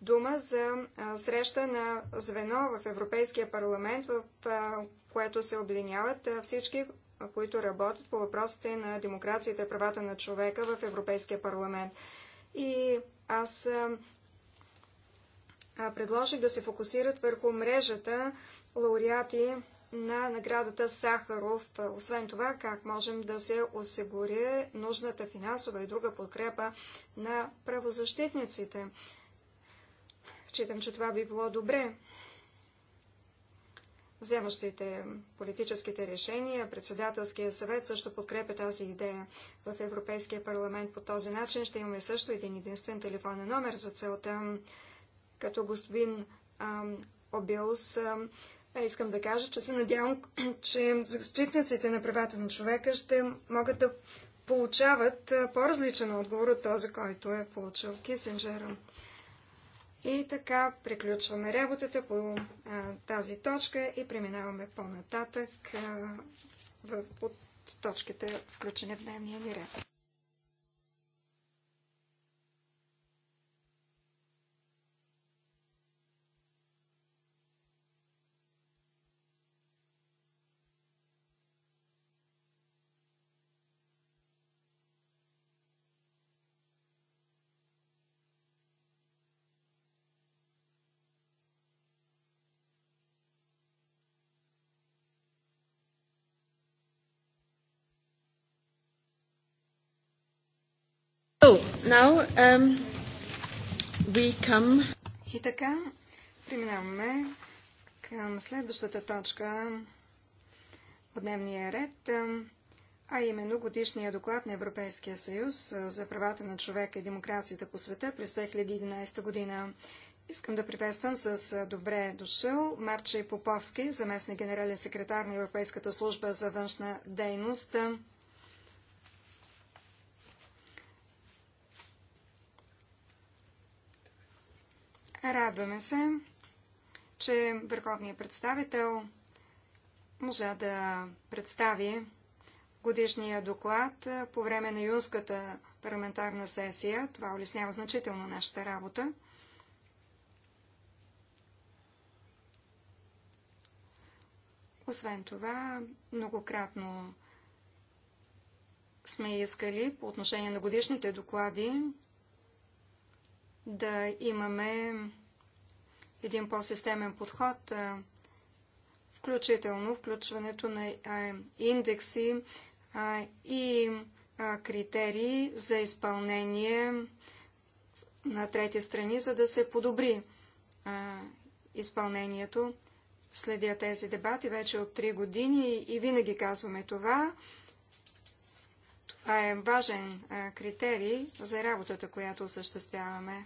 дума за среща на звено в Европейския парламент, в което се объединяват всички които работят по въпросите на демокрацията и правата на човека в Европейския парламент. И аз предложих да се фокусират върху мрежата лауреати на наградата Сахаров. Освен това, как можем да се осигури нужната финансова и друга подкрепа на правозащитниците. Считам, че това би било добре вземащите политическите решения. Председателския съвет също подкрепя тази идея. В Европейския парламент по този начин ще имаме също един единствен телефонен номер за целта. Като господин Обилс, е, искам да кажа, че се надявам, <clears throat> че защитниците на правата на човека ще могат да получават по-различен отговор от този, който е получил Кисенджера. И така приключваме работата по а, тази точка и преминаваме по-нататък под точките, включени в дневния ни ред. Oh, now, um, we come... И така, преминаваме към следващата точка от дневния ред, а именно годишния доклад на Европейския съюз е, за правата на човека и демокрацията по света през 2011 година. Искам да приветствам с е, добре дошъл Марчей Поповски, заместник генерален секретар на Европейската служба за външна дейност. Радваме се, че върховният представител можа да представи годишния доклад по време на юнската парламентарна сесия. Това улеснява значително нашата работа. Освен това, многократно сме искали по отношение на годишните доклади да имаме един по-системен подход, включително включването на индекси и критерии за изпълнение на трети страни, за да се подобри изпълнението. Следя тези дебати вече от 3 години и винаги казваме това. Това е важен критерий за работата, която осъществяваме.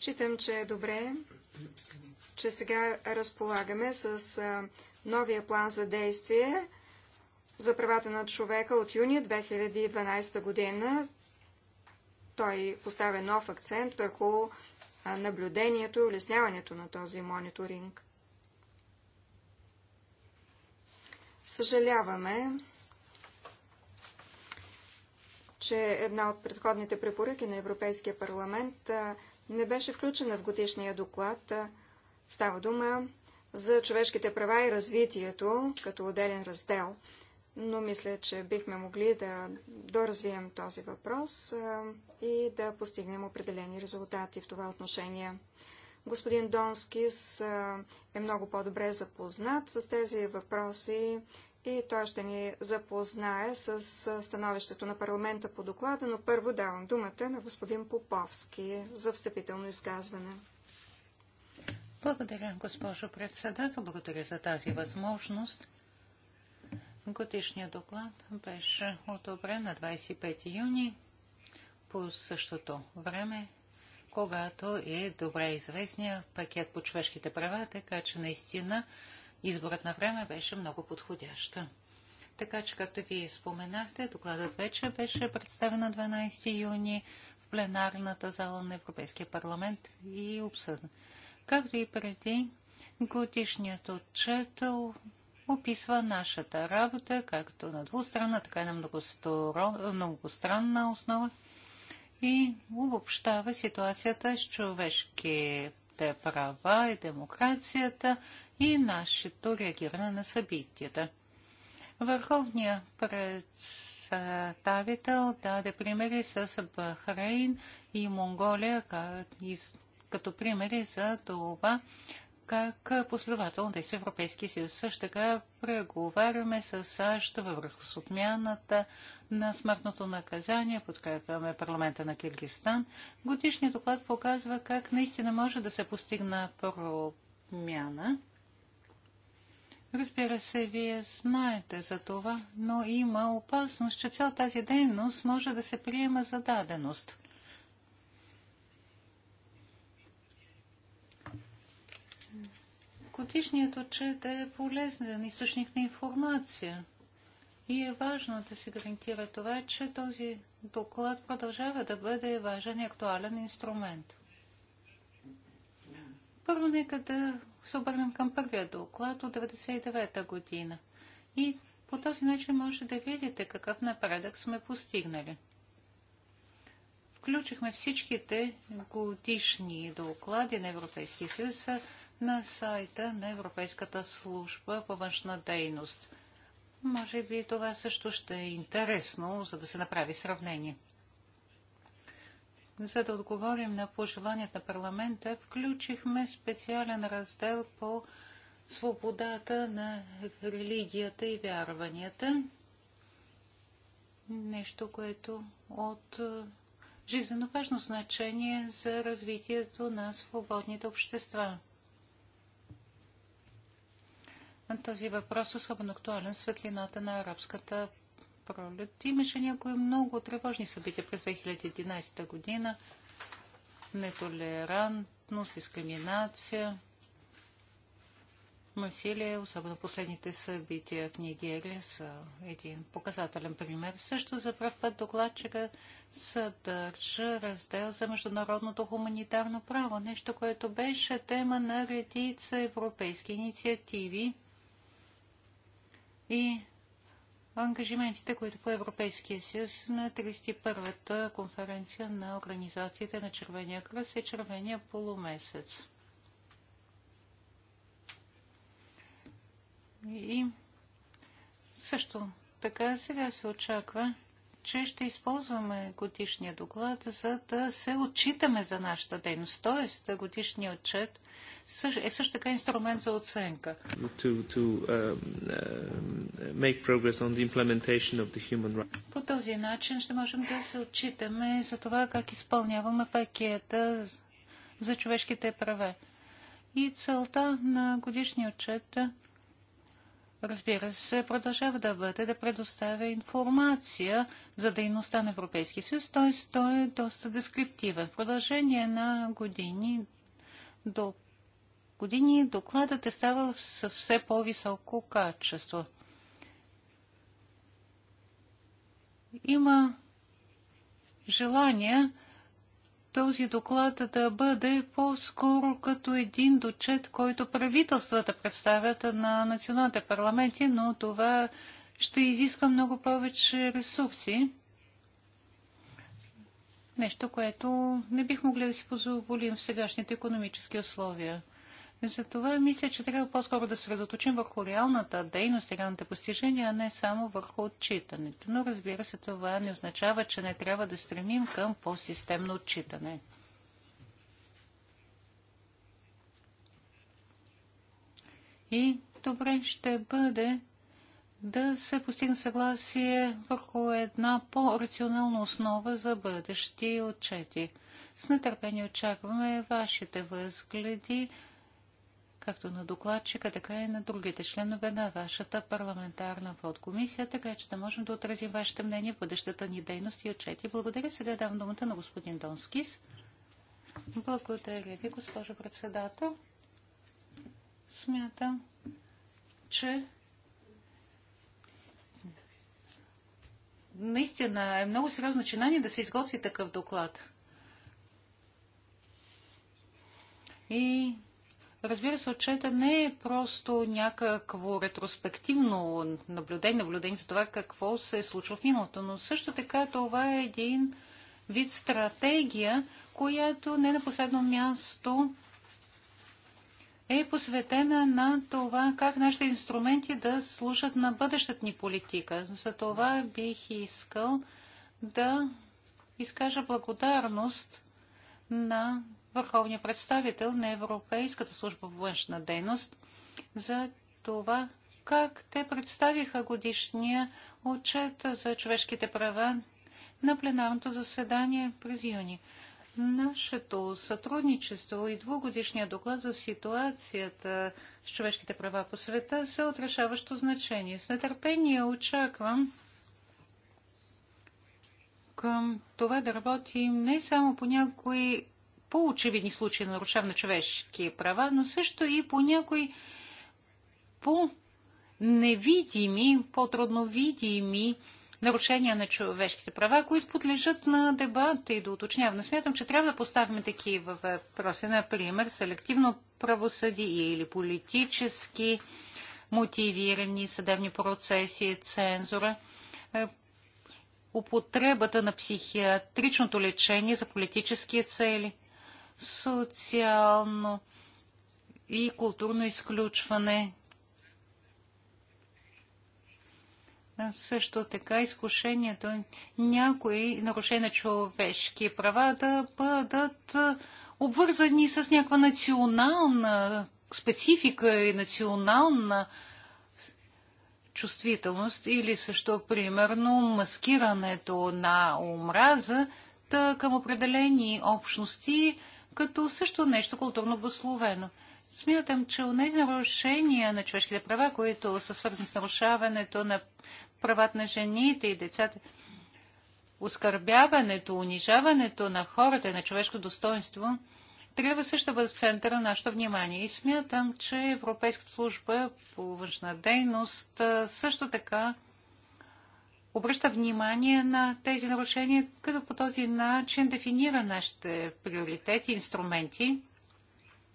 Считам, че е добре, че сега разполагаме с новия план за действие за правата на човека от юни 2012 година. Той поставя нов акцент върху наблюдението и улесняването на този мониторинг. Съжаляваме, че една от предходните препоръки на Европейския парламент не беше включена в годишния доклад. Става дума за човешките права и развитието като отделен раздел. Но мисля, че бихме могли да доразвием този въпрос и да постигнем определени резултати в това отношение. Господин Донскис е много по-добре запознат с тези въпроси, и той ще ни запознае с становището на парламента по доклада, но първо давам думата на господин Поповски за встъпително изказване. Благодаря, госпожо председател. Благодаря за тази възможност. Годишният доклад беше одобрен на 25 юни по същото време, когато е добре известния пакет по човешките права, така че наистина изборът на време беше много подходяща. Така че, както вие споменахте, докладът вече беше представен на 12 юни в пленарната зала на Европейския парламент и обсъден. Както и преди, годишният отчет описва нашата работа, както на двустранна, така и на многостранна основа и обобщава ситуацията с човешките права и демокрацията и нашето реагиране на събитията. Върховният представител даде примери с Бахрейн и Монголия като примери за това, как последователно действа Европейския съюз. Също така преговаряме с САЩ във връзка с отмяната на смъртното наказание, подкрепяме парламента на Киргистан. Годишният доклад показва как наистина може да се постигна промяна Разбира се, вие знаете за това, но има опасност, че цял тази дейност може да се приема за даденост. Котишният отчет е полезен източник на информация и е важно да се гарантира това, че този доклад продължава да бъде важен и актуален инструмент. Първо нека да се обърнем към първия доклад от 1999 година. И по този начин може да видите какъв напредък сме постигнали. Включихме всичките годишни доклади на Европейския съюз на сайта на Европейската служба по външна дейност. Може би това също ще е интересно, за да се направи сравнение. За да отговорим на пожеланията на парламента, включихме специален раздел по свободата на религията и вярванията. Нещо, което от е, жизненно важно значение за развитието на свободните общества. Този въпрос е особено актуален в светлината на арабската пролет имаше някои много тревожни събития през 2011 година. Нетолерантност, дискриминация, насилие, особено последните събития в Нигерия са един показателен пример. Също за пръв път докладчика съдържа раздел за международното хуманитарно право, нещо, което беше тема на редица европейски инициативи и ангажиментите, които по Европейския съюз на 31-та конференция на Организацията на Червения кръст и Червения полумесец. И също така сега се очаква че ще използваме годишния доклад, за да се отчитаме за нашата дейност. Тоест, годишният отчет е също така инструмент за оценка. To, to, um, uh, По този начин ще можем да се отчитаме за това как изпълняваме пакета за човешките права. И целта на годишния отчет разбира се, продължава да бъде да предоставя информация за дейността на Европейския съюз, т.е. той е доста дескриптивен. В продължение на години до години докладът е ставал с все по-високо качество. Има желание този доклад да бъде по-скоро като един дочет, който правителствата представят на националните парламенти, но това ще изиска много повече ресурси. Нещо, което не бих могли да си позволим в сегашните економически условия. Затова мисля, че трябва по-скоро да средоточим върху реалната дейност, реалните постижения, а не само върху отчитането. Но разбира се, това не означава, че не трябва да стремим към по-системно отчитане. И добре ще бъде да се постигне съгласие върху една по-рационална основа за бъдещи отчети. С нетърпение очакваме вашите възгледи както на докладчика, така и на другите членове на вашата парламентарна подкомисия, така че да можем да отразим вашето мнение в бъдещата ни дейност и отчети. Благодаря. Сега давам думата на господин Донскис. Благодаря ви, госпожо председател. Смятам, че наистина е много сериозно начинание да се изготви такъв доклад. И Разбира се, отчета не е просто някакво ретроспективно наблюдение, наблюдение за това какво се е случило в миналото, но също така това е един вид стратегия, която не на последно място е посветена на това как нашите инструменти да служат на бъдещата ни политика. За това бих искал да изкажа благодарност на върховния представител на Европейската служба в външна дейност за това как те представиха годишния отчет за човешките права на пленарното заседание през юни. Нашето сътрудничество и двугодишния доклад за ситуацията с човешките права по света са от решаващо значение. С нетърпение очаквам към това да работим не само по някои по-очевидни случаи на нарушаване на човешки права, но също и по някои по-невидими, по-трудно видими нарушения на човешките права, които подлежат на дебат и до уточняване. Смятам, че трябва да поставим такива въпроси, например, селективно правосъдие или политически мотивирани съдебни процеси, цензура, е, употребата на психиатричното лечение за политически цели – социално и културно изключване. Също така изкушението някои нарушения на човешки права да бъдат обвързани с някаква национална специфика и национална чувствителност или също примерно маскирането на омраза към определени общности като също нещо културно обословено. Смятам, че у нези нарушения на човешките права, които са свързани с нарушаването на правата на жените и децата, оскърбяването, унижаването на хората и на човешко достоинство, трябва също да бъдат в центъра на нашето внимание. И смятам, че Европейската служба по външна дейност също така обръща внимание на тези нарушения, като по този начин дефинира нашите приоритети, инструменти.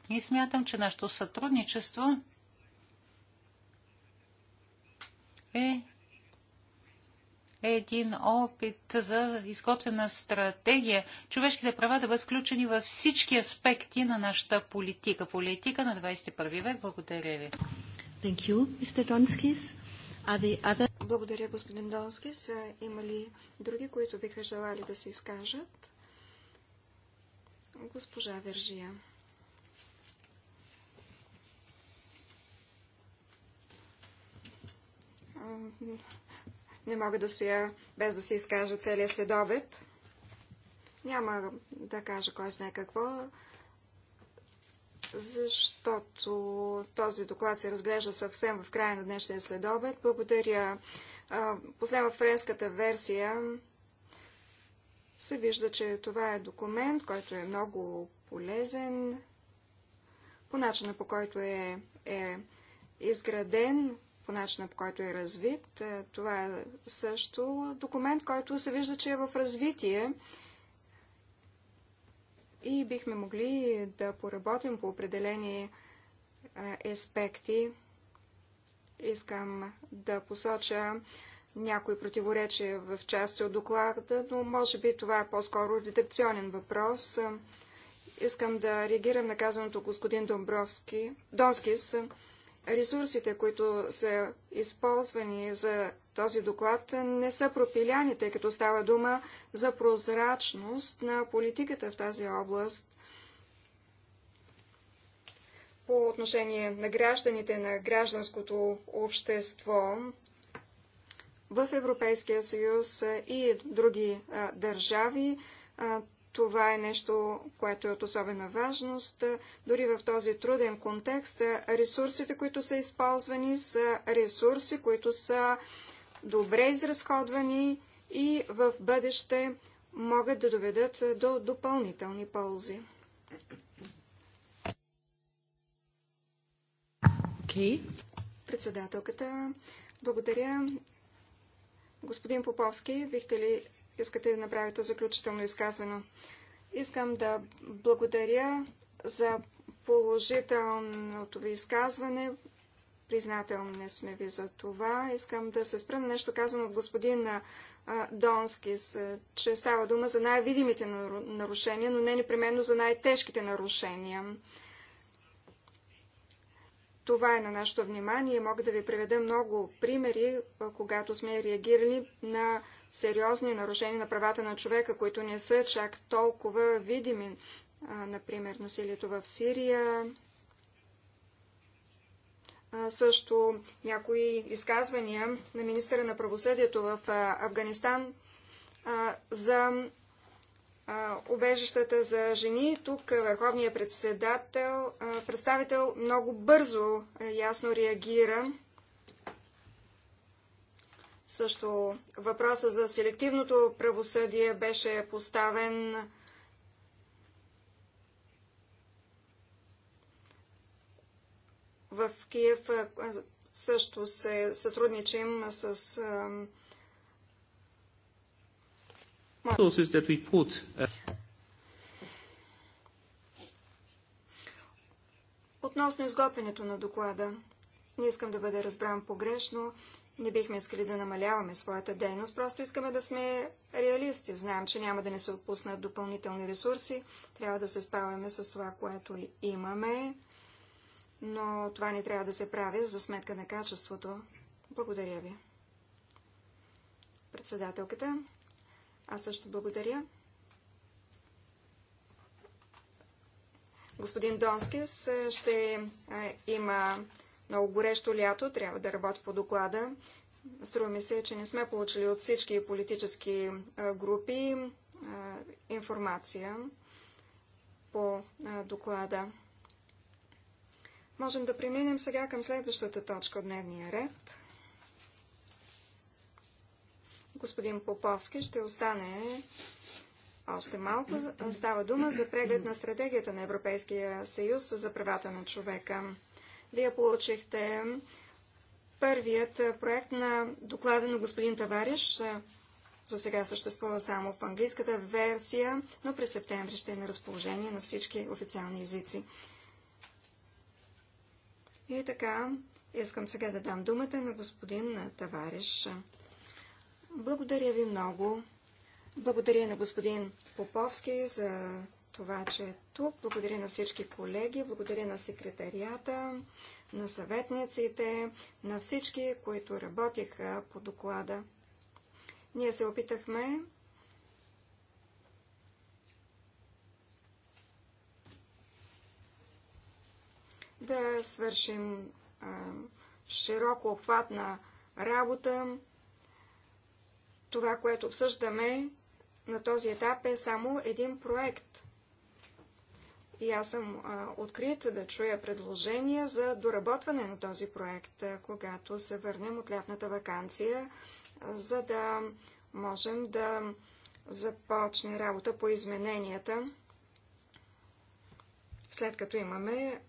И смятам, че нашето сътрудничество е един опит за изготвена стратегия човешките права да бъдат включени във всички аспекти на нашата политика. Политика на 21 век. Благодаря ви. Thank you, Mr. Donskis. Благодаря, господин Донски. Са има ли други, които биха желали да се изкажат? Госпожа Вержия. Не мога да стоя без да се изкажа целият следобед. Няма да кажа кой знае какво защото този доклад се разглежда съвсем в края на днешния следобед. Благодаря. Последва френската версия се вижда, че това е документ, който е много полезен по начина по който е, е изграден, по начина по който е развит. Е, това е също документ, който се вижда, че е в развитие и бихме могли да поработим по определени аспекти. Искам да посоча някои противоречия в части от доклада, но може би това е по-скоро редакционен въпрос. Искам да реагирам на казаното господин Домбровски. Донскис, ресурсите, които са използвани за този доклад не са пропиляни, тъй като става дума за прозрачност на политиката в тази област. По отношение на гражданите на гражданското общество в Европейския съюз и други държави, това е нещо, което е от особена важност. Дори в този труден контекст, ресурсите, които са използвани, са ресурси, които са добре изразходвани и в бъдеще могат да доведат до допълнителни ползи. Okay. Председателката, благодаря. Господин Поповски, бихте ли искате да направите заключително изказване? Искам да благодаря за положителното ви изказване. Признателни сме ви за това. Искам да се спра на нещо казано от господин Донски, че става дума за най-видимите нарушения, но не непременно за най-тежките нарушения. Това е на нашето внимание. Мога да ви приведа много примери, когато сме реагирали на сериозни нарушения на правата на човека, които не са чак толкова видими. Например, насилието в Сирия, също някои изказвания на министъра на правосъдието в Афганистан за обежищата за жени. Тук върховният председател, представител много бързо ясно реагира. Също въпроса за селективното правосъдие беше поставен В Киев също се сътрудничим с uh, Относно изготвянето на доклада, не искам да бъде разбран погрешно. Не бихме искали да намаляваме своята дейност, просто искаме да сме реалисти. Знаем, че няма да не се отпуснат допълнителни ресурси. Трябва да се спаваме с това, което имаме но това не трябва да се прави за сметка на качеството. Благодаря ви. Председателката, аз също благодаря. Господин Донскис е, ще е, има много горещо лято, трябва да работи по доклада. Струва ми се, че не сме получили от всички политически е, групи информация по доклада. Можем да преминем сега към следващата точка от дневния ред. Господин Поповски ще остане още малко. Става дума за преглед на стратегията на Европейския съюз за правата на човека. Вие получихте първият проект на доклада на господин Тавариш. За сега съществува само в английската версия, но през септември ще е на разположение на всички официални езици. И така, искам сега да дам думата на господин Тавариш. Благодаря ви много. Благодаря на господин Поповски за това, че е тук. Благодаря на всички колеги, благодаря на секретарията, на съветниците, на всички, които работиха по доклада. Ние се опитахме свършим широко обхватна работа. Това, което обсъждаме на този етап е само един проект. И аз съм а, открит да чуя предложения за доработване на този проект, а, когато се върнем от лятната вакансия, а, за да можем да започне работа по измененията, след като имаме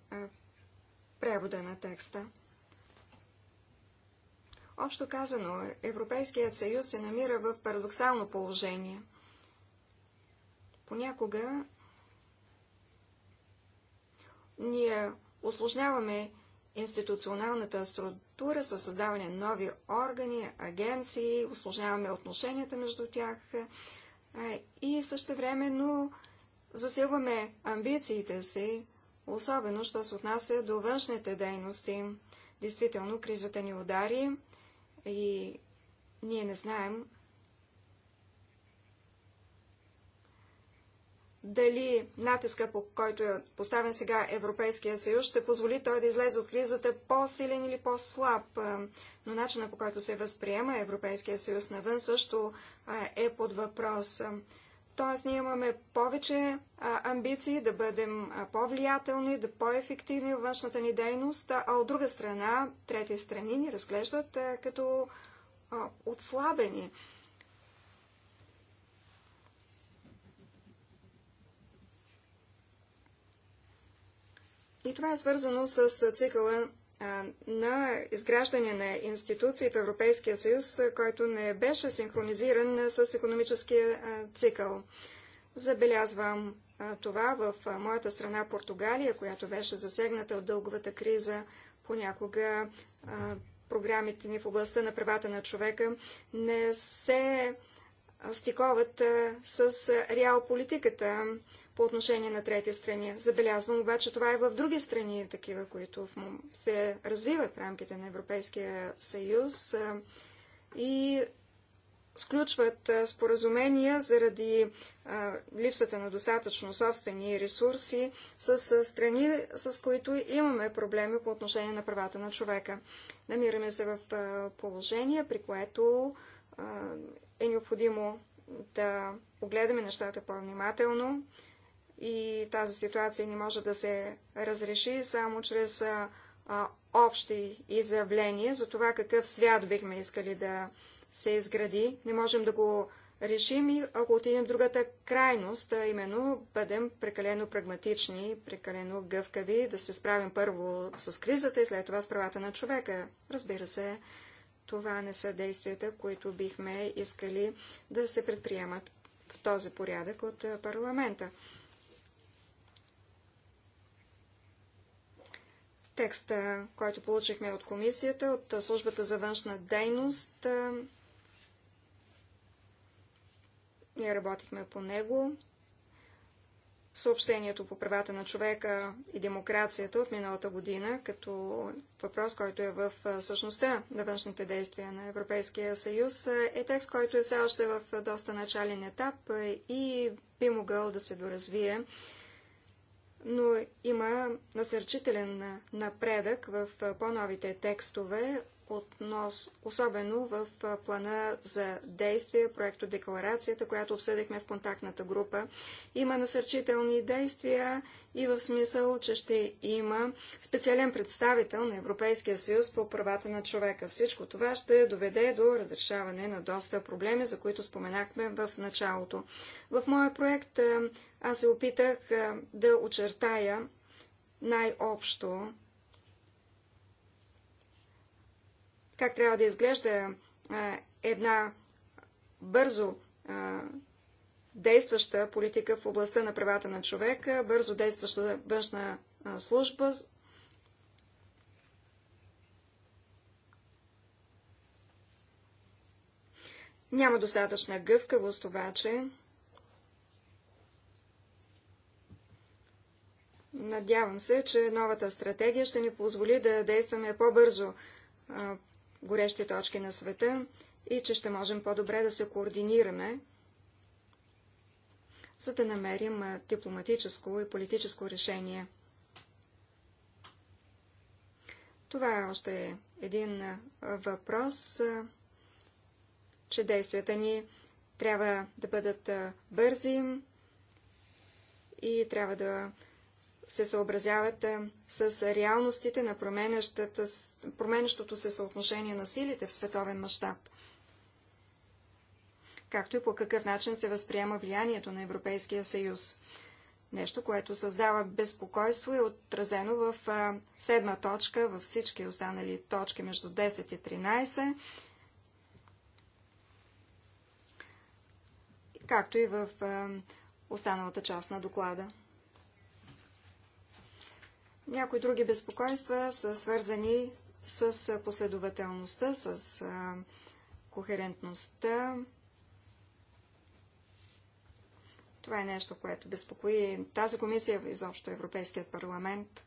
превода на текста. Общо казано, Европейският съюз се намира в парадоксално положение. Понякога ние осложняваме институционалната структура със създаване на нови органи, агенции, осложняваме отношенията между тях и същевременно засилваме амбициите си, особено, що се отнася до външните дейности. Действително, кризата ни удари и ние не знаем дали натиска, по който е поставен сега Европейския съюз, ще позволи той да излезе от кризата по-силен или по-слаб. Но начина по който се възприема Европейския съюз навън също е под въпрос. Тоест, ние имаме повече а, амбиции да бъдем по-влиятелни, да по-ефективни в външната ни дейност, а от друга страна, трети страни ни разглеждат а, като а, отслабени. И това е свързано с цикъла на изграждане на институции в Европейския съюз, който не беше синхронизиран с економическия цикъл. Забелязвам това в моята страна Португалия, която беше засегната от дълговата криза. Понякога програмите ни в областта на правата на човека не се стиковат с реал политиката по отношение на трети страни. Забелязвам обаче това и е в други страни, такива, които се развиват в рамките на Европейския съюз и сключват споразумения заради липсата на достатъчно собствени ресурси с страни, с които имаме проблеми по отношение на правата на човека. Намираме се в положение, при което е необходимо да огледаме нещата по-внимателно, и тази ситуация не може да се разреши само чрез а, а, общи изявления за това какъв свят бихме искали да се изгради. Не можем да го решим и ако отидем в другата крайност, а именно бъдем прекалено прагматични, прекалено гъвкави, да се справим първо с кризата и след това с правата на човека. Разбира се, това не са действията, които бихме искали да се предприемат в този порядък от парламента. Текста, който получихме от комисията, от службата за външна дейност, ние работихме по него. Съобщението по правата на човека и демокрацията от миналата година, като въпрос, който е в същността на външните действия на Европейския съюз, е текст, който е все още в доста начален етап и би могъл да се доразвие но има насърчителен напредък в по-новите текстове, относ, особено в плана за действие, проекто декларацията, която обсъдихме в контактната група. Има насърчителни действия и в смисъл, че ще има специален представител на Европейския съюз по правата на човека. Всичко това ще доведе до разрешаване на доста проблеми, за които споменахме в началото. В моя проект аз се опитах да очертая най-общо как трябва да изглежда една бързо действаща политика в областта на правата на човека, бързо действаща външна служба, Няма достатъчна гъвкавост обаче, Надявам се, че новата стратегия ще ни позволи да действаме по-бързо горещи точки на света и че ще можем по-добре да се координираме, за да намерим дипломатическо и политическо решение. Това е още един въпрос, че действията ни трябва да бъдат бързи и трябва да се съобразяват е, с реалностите на променящото се съотношение на силите в световен мащаб, както и по какъв начин се възприема влиянието на Европейския съюз. Нещо, което създава безпокойство и е отразено в е, седма точка, във всички останали точки между 10 и 13, както и в останалата част на доклада. Някои други безпокойства са свързани с последователността, с кохерентността. Това е нещо, което безпокои тази комисия, изобщо Европейският парламент.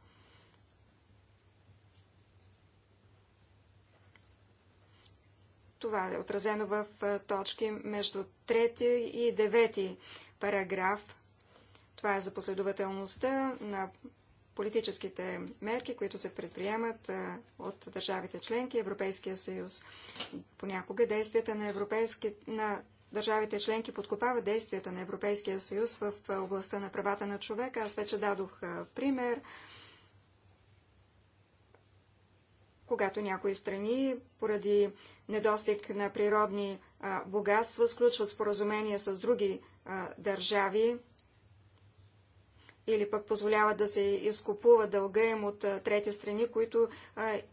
Това е отразено в точки между трети и девети параграф. Това е за последователността на политическите мерки, които се предприемат от държавите членки Европейския съюз. Понякога действията на, европейски, на държавите членки подкопават действията на Европейския съюз в областта на правата на човека. Аз вече дадох пример. Когато някои страни, поради недостиг на природни богатства, сключват споразумения с други държави, или пък позволяват да се изкупува дълга им от трети страни, които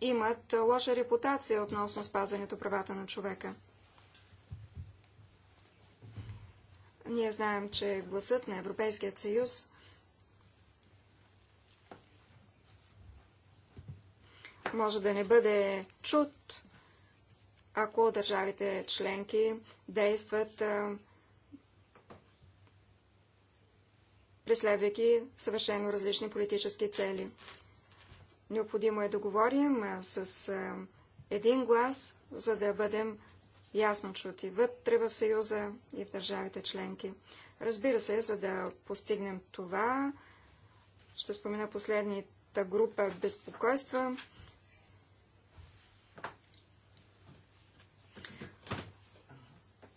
имат лоша репутация относно спазването правата на човека. Ние знаем, че гласът на Европейският съюз може да не бъде чут, ако държавите членки действат а, преследвайки съвършено различни политически цели. Необходимо е да говорим с един глас, за да бъдем ясно чути вътре в Съюза и в държавите членки. Разбира се, за да постигнем това, ще спомена последната група безпокойства.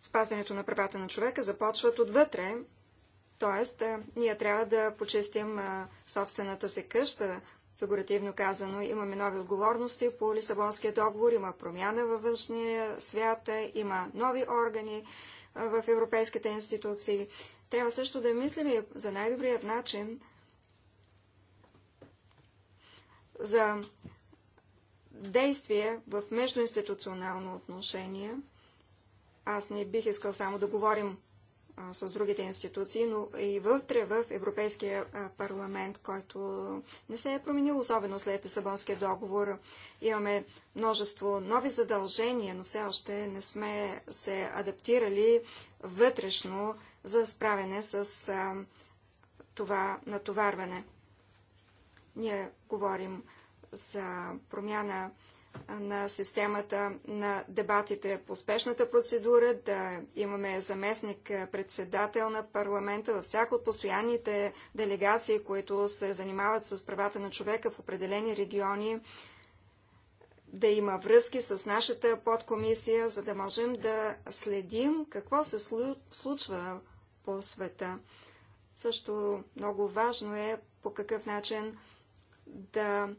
Спазването на правата на човека започват отвътре, Тоест, е, ние трябва да почистим е, собствената си къща, фигуративно казано. Имаме нови отговорности по Лисабонския договор, има промяна във външния свят, е, има нови органи в европейските институции. Трябва също да мислим и за най-добрият начин за действие в междуинституционално отношение. Аз не бих искал само да говорим а, с другите институции, но и вътре в Европейския парламент, който не се е променил особено след Лисабонския договор. Имаме множество нови задължения, но все още не сме се адаптирали вътрешно за справяне с а, това натоварване. Ние говорим за промяна на системата на дебатите по спешната процедура, да имаме заместник е, председател на парламента във всяко от постоянните делегации, които се занимават с правата на човека в определени региони, да има връзки с нашата подкомисия, за да можем да следим какво се случва по света. Също много важно е по какъв начин да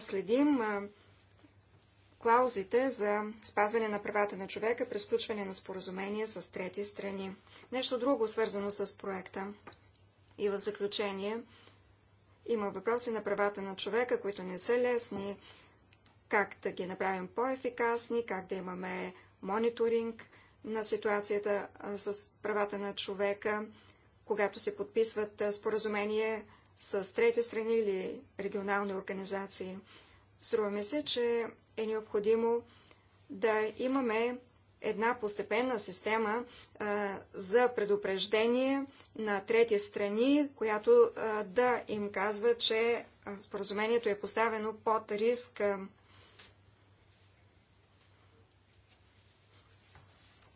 следим клаузите за спазване на правата на човека при сключване на споразумения с трети страни. Нещо друго, свързано с проекта. И в заключение, има въпроси на правата на човека, които не са лесни, как да ги направим по-ефикасни, как да имаме мониторинг на ситуацията с правата на човека, когато се подписват споразумение с трети страни или регионални организации. Струва ми се, че е необходимо да имаме една постепенна система а, за предупреждение на трети страни, която а, да им казва, че споразумението е поставено под риск.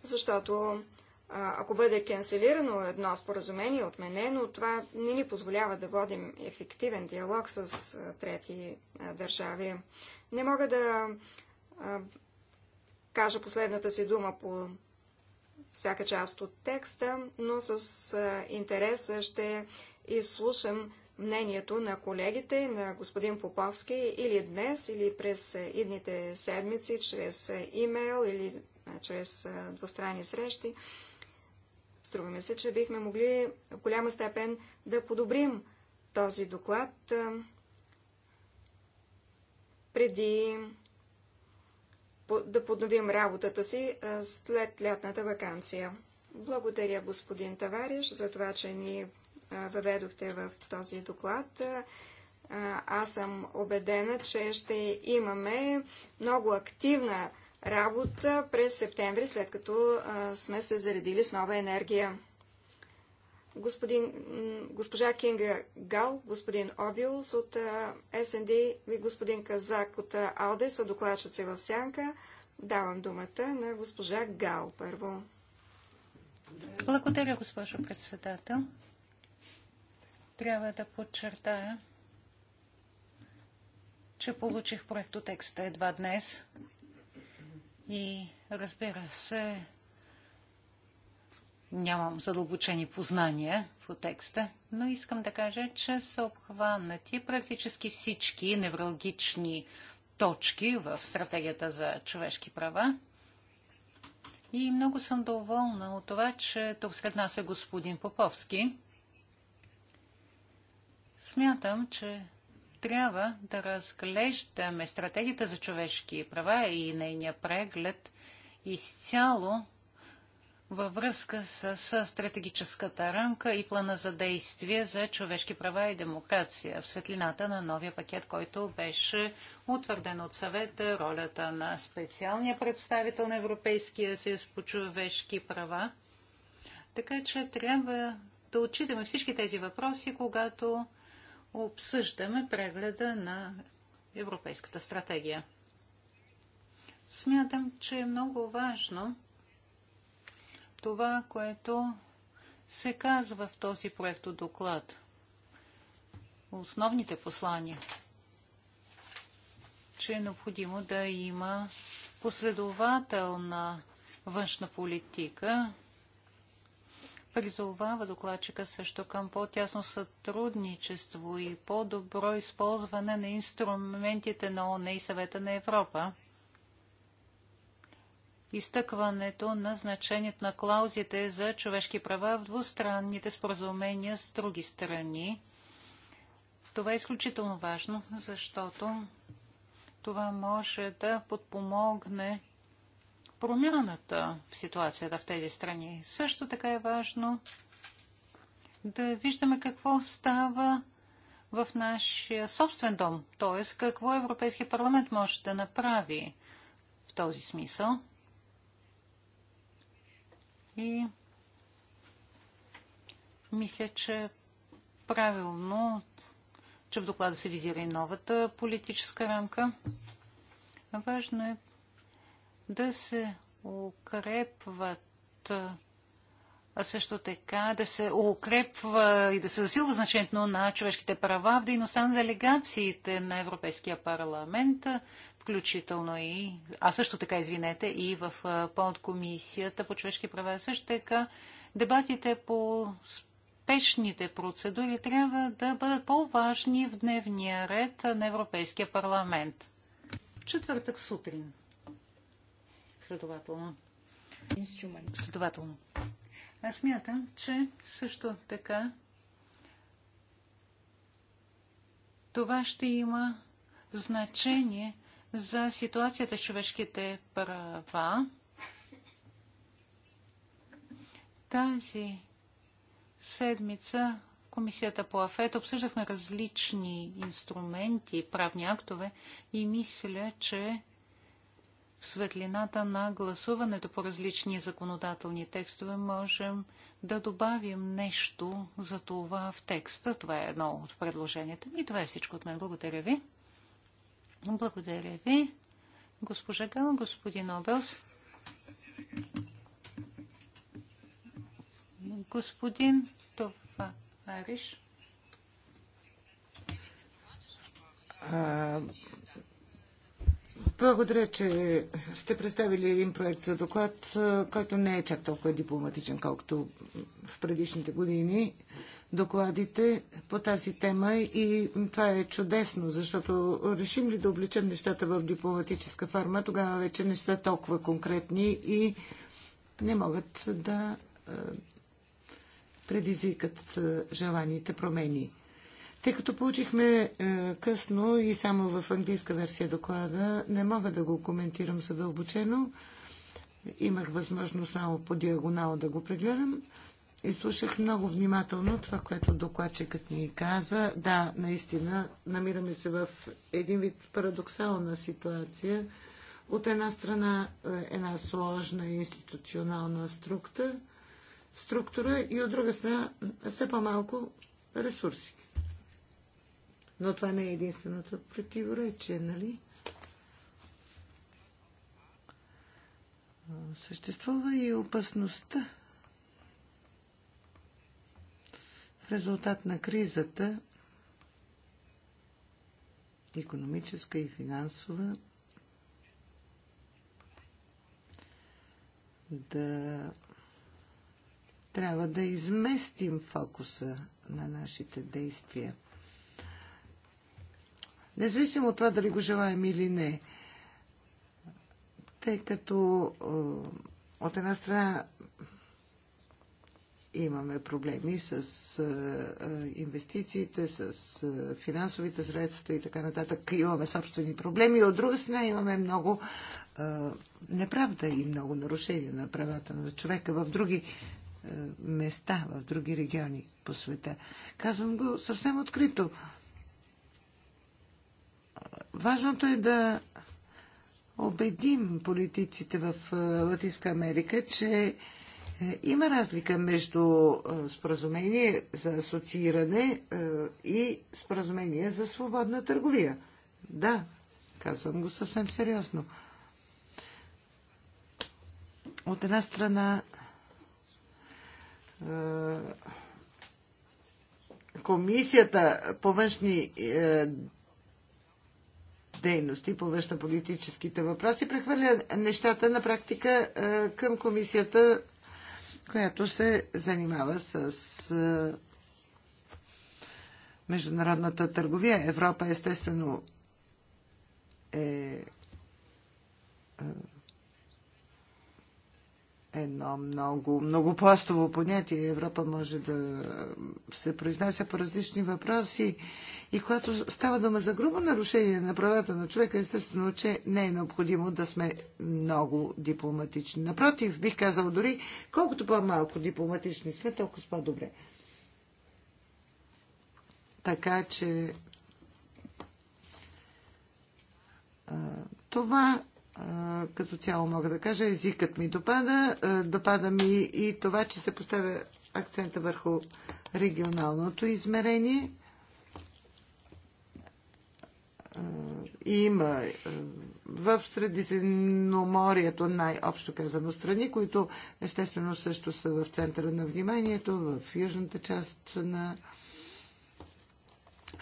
Защото ако бъде канцелирано едно споразумение, отменено, това не ни позволява да водим ефективен диалог с трети държави. Не мога да а, кажа последната си дума по всяка част от текста, но с а, интерес ще изслушам мнението на колегите, на господин Поповски или днес, или през идните седмици, чрез имейл или а, чрез а, двустранни срещи. Струва ми се, че бихме могли в голяма степен да подобрим този доклад. А, преди да подновим работата си след лятната вакансия. Благодаря, господин Тавариш, за това, че ни въведохте в този доклад. Аз съм убедена, че ще имаме много активна работа през септември, след като сме се заредили с нова енергия господин, госпожа Кинга Гал, господин Обилс от СНД и господин Казак от АЛДЕ са докладчици в сянка. Давам думата на госпожа Гал първо. Благодаря, госпожо председател. Трябва да подчертая, че получих проектотекста едва днес и разбира се, Нямам задълбочени познания по текста, но искам да кажа, че са обхванати практически всички неврологични точки в стратегията за човешки права. И много съм доволна от това, че тук сред нас е господин Поповски. Смятам, че трябва да разглеждаме стратегията за човешки права и нейния преглед изцяло във връзка с, с стратегическата рамка и плана за действие за човешки права и демокрация в светлината на новия пакет, който беше утвърден от съвета, ролята на специалния представител на Европейския съюз по човешки права. Така че трябва да отчитаме всички тези въпроси, когато обсъждаме прегледа на Европейската стратегия. Смятам, че е много важно това, което се казва в този проект доклад. Основните послания, че е необходимо да има последователна външна политика, призовава докладчика също към по-тясно сътрудничество и по-добро използване на инструментите на ОНЕ и Съвета на Европа изтъкването на значението на клаузите за човешки права в двустранните споразумения с други страни. Това е изключително важно, защото това може да подпомогне промяната в ситуацията в тези страни. Също така е важно да виждаме какво става в нашия собствен дом, т.е. какво Европейския парламент може да направи в този смисъл. И мисля, че е правилно, че в доклада се визира и новата политическа рамка. Важно е да се укрепват а също така да се укрепва и да се засилва значението на човешките права в дейността на делегациите на Европейския парламент включително и, а също така, извинете, и в подкомисията по човешки права. Също така, дебатите по спешните процедури трябва да бъдат по-важни в дневния ред на Европейския парламент. В четвъртък сутрин. Следователно. Следователно. Аз мятам, че също така това ще има значение за ситуацията с човешките права. Тази седмица в Комисията по АФЕТ обсъждахме различни инструменти, правни актове и мисля, че в светлината на гласуването по различни законодателни текстове можем да добавим нещо за това в текста. Това е едно от предложенията ми. Това е всичко от мен. Благодаря ви. Благодаря ви. Госпожа Гал, господин Обелс. Господин Товариш. Благодаря, че сте представили един проект за доклад, който не е чак толкова дипломатичен, колкото в предишните години докладите по тази тема и това е чудесно, защото решим ли да обличем нещата в дипломатическа форма, тогава вече не са толкова конкретни и не могат да предизвикат желаните промени. Тъй като получихме е, късно и само в английска версия доклада, не мога да го коментирам задълбочено. Имах възможност само по диагонал да го прегледам. Изслушах много внимателно това, което докладчикът ни каза. Да, наистина, намираме се в един вид парадоксална ситуация. От една страна е, една сложна институционална структура, структура и от друга страна все по-малко ресурси. Но това не е единственото противоречие, нали? Съществува и опасността резултат на кризата, економическа и финансова, да трябва да изместим фокуса на нашите действия. Независимо от това дали го желаем или не, тъй като е, от една страна имаме проблеми с инвестициите, с финансовите средства и така нататък. Имаме собствени проблеми. От друга страна имаме много неправда и много нарушения на правата на човека в други места, в други региони по света. Казвам го съвсем открито. Важното е да убедим политиците в Латинска Америка, че е, има разлика между е, споразумение за асоцииране е, и споразумение за свободна търговия. Да, казвам го съвсем сериозно. От една страна комисията по външни дейности по политическите въпроси, прехвърля нещата на практика към комисията която се занимава с е, международната търговия. Европа естествено е, е едно много, много пластово понятие. Европа може да се произнася по различни въпроси и когато става дума за грубо нарушение на правата на човека, естествено, че не е необходимо да сме много дипломатични. Напротив, бих казал дори, колкото по-малко дипломатични сме, толкова по-добре. Така че това като цяло мога да кажа, езикът ми допада, допада ми и това, че се поставя акцента върху регионалното измерение – има е, в Средиземноморието най-общо казано страни, които естествено също са в центъра на вниманието, в южната част на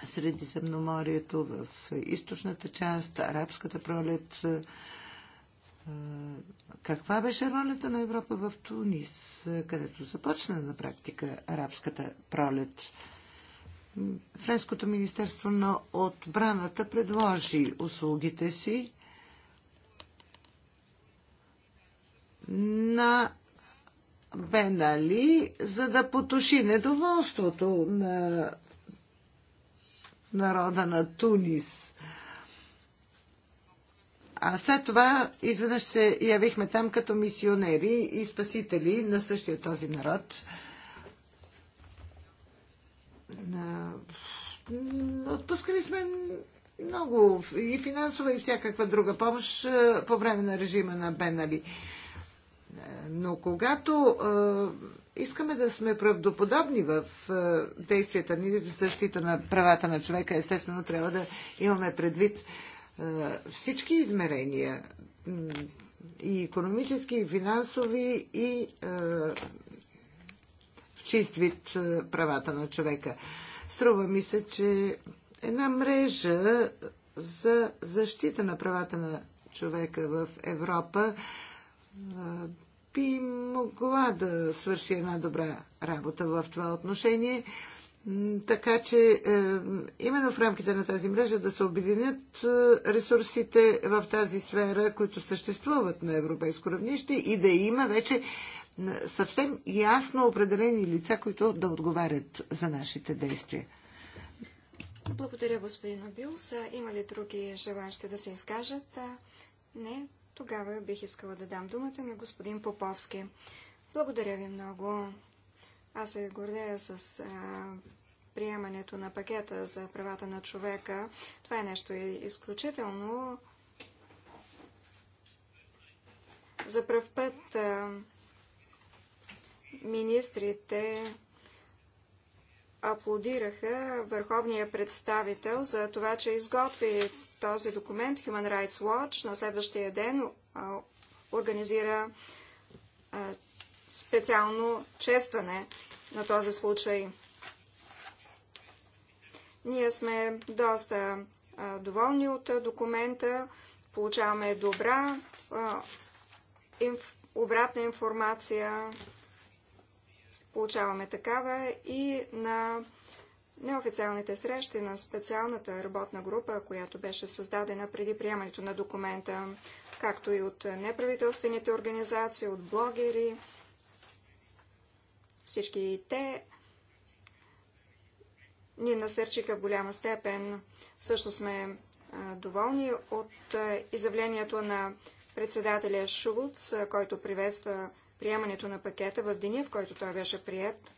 Средиземноморието, в източната част, арабската пролет. Е, каква беше ролята на Европа в Тунис, където започна на практика арабската пролет? Френското Министерство на отбраната предложи услугите си на Бенали, за да потуши недоволството на народа на Тунис. А след това изведнъж се явихме там като мисионери и спасители на същия този народ – Отпускали сме много и финансова и всякаква друга помощ е, по време на режима на Бенали. Е, но когато е, искаме да сме правдоподобни в действията ни в защита на правата на човека, естествено трябва да имаме предвид всички измерения и економически, и финансови, и чист вид е, правата на човека. Струва ми се, че една мрежа за защита на правата на човека в Европа е, би могла да свърши една добра работа в това отношение. Така че е, именно в рамките на тази мрежа да се обединят ресурсите в тази сфера, които съществуват на европейско равнище и да има вече съвсем ясно определени лица, които да отговарят за нашите действия. Благодаря, господин Абилс. Има ли други желащи да се изкажат? Не. Тогава бих искала да дам думата на господин Поповски. Благодаря ви много. Аз се гордея с а, приемането на пакета за правата на човека. Това е нещо изключително. За пръв път а, министрите аплодираха върховния представител за това, че изготви този документ. Human Rights Watch на следващия ден организира специално честване на този случай. Ние сме доста доволни от документа, получаваме добра обратна информация Получаваме такава и на неофициалните срещи на специалната работна група, която беше създадена преди приемането на документа, както и от неправителствените организации, от блогери. Всички те ни насърчиха в голяма степен. Също сме доволни от изявлението на председателя Шулц, който приветства приемането на пакета в деня, в който той беше прият.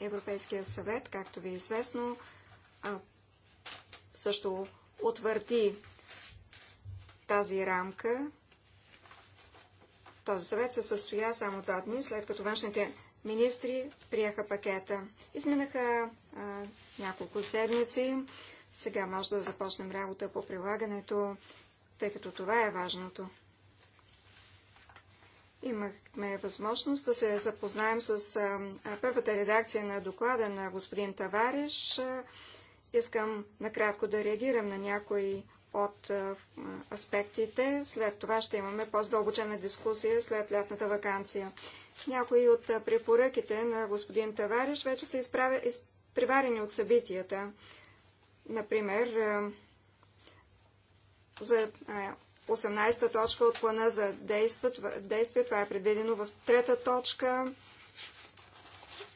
Европейския съвет, както ви е известно, също утвърди тази рамка. Този съвет се състоя само два дни, след като външните министри приеха пакета. Изминаха а, няколко седмици. Сега може да започнем работа по прилагането, тъй като това е важното. Имахме възможност да се запознаем с а, първата редакция на доклада на господин Тавареш. Искам накратко да реагирам на някои от а, аспектите. След това ще имаме по-здълбочена дискусия след лятната вакансия. Някои от а, препоръките на господин Тавареш вече са изправя, изприварени от събитията. Например, за 18-та точка от плана за действие. Това е предвидено в трета точка.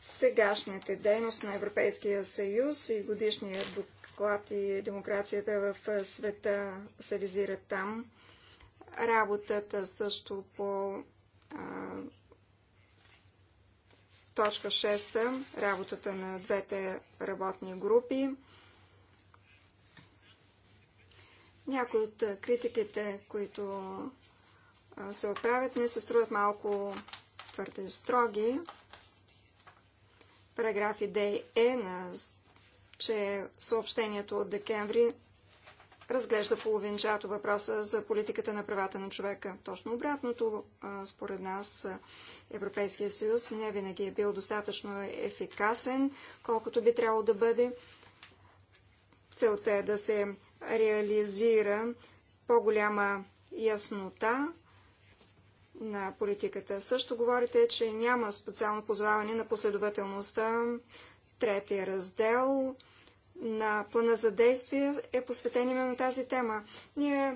Сегашните дейност на Европейския съюз и годишния доклад и демокрацията в света се визират там. Работата също по а, точка 6, работата на двете работни групи Някои от критиките, които се отправят, не се струват малко твърде строги. Параграф идеи е, на, че съобщението от декември разглежда половинчато въпроса за политиката на правата на човека. Точно обратното, според нас, Европейския съюз не винаги е бил достатъчно ефикасен, колкото би трябвало да бъде. Целта е да се реализира по-голяма яснота на политиката. Също говорите, че няма специално позваване на последователността. Третия раздел на плана за действие е посветен именно тази тема. Ние е,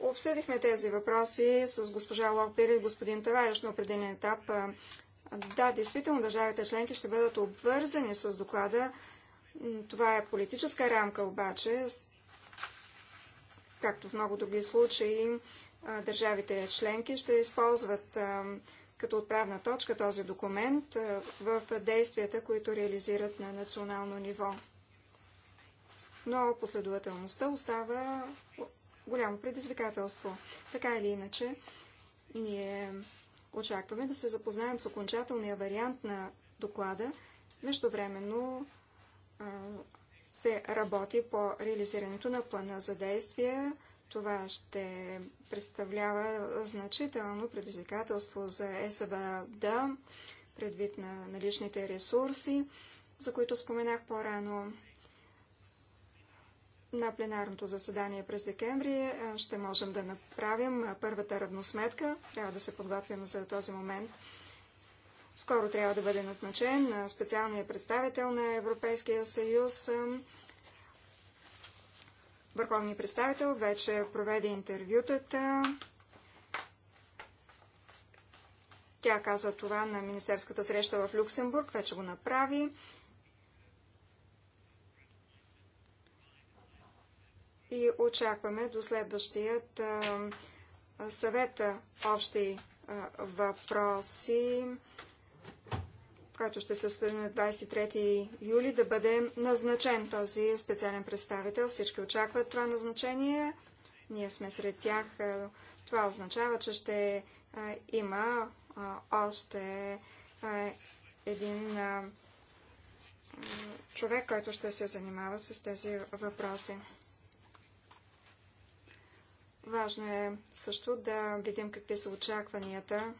обсъдихме тези въпроси с госпожа Лопер и господин Тавариш на определен етап. Е, да, действително държавите членки ще бъдат обвързани с доклада, това е политическа рамка обаче, както в много други случаи, държавите членки ще използват като отправна точка този документ в действията, които реализират на национално ниво. Но последователността остава голямо предизвикателство. Така или иначе, ние очакваме да се запознаем с окончателния вариант на доклада. времено, се работи по реализирането на плана за действие. Това ще представлява значително предизвикателство за ЕСБ да предвид на наличните ресурси, за които споменах по-рано. На пленарното заседание през декември ще можем да направим първата равносметка. Трябва да се подготвим за този момент. Скоро трябва да бъде назначен на специалния представител на Европейския съюз. Върховният представител вече проведе интервютата. Тя каза това на министерската среща в Люксембург, вече го направи. И очакваме до следващият съвет общи въпроси който ще се състои на 23 юли, да бъде назначен този специален представител. Всички очакват това назначение. Ние сме сред тях. Е, това означава, че ще е, има е, още един човек, който ще се занимава с тези въпроси. Важно е също да видим какви са очакванията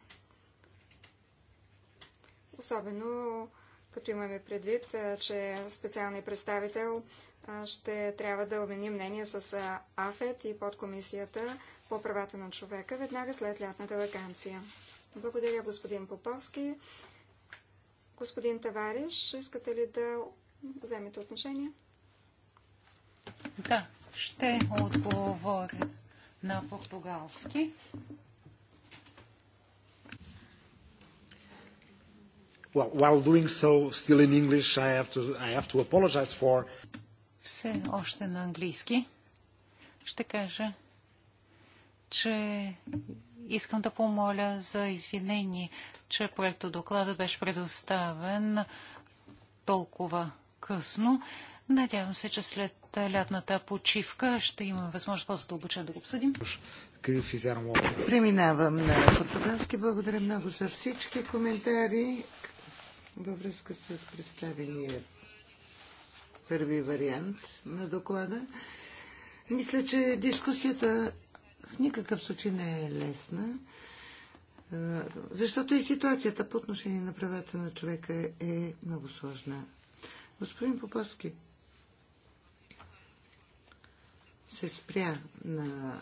Особено като имаме предвид, че специалният представител ще трябва да обмени мнение с АФЕТ и подкомисията по правата на човека веднага след лятната вакансия. Благодаря, господин Поповски. Господин Тавариш, искате ли да вземете отношение? Да, ще отговоря на португалски. Well, while doing so, still in English, I have to, I have to apologize for... Все още на английски. Ще кажа, че искам да помоля за извинение, че проекто доклада беше предоставен толкова късно. Надявам се, че след лятната почивка ще имаме възможност по-задълбочен да го обсъдим. Преминавам на португалски. Благодаря много за всички коментари във връзка с представения първи вариант на доклада. Мисля, че дискусията в никакъв случай не е лесна, защото и ситуацията по отношение на правата на човека е много сложна. Господин Поповски се спря на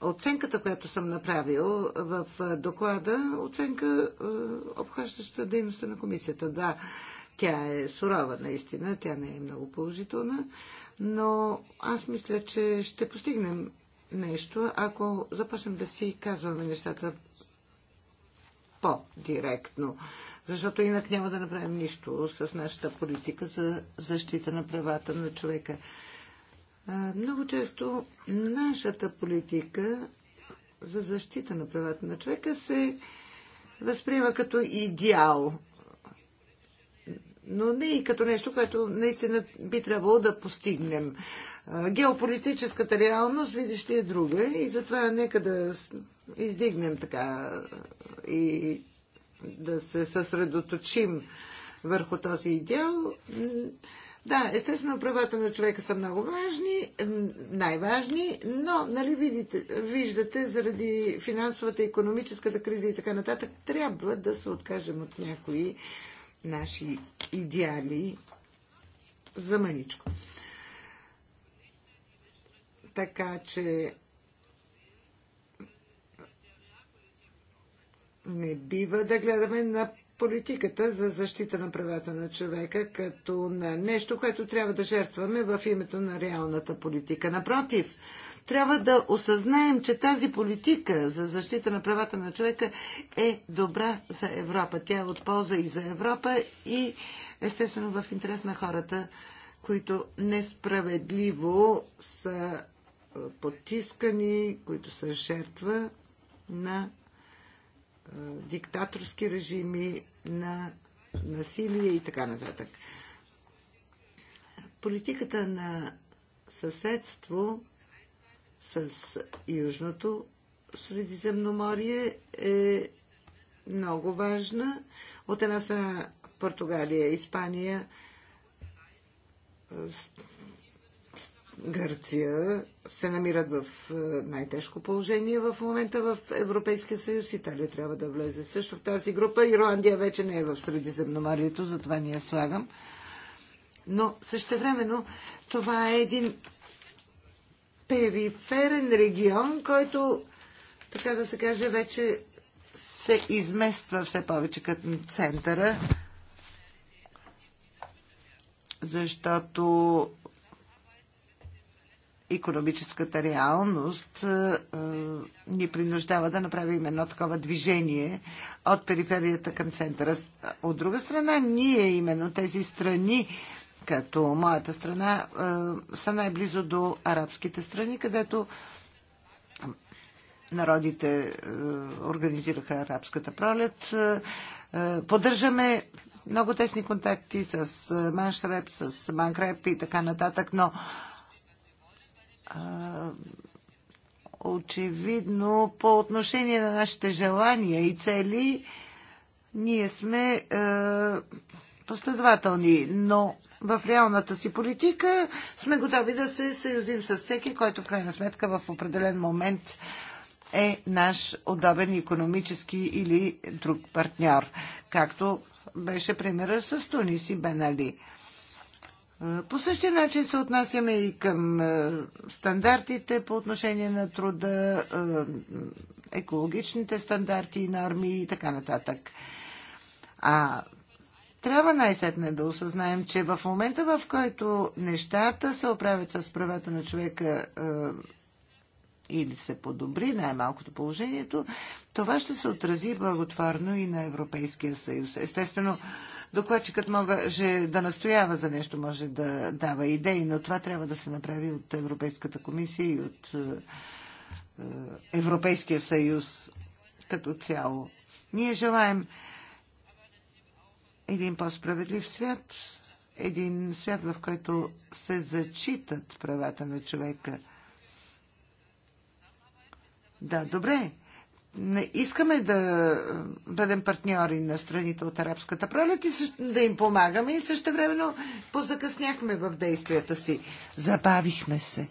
оценката, която съм направил в доклада, оценка обхващаща дейността на комисията. Да, тя е сурова наистина, тя не е много положителна, но аз мисля, че ще постигнем нещо, ако започнем да си казваме нещата по-директно. Защото инак няма да направим нищо с нашата политика за защита на правата на човека. Много често нашата политика за защита на правата на човека се възприема като идеал, но не и като нещо, което наистина би трябвало да постигнем. Геополитическата реалност, видиш ли, е друга и затова нека да издигнем така и да се съсредоточим върху този идеал. Да, естествено, правата на човека са много важни, най-важни, но, нали, видите, виждате, заради финансовата, економическата криза и така нататък, трябва да се откажем от някои наши идеали за маничко. Така че не бива да гледаме на политиката за защита на правата на човека като на нещо, което трябва да жертваме в името на реалната политика. Напротив, трябва да осъзнаем, че тази политика за защита на правата на човека е добра за Европа. Тя е от полза и за Европа и естествено в интерес на хората, които несправедливо са потискани, които са жертва на диктаторски режими, на насилие и така нататък. Политиката на съседство с Южното Средиземноморие е много важна. От една страна Португалия, и Испания Гърция се намират в е, най-тежко положение в момента в Европейския съюз. Италия трябва да влезе също в тази група. Ирландия вече не е в Средиземноморието, затова ни я слагам. Но същевременно това е един периферен регион, който, така да се каже, вече се измества все повече като центъра, защото економическата реалност е, е, ни принуждава да направим едно такова движение от периферията към центъра. От друга страна, ние именно тези страни, като моята страна, е, са най-близо до арабските страни, където народите организираха арабската пролет. Поддържаме много тесни контакти с Маншреп, с Манкреп и така нататък, но очевидно по отношение на нашите желания и цели ние сме е, последователни, но в реалната си политика сме готови да се съюзим с всеки, който в крайна сметка в определен момент е наш удобен економически или друг партньор, както беше примера с Тунис и Бенали. Е, по същия начин се отнасяме и към е, стандартите по отношение на труда, е, екологичните стандарти норми и така нататък. А трябва най-сетне да осъзнаем, че в момента, в който нещата се оправят с правата на човека или се подобри най-малкото положението, това ще се отрази благотворно и на Европейския съюз. Естествено, Докладчикът може да настоява за нещо, може да дава идеи, но това трябва да се направи от Европейската комисия и от е, е, Европейския съюз като цяло. Ние желаем един по-справедлив свят, един свят, в който се зачитат правата на човека. Да, добре не искаме да бъдем партньори на страните от арабската пролет и да им помагаме и също времено позакъсняхме в действията си. Забавихме се.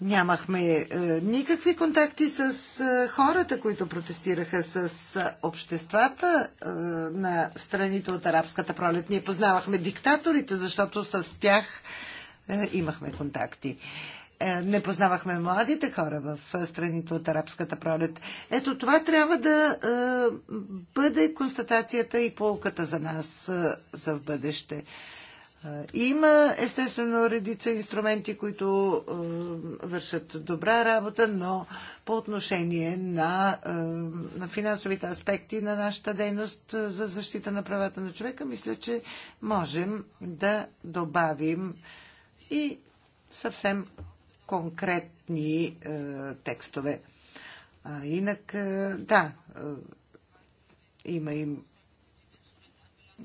Нямахме е, никакви контакти с е, хората, които протестираха, с е, обществата е, на страните от арабската пролет. Ние познавахме диктаторите, защото с тях е, имахме контакти. Е, е, не познавахме младите хора в е, страните от арабската пролет. Ето това трябва да е, бъде констатацията и полката за нас за в бъдеще. Има естествено редица инструменти, които е, вършат добра работа, но по отношение на, е, на финансовите аспекти на нашата дейност за защита на правата на човека, мисля, че можем да добавим и съвсем конкретни е, текстове. А инак, е, да, е, има им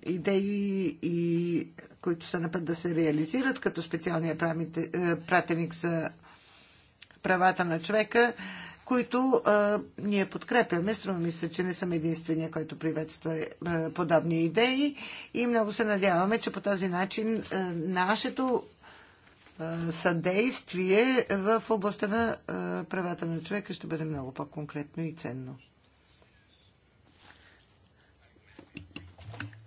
идеи, и, които са на път да се реализират, като специалния правите, е, пратеник за правата на човека, които е, ние подкрепяме. Струва ми се, че не съм единствения, който приветства е, подобни идеи и много се надяваме, че по този начин е, нашето съдействие в областта на правата на човека ще бъде много по-конкретно и ценно.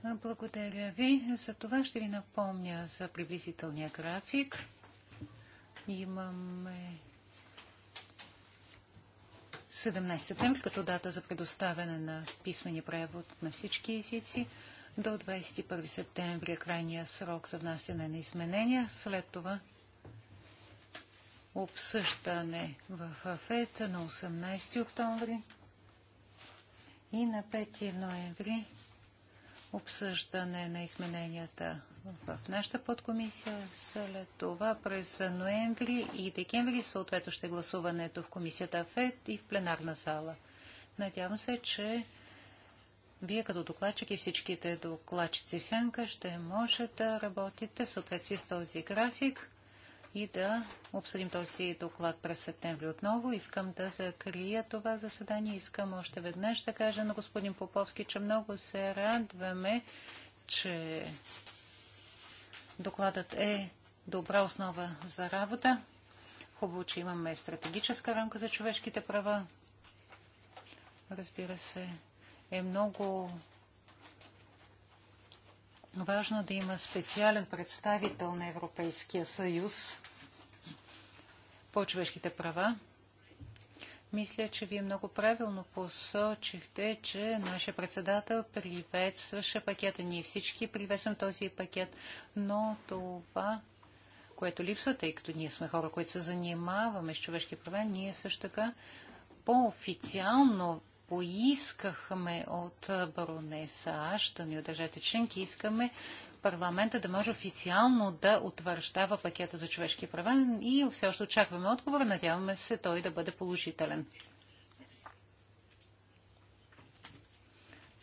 Благодаря ви. За това ще ви напомня за приблизителния график. Имаме 17 септември като дата за предоставяне на писмени превод на всички езици. До 21 септември е крайния срок за внасяне на изменения. След това обсъждане в АФЕТ на 18 октомври и на 5 ноември обсъждане на измененията в нашата подкомисия. След това през ноември и декември съответно ще гласуването в комисията ФЕД и в пленарна зала. Надявам се, че вие като докладчик и всичките докладчици сянка ще може да работите в съответствие с този график и да обсъдим този доклад през септември отново. Искам да закрия това заседание. Искам още веднъж да кажа на господин Поповски, че много се радваме, че докладът е добра основа за работа. Хубаво, че имаме стратегическа рамка за човешките права. Разбира се, е много важно да има специален представител на Европейския съюз по човешките права. Мисля, че вие много правилно посочихте, че нашия председател приветстваше пакета. Ние всички приветствам този пакет, но това, което липсва, тъй като ние сме хора, които се занимаваме с човешки права, ние също така по-официално поискахме от баронеса Аштън и от държавите членки, искаме парламента да може официално да утвърждава пакета за човешки права и все още очакваме отговор. Надяваме се той да бъде положителен.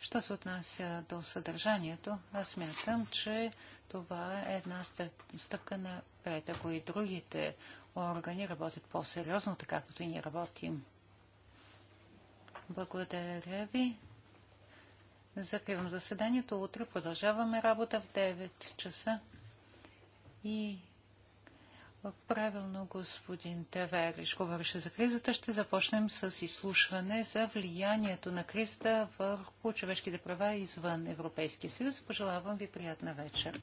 Що се отнася до съдържанието, аз мятам, че това е една стъпка на пред, Ако и другите органи работят по-сериозно, така както и ние работим благодаря ви. Закривам заседанието. Утре продължаваме работа в 9 часа. И правилно господин Тавериш говореше за кризата. Ще започнем с изслушване за влиянието на кризата върху човешките права извън Европейския съюз. Пожелавам ви приятна вечер.